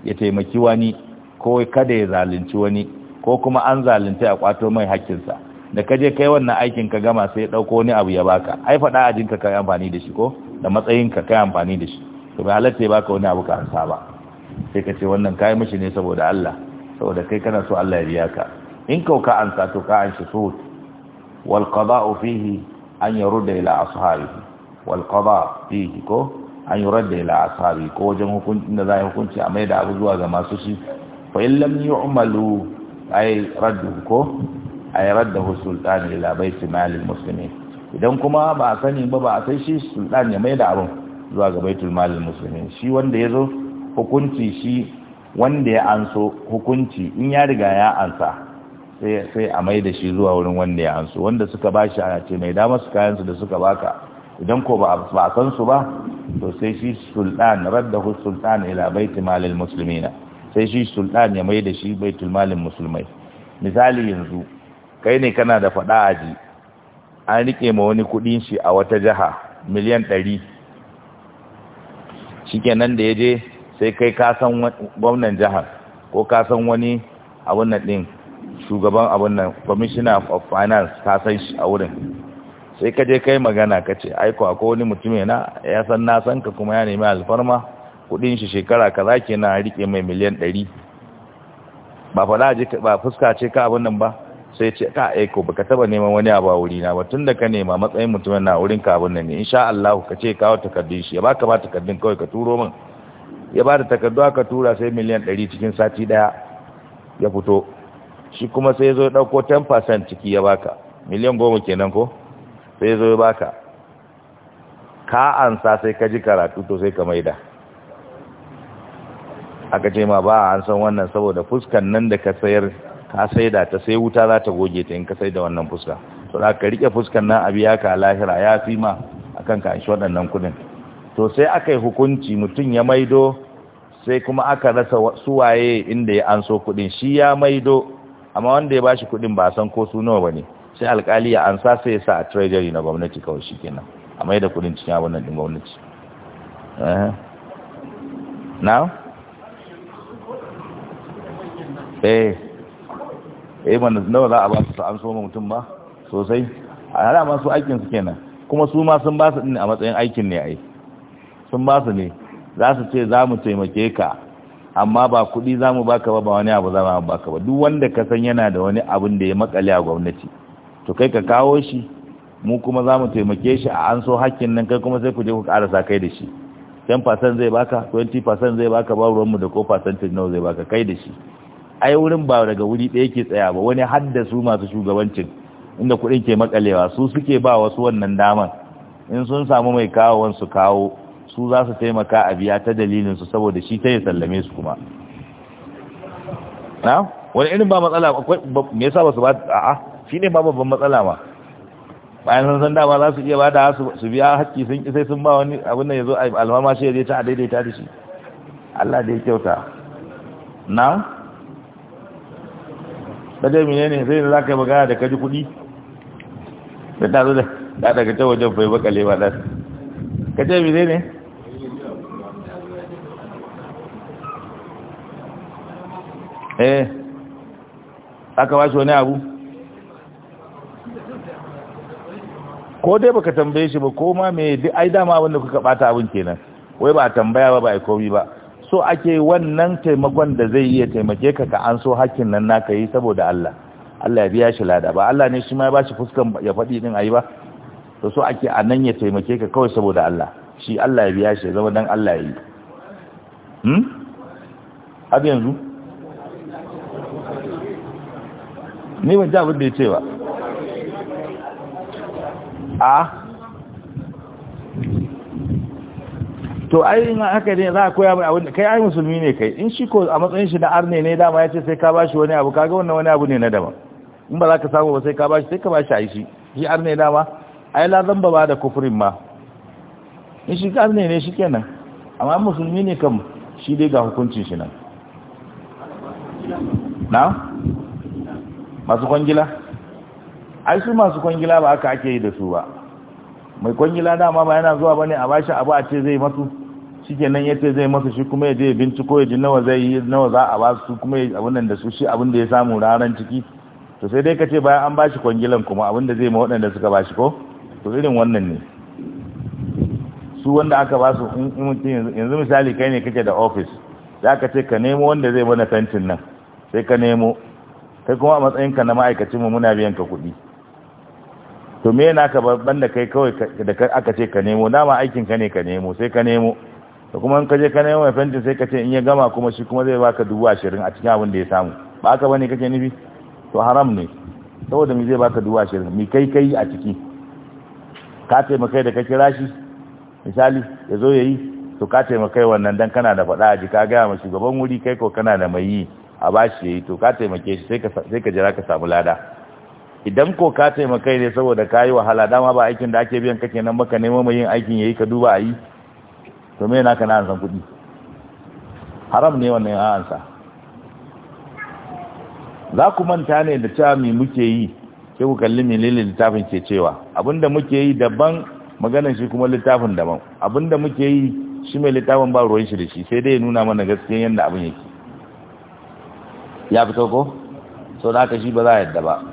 Speaker 1: ya taimaki wani ko kada ya zalunci wani ko kuma an zalunci a kwato mai hakkinsa da kaje kai wannan aikin ka gama sai ya dauko wani abu ya baka ai faɗa a jinka kai amfani da shi ko da matsayin ka kai amfani da shi to bai halatta ya baka wani abu ka ansa ba sai ka ce wannan kai mishi ne saboda Allah saboda kai kana so Allah ya biya ka in kauka ansa to ka an shi والقضاء فيه أن يرد إلى أصحابه والقضاء فيه كو أن يرد إلى أصحابه كو وجمه كنت إن ذا يكون أميد أبوزوا ما سوشي فإن لم يعملوا أي رده كو أي رده السلطان إلى بيت مال المسلمين idan kuma ba a sani ba ba a sai shi sultan ya maida abin zuwa ga baitul malil muslimin shi wanda ya zo hukunci shi wanda ya anso hukunci in ya riga ya ansa sai a mai da shi zuwa wurin wanda ya ansu wanda suka ba shi a ce mai damar su kayansu da suka ba ka idan ko ba a san su ba to sai shi sultan hu sultan ila baiti malil muslimina sai shi sultan ya mai da shi baiti malin musulmai misali yanzu kai ne kana da fada ji an rike ma wani kudin shi a wata jaha miliyan ɗari shi kenan da ya je sai kai kasan san gwamnan jihar ko kasan wani abun wannan din shugaban abin nan commissioner of finance ta san shi a wurin sai ka je kai magana ka ce aiko akwai wani mutum yana ya san na san ka kuma ya nemi alfarma kudin shi shekara za ke na rike mai miliyan 100 ba fada ji ba fuska ce ka abin nan ba sai ce ka aiko eh, baka taba neman wani abu a wuri na ba tunda ka nema matsayin mutumin na wurin ka abin nan ne insha Allah ka ce kawo takardun shi ya baka ba takardun kawai ka turo min ya ba da takardu aka tura sai miliyan 100 cikin sati daya ya fito shi kuma sai zo ya ɗauko 10% ciki ya baka miliyan goma kenan ko sai zo ya baka ka ansa sai ka ji karatu to sai ka maida aka ce ma ba an san wannan saboda fuskan nan da ka sayar ka saida ta sai wuta za ta goge ta in ka saida wannan fuska to da ka rike fuskan nan a biya ka lahira ya fi ma akan ka shi waɗannan kuɗin to sai aka yi hukunci mutum ya maido sai kuma aka rasa suwaye inda ya anso kuɗin shi ya maido amma wanda ya bashi kuɗin ba a san ko su nawa bane sai alkali ya ansa sai ya sa a treasury na gwamnati kawai shikenan a mai da kuɗin cikin abun nan din gwamnati eh? na eh eh mana nawa za a ba su an so mutum ba sosai a ma su aikin su kenan kuma su ma sun ba su din a matsayin aikin ne ai sun ba su ne za su ce za mu taimake ka amma ba kuɗi za mu baka ba ba wani abu za mu baka ba duk wanda ka san yana da wani abin da ya makale a gwamnati to kai ka kawo shi mu kuma za mu taimake shi a an so hakkin nan kai kuma sai ku je ku karasa kai da shi 10% zai baka 20% zai baka ba ruwanmu da ko percentage nawa zai baka kai da shi ai wurin ba daga wuri ɗaya ke tsaya ba wani hadda su masu shugabancin inda kuɗin ke makalewa su suke ba wasu wannan daman in sun samu mai kawo wansu kawo su za su taimaka a biya ta dalilinsu saboda shi ta yi sallame su kuma na wani irin ba matsala akwai me yasa ba su ba a'a shi ne ba babban matsala ma bayan sun san dama za su iya ba da su biya haƙƙi sun sai sun ba wani abin da ya zo almama shi ya je ta a daidaita da shi Allah da ya kyauta na da dai mene ne sai da za ka yi magana da kaji kuɗi da ta zo da daga ta wajen fai bakale ba ɗan ka ce mene ne eh aka ba shi wani abu ko dai baka tambaye shi ba ko ma me duk ai dama wanda kuka bata abin kenan wai ba tambaya ba ba ai komi ba so ake wannan taimakon da zai iya taimake ka ka an so hakkin nan naka yi saboda Allah Allah ya biya shi lada ba Allah ne shi ma ya ba shi fuskan ya faɗi din ayi ba to so ake a nan ya taimake ka kawai saboda Allah shi Allah ya biya shi ya zama dan Allah ya yi hmm abin yanzu ni ban ji abin da ya ce ba a to ai in haka ne za a koya mai abin da kai ai musulmi ne kai in shi ko a matsayin shi na arne ne dama ya ce sai ka bashi wani abu kaga wannan wani abu ne na daban in ba za ka samu ba sai ka bashi sai ka bashi a yi shi shi arne dama ai la zan ba da kufurin ma in shi ka arne ne shi kenan amma musulmi ne kam shi dai ga hukuncin shi nan na masu kwangila ai su masu kwangila ba aka ake yi da su ba mai kwangila dama ba yana zuwa bane a bashi abu a ce zai masu shikenan ya ce zai masu shi kuma ya je binciko ya ji nawa zai yi nawa za a ba su kuma abin nan da su shi abin da ya samu ranar ciki to sai dai ka ce bayan an bashi kwangilan kuma abin da zai ma waɗanda suka bashi ko to irin wannan ne su wanda aka ba su yanzu misali kai ne kake da ofis za ka ce ka nemo wanda zai mana fentin nan sai ka nemo kai kuma a matsayinka na ma'aikacin mu muna biyan ka kuɗi to me yana ka babban kai kawai da aka ce ka nemo dama aikin ka ne ka nemo sai ka nemo to kuma in ka je ka nemo mai fentin sai ka ce in ya gama kuma shi kuma zai baka dubu ashirin a cikin abin da ya samu ba aka bane kake nufi to haram ne saboda me zai baka dubu ashirin me kai kai a ciki ka taimakai da ka kira shi misali ya zo ya yi to ka taimakai wannan dan kana da faɗa a ji ka gaya ma shugaban wuri kai ko kana da mai yi a bashi yayi to ka taimake shi sai ka sai ka jira ka samu lada idan ko ka taimaka ne saboda ka yi wahala dama ba aikin da ake biyan kake nan baka nemo mai yin aikin yayi ka duba a yi to me na na ansan kuɗi haram ne wannan ya ansa za ku manta ne da cewa me muke yi sai ku kalli menene littafin ke cewa abinda muke yi daban maganar shi kuma littafin daban abinda muke yi shi mai littafin ba ruwan shi da shi sai dai ya nuna mana gaskiyan yadda abin yake ya fito ko so da haka shi ba za a yadda ba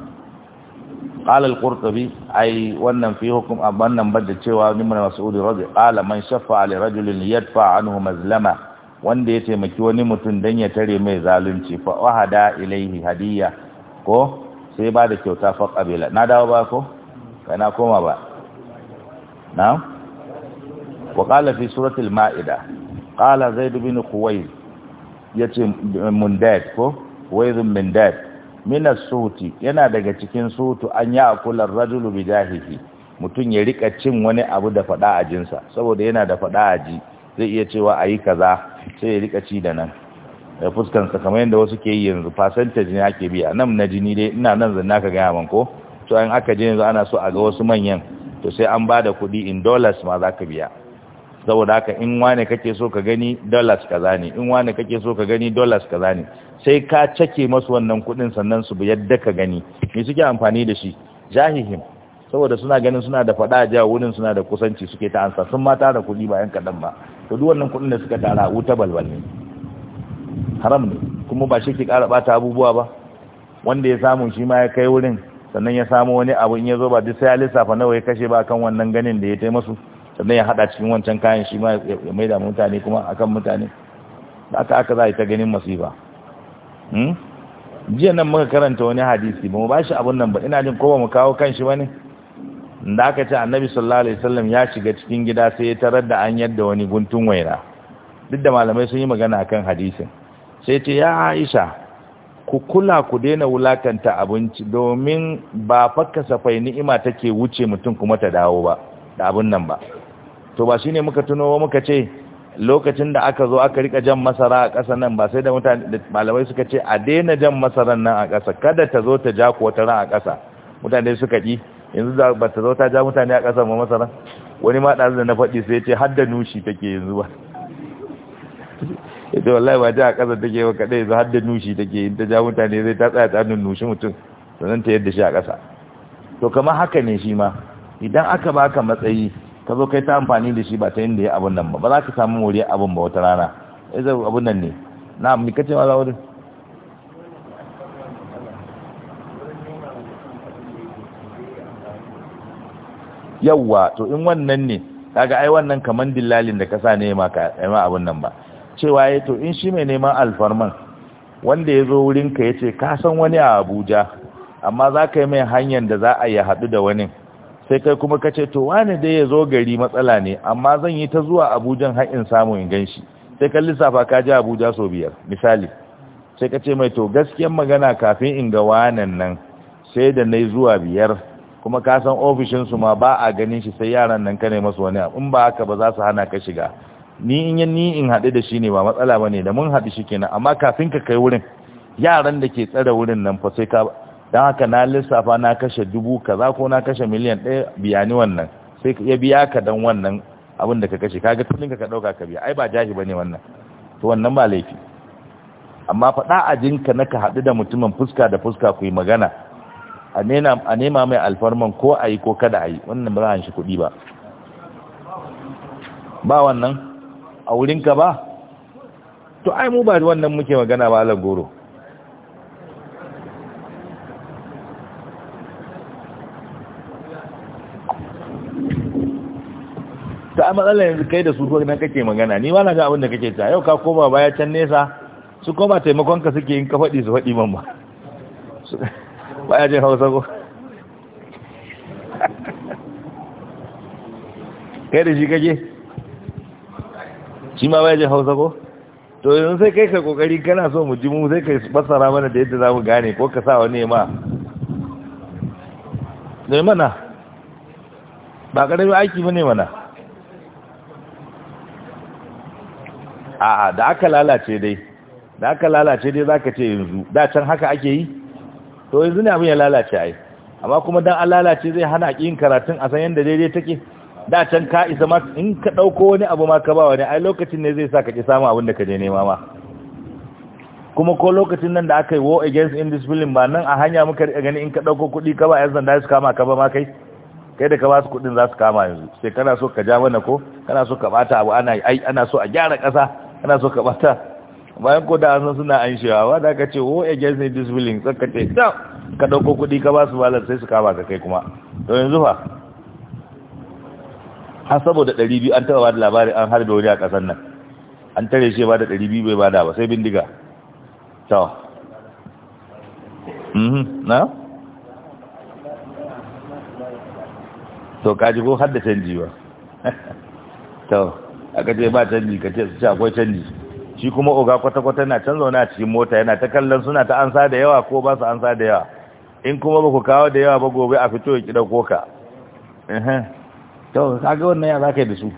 Speaker 1: qala al-qurtubi ai wannan fi hukum wannan badda cewa ibn mas'ud radi qala man shaffa li rajulin yadfa anhu mazlama wanda ya taimaki wani mutum dan ya tare mai zalunci fa wahada ilaihi hadiyya ko sai ba da kyauta fa qabila na dawo ba ko na koma ba na'am wa qala fi surati al-ma'ida qala zaid bin quwayl yace mundad ko huwaizun min dad min as-suti yana daga cikin sutu an ya akula rajulu bi jahihi mutum ya rika cin wani abu da fada a jinsa saboda yana da fada a ji zai iya cewa ayi kaza sai ya rika ci da nan da fuskan sa kamar yanda wasu ke yi yanzu percentage ne ake biya nan na jini dai ina nan zanna ka ga ko to an aka je yanzu ana so a ga wasu manyan to sai an bada kuɗi in dollars ma za ka biya saboda haka in wane kake so ka gani dollars kaza ne in wane kake so ka gani dollars kaza ne sai ka cake masu wannan kudin sannan su bi yadda ka gani me suke amfani da shi jahihim saboda suna ganin suna da fada ja wurin suna da kusanci suke ta ansa sun mata da kudi bayan kadan ba to duk wannan kudin da suka tara wuta balbal ne haram ne kuma ba shi ke kara bata abubuwa ba wanda ya samu shi ma ya kai wurin sannan ya samu wani abu in ya zo ba duk sai ya lissafa nawa ya kashe ba kan wannan ganin da ya taimasu masu sannan ya hada cikin wancan kayan shi ma ya maida mutane kuma akan mutane da aka aka za a ta ganin masifa hmm? jiya nan muka karanta wani hadisi ba mu ba shi abun nan ba ina jin kowa mu kawo kan shi wani da aka ce annabi sallallahu alaihi wasallam ya shiga cikin gida sai ya tarar da an yadda wani guntun waira duk da malamai sun yi magana akan hadisin sai ce ya Aisha ku kula ku daina wulakanta abinci domin ba fakka safai ni'ima take wuce mutum kuma ta dawo ba da abun nan ba to ba shine muka tuno muka ce lokacin da aka zo aka rika jan masara a ƙasa nan ba sai da mutane da malamai suka ce a daina jan masaran nan a ƙasa kada ta zo ta ja ko ta ran a ƙasa mutane suka ki yanzu da ba ta zo ta ja mutane a ƙasa ma masara wani ma ɗazu da na faɗi sai ce har da nushi take yanzu ba ita wallahi ba ja a ƙasa take ba kaɗai yanzu har da nushi take in ta ja mutane zai ta tsaya ta nushi mutum sannan ta yadda shi a ƙasa to kamar haka ne shi ma idan aka baka matsayi ka zo kai ta amfani da shi ba ta yin da ya abin nan ba ba za ka samu wuri abin ba wata rana iza eh, abin nan ne na amma ka ce za wurin yawwa to in wannan ne kaga ai wannan kaman dillalin da ka sa ne ma ka ma abin nan ba cewa ya to in shi mai neman alfarman wanda ya zo wurinka ya ce ka san wani a Abuja amma za ka yi mai hanyar da za a yi haɗu da wani sai kai kuma ka ce to wani dai ya zo gari matsala ne amma zan yi ta zuwa abujan har samun samu in ganshi sai ka lissafa ka je abuja sau biyar misali sai ka ce mai to gaskiyan magana kafin in ga wanan nan sai da na zuwa biyar kuma ka san ofishinsu ma ba a ganin shi sai yaran nan ka ne masu wani abu in ba haka ba za su hana ka shiga ni in yi ni in haɗu da shi ne ba matsala ba ne da mun haɗu shi kenan amma kafin ka kai wurin yaran da ke tsare wurin nan fa sai ka don haka na lissafa na kashe dubu kaza ko na kashe miliyan ɗaya biya ni wannan sai ya biya ka dan wannan abin da ka kashe kaga tunin ka ɗauka ka biya ai ba jahi ba ne wannan to wannan ba laifi amma faɗa a jinka na ka haɗu da mutumin fuska da fuska ku yi magana a nema mai alfarman ko a yi ko kada a yi wannan ba za a shi kuɗi ba ba wannan a wurinka ba to ai mu ba wannan muke magana ba alan goro matsalar yanzu kai da su ko nan kake magana ni ba na ga abin da kake ta yau ka koma baya can nesa su koma taimakon ka suke in ka faɗi su faɗi man ba baya jin hausa ko kai da shi kake shi ma baya jin hausa ko to yanzu sai kai ka kokari kana so mu ji mu sai kai basara mana da yadda za mu gane ko ka sa wani ma ne mana ba ƙarfi aiki ba ne mana a'a da aka lalace dai da aka lalace dai zaka ce yanzu da can haka ake yi to yanzu ne abin ya lalace ai amma kuma dan an lalace zai hana yin karatun a san yanda daidai take da can ka isa ma in ka dauko wani abu ma ka ba wani ai lokacin ne zai sa ka ki samu abin da ka je nema ma kuma ko lokacin nan da aka yi war against indiscipline ba nan a hanya muka gani in ka dauko kuɗi ka ba yan da su kama ka ba ma kai kai da ka ba su kudin za su kama yanzu sai kana so ka ja mana ko kana so ka bata abu ana ai ana so a gyara ƙasa ana so ka bata bayan ko da an san suna an shewa ba da ka ce wo oh, against me this willing sai ka ce da ka dauko kuɗi ka ba su ba sai su kama ka kai kuma to yanzu fa har saboda ɗari biyu an taɓa ba da labari an harbe wani a ƙasar nan an tare shi ba da ɗari biyu bai bada ba sai bindiga tawa mm-hmm. na to kaji ko har da canji ba tawa aka ce ba canji ka ce su ce akwai canji shi kuma oga kwata-kwata na can zauna a cikin mota yana ta kallon suna ta ansa da yawa ko ba su ansa da yawa in kuma ba ku kawo da yawa ba gobe a fito ya kida koka to kaga wannan ya zaka yi da su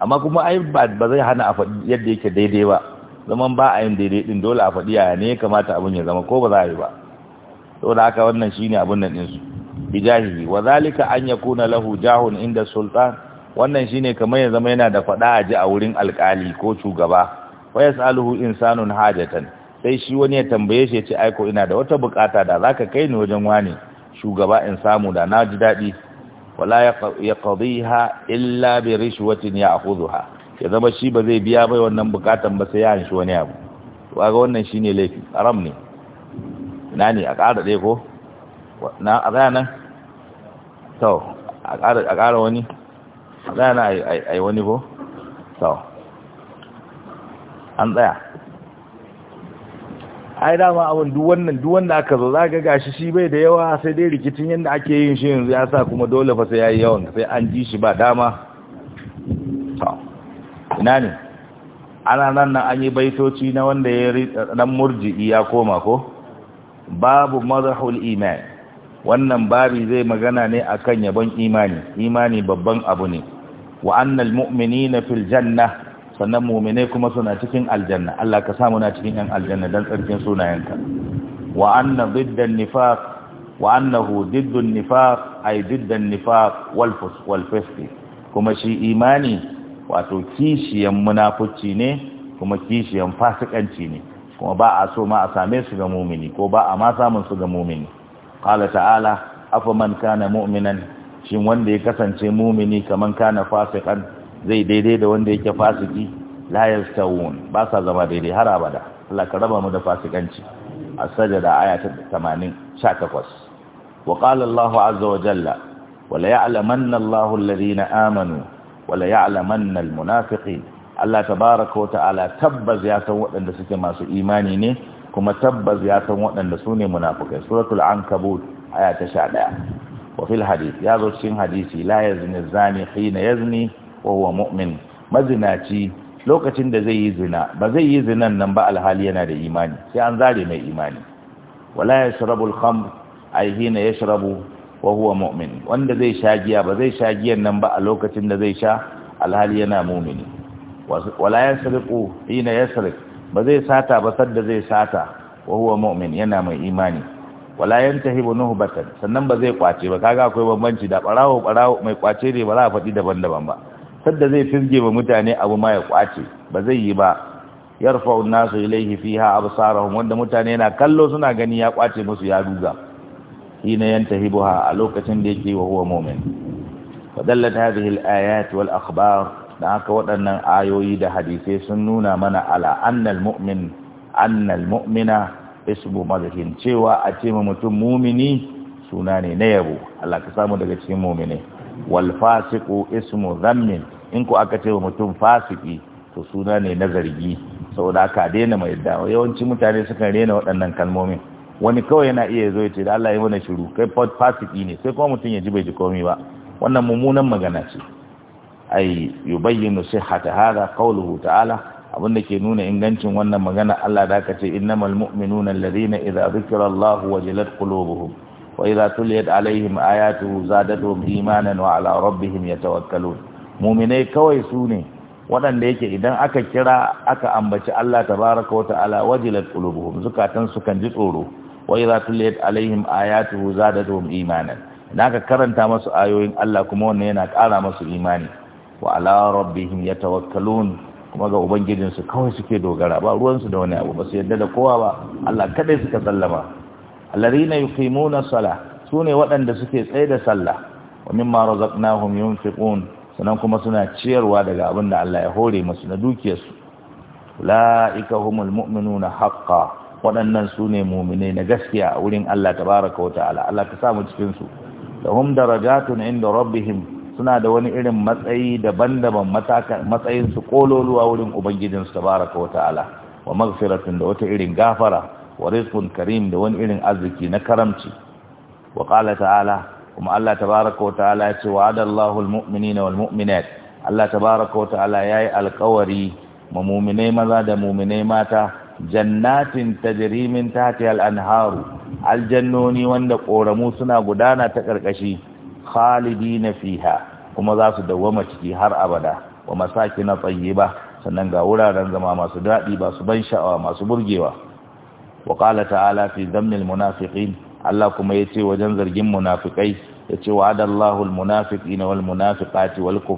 Speaker 1: amma kuma ai ba zai hana a faɗi yadda yake daidai ba zaman ba a yin daidai din dole a faɗi yaya ne ya kamata abin ya zama ko ba za a yi ba saboda haka wannan shine abin nan din su bijahihi wa zalika an yakuna lahu jahun inda sultan wannan shine kamar ya zama yana da faɗa a ji a wurin alkali ko shugaba wa yas'aluhu insanun hajatan sai shi wani ya tambaye shi ya ce aiko ina da wata bukata da zaka kai ni wajen wani shugaba in samu da na ji daɗi wala ya ha illa bi rishwatin ya'khudha ya zama shi ba zai biya bai wannan bukatan ba sai ya hanshi wani abu to kaga wannan shine laifi haram ne na ne a ƙara ɗaya ko na a nan to a ƙara wani tsaya na a yi wani ko? sau an tsaya ai dama abin duwannan duwanda aka zo za ga gashi shi bai da yawa sai dai rikicin yadda ake yin shi yanzu ya sa kuma dole fa sai ya yi yawan sai an ji shi ba dama ina ne ana nan nan an yi baitoci na wanda ya yi dan murji'i ya koma ko babu mazahul imani wannan babi zai magana ne akan yabon imani imani babban abu ne wa annal mu'minina fil janna sannan mu'minai kuma suna cikin aljanna Allah ka samu na cikin yan aljanna dan tsarkin sunayenka wa anna diddan nifaq wa annahu diddun nifaq ay diddan nifaq wal fus wal kuma shi imani wato kishiyan munafici ne kuma kishiyan fasikanci ne kuma ba a so ma a same su ga mumini ko ba a ma samun su ga mumini qala ta'ala afaman kana mu'minan shin wanda ya kasance mumini kaman kana fasikan zai daidai da wanda yake fasiki la yastawun ba sa zama daidai har abada Allah ka raba mu da fasikanci as-sajda aya ta 80 18 wa qala Allahu azza wa jalla wala ya'lamanna Allahu alladhina amanu wala ya'lamanna al-munafiqin Allah tabaaraka wa ta'ala tabbaz ya san waɗanda suke masu imani ne kuma tabbas ya san waɗanda su ne munafukai suratul ankabut aya ta sha ɗaya wa fil hadith ya zo cikin hadisi la yazni zani hina yazni wa huwa mu'min mazinaci lokacin da zai yi zina ba zai yi zinan nan ba alhali yana da imani sai an zare mai imani wala yashrabu al-khamr ay hina yashrabu wa huwa mu'min wanda zai sha giya ba zai sha giyan nan ba a lokacin da zai sha alhali yana mu'mini wala yasriqu hina yasriqu ba zai sata ba sadda zai sata wa huwa mu'min yana mai imani wala bi nuhbatan sannan ba zai kwace ba kaga akwai bambanci da barawo barawo mai kwace ne ba za a faɗi daban-daban ba sadda zai firge ba mutane abu ma ya kwace ba zai yi ba yarfa'u nasu ilaihi fiha absarahum wanda mutane na kallo suna gani ya kwace musu ya duga hina yantahibuha a lokacin da yake wa huwa mu'min fadallat hadhihi al-ayat wal akhbar da haka waɗannan ayoyi da hadisai sun nuna mana ala annal mu'min annal mu'mina isbu mazhin cewa a ce ma mutum mumini suna ne na yabo Allah ka samu daga cikin mumine wal fasiqu ismu dhammin in ku aka ce wa mutum fasiki to suna ne na zargi saboda aka daina mai da yawanci mutane sukan rena waɗannan kalmomin wani kawai yana iya zo ya ce da Allah ya mana shiru kai fasiki ne sai kuma mutum ya ji bai ji komai ba wannan mummunan magana ce ay yubayyinu sihhata hadha qawluhu ta'ala abin da ke nuna ingancin wannan magana Allah da aka ce innamal mu'minuna alladhina idza dhukira Allahu wajilat qulubuhum wa idza tuliyat alaihim ayatuhu zadatuhum imanan wa ala rabbihim yatawakkalun mu'minai kawai su ne waɗanda yake idan aka kira aka ambaci Allah ta wa ta'ala wajilat qulubuhum zukatan su kan ji tsoro wa idza tuliyat alaihim ayatuhu zadatuhum imanan idan aka karanta masu ayoyin Allah kuma wannan yana ƙara masu imani wa ala rabbihim yatawakkalun kuma ga ubangijinsu kawai suke dogara ba ruwansu da wani abu ba su yadda da kowa ba Allah kadai suka sallama alladhina yuqimuna salah sune waɗanda suke tsaye da sallah wa mimma razaqnahum yunfiqun sannan kuma suna ciyarwa daga abin da Allah ya hore musu na dukiyarsu ulaika humul mu'minuna haqqan waɗannan sune muminai na gaskiya a wurin Allah tabaaraka wa ta'ala Allah ka sa mu cikin su lahum darajatun inda rabbihim suna da wani irin matsayi daban-daban matsayin su kololuwa wurin ubangijin su tabaraka wa wa da wata irin gafara wa rizqun karim da wani irin arziki na karamci wa qala ta'ala kuma Allah tabaraka wa ta'ala ya ce wa'adallahu almu'minina walmu'minat Allah tabaraka wa ta'ala yayi alƙawari ma mu'minai maza da mu'minai mata jannatin tajri min tahtiha al-anharu aljannoni wanda koramu suna gudana ta karkashi khalidina fiha kuma za su dawwama ciki har abada wa tsaye ba, sannan ga wuraren zama masu daɗi ba su ban sha'awa masu burgewa wa ƙala ta'ala fi zammil munafiqin Allah kuma ya ce wajen zargin munafikai ce wa'adallahu almunafiqina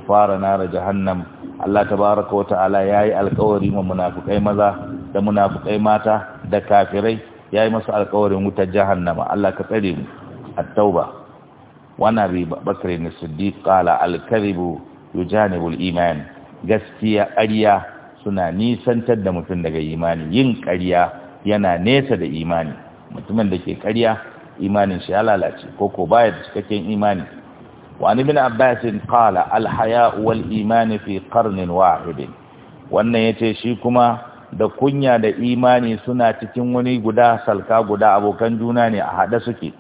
Speaker 1: fara na nar jahannam Allah ta'baraka wa ta'ala yayi alƙawari ma munafikai maza da munafikai mata da kafirai ya yi masu alƙawarin wutar jahannama Allah ka tsare mu at-tauba wannan riba bakare ne siddiq qala al-kadhibu yujanibu iman gaskiya ƙarya suna nisantar da mutum daga imani yin ƙarya yana nesa da imani mutumin da ke ƙarya imanin shi ya lalace ko ko baya da cikakken imani wa bin abbas qala al-haya wal iman fi karnin wahid wannan ya ce shi kuma da kunya da imani suna cikin wani guda salka guda abokan juna ne a haɗe suke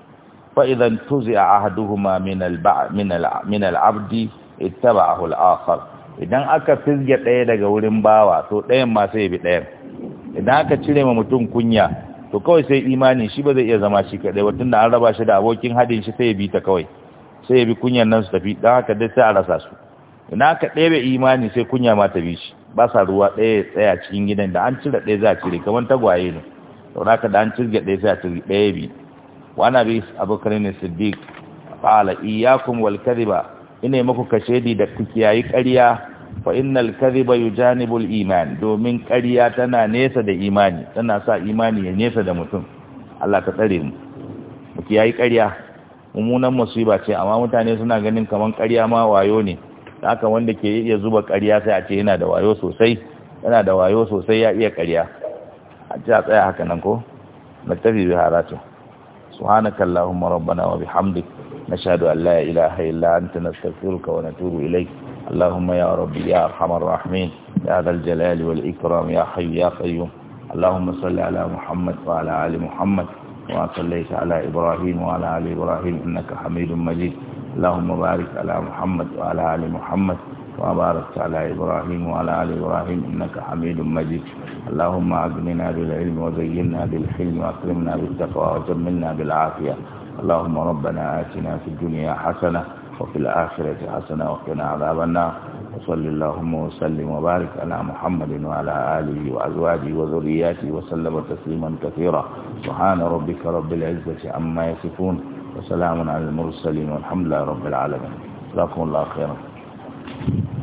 Speaker 1: فإذا انتزع أحدهما من البع من الع... من العبد اتبعه الآخر idan aka fizge ɗaya daga wurin bawa to ɗayan ma sai bi ɗayan idan aka cire ma mutum kunya to kawai sai imani shi ba zai iya zama shi kaɗai wata da an raba shi da abokin haɗin shi sai ya bi ta kawai sai ya bi kunyan nan su tafi don haka dai sai a rasa su idan aka ɗebe imani sai kunya ma ta bi shi ba sa ruwa ɗaya ya tsaya cikin gidan da an cire ɗaya za a cire kamar tagwaye ne to haka da an cire ɗaya sai a cire ɗaya biyu وانا بيس ابو كرين الصديق قال اياكم والكذب اني مكو كشهدي da kiyayi karya fa innal kadhiba yujanibu iman domin kariya tana nesa da imani tana sa imani ya nesa da mutum Allah ka tsare mu kiyayi kariya mummunan musiba ce amma mutane suna ganin kamar karya ma wayo ne haka wanda ke iya zuba karya sai a ce yana da wayo sosai yana da wayo sosai ya iya kariya a ji a tsaya haka nan ko mutafi biharatu سبحانك اللهم ربنا وبحمدك نشهد أن لا إله إلا أنت نستغفرك ونتوب إليك اللهم يا ربي يا أرحم الراحمين يا ذا الجلال والإكرام يا حي يا قيوم اللهم صل على محمد وعلى آل محمد وصليت على إبراهيم وعلى آل إبراهيم إنك حميد مجيد اللهم بارك على محمد وعلى آل محمد وبارك على إبراهيم وعلى آل إبراهيم إنك حميد مجيد اللهم أغننا بالعلم وزينا بالحلم وأكرمنا بالتقوى وجملنا بالعافية اللهم ربنا آتنا في الدنيا حسنة وفي الآخرة حسنة وقنا عذاب النار وصل اللهم وسلم وبارك على محمد وعلى آله وأزواجه وذرياته وسلم تسليما كثيرا سبحان ربك رب العزة عما يصفون وسلام على المرسلين والحمد لله رب العالمين جزاكم الله خيرا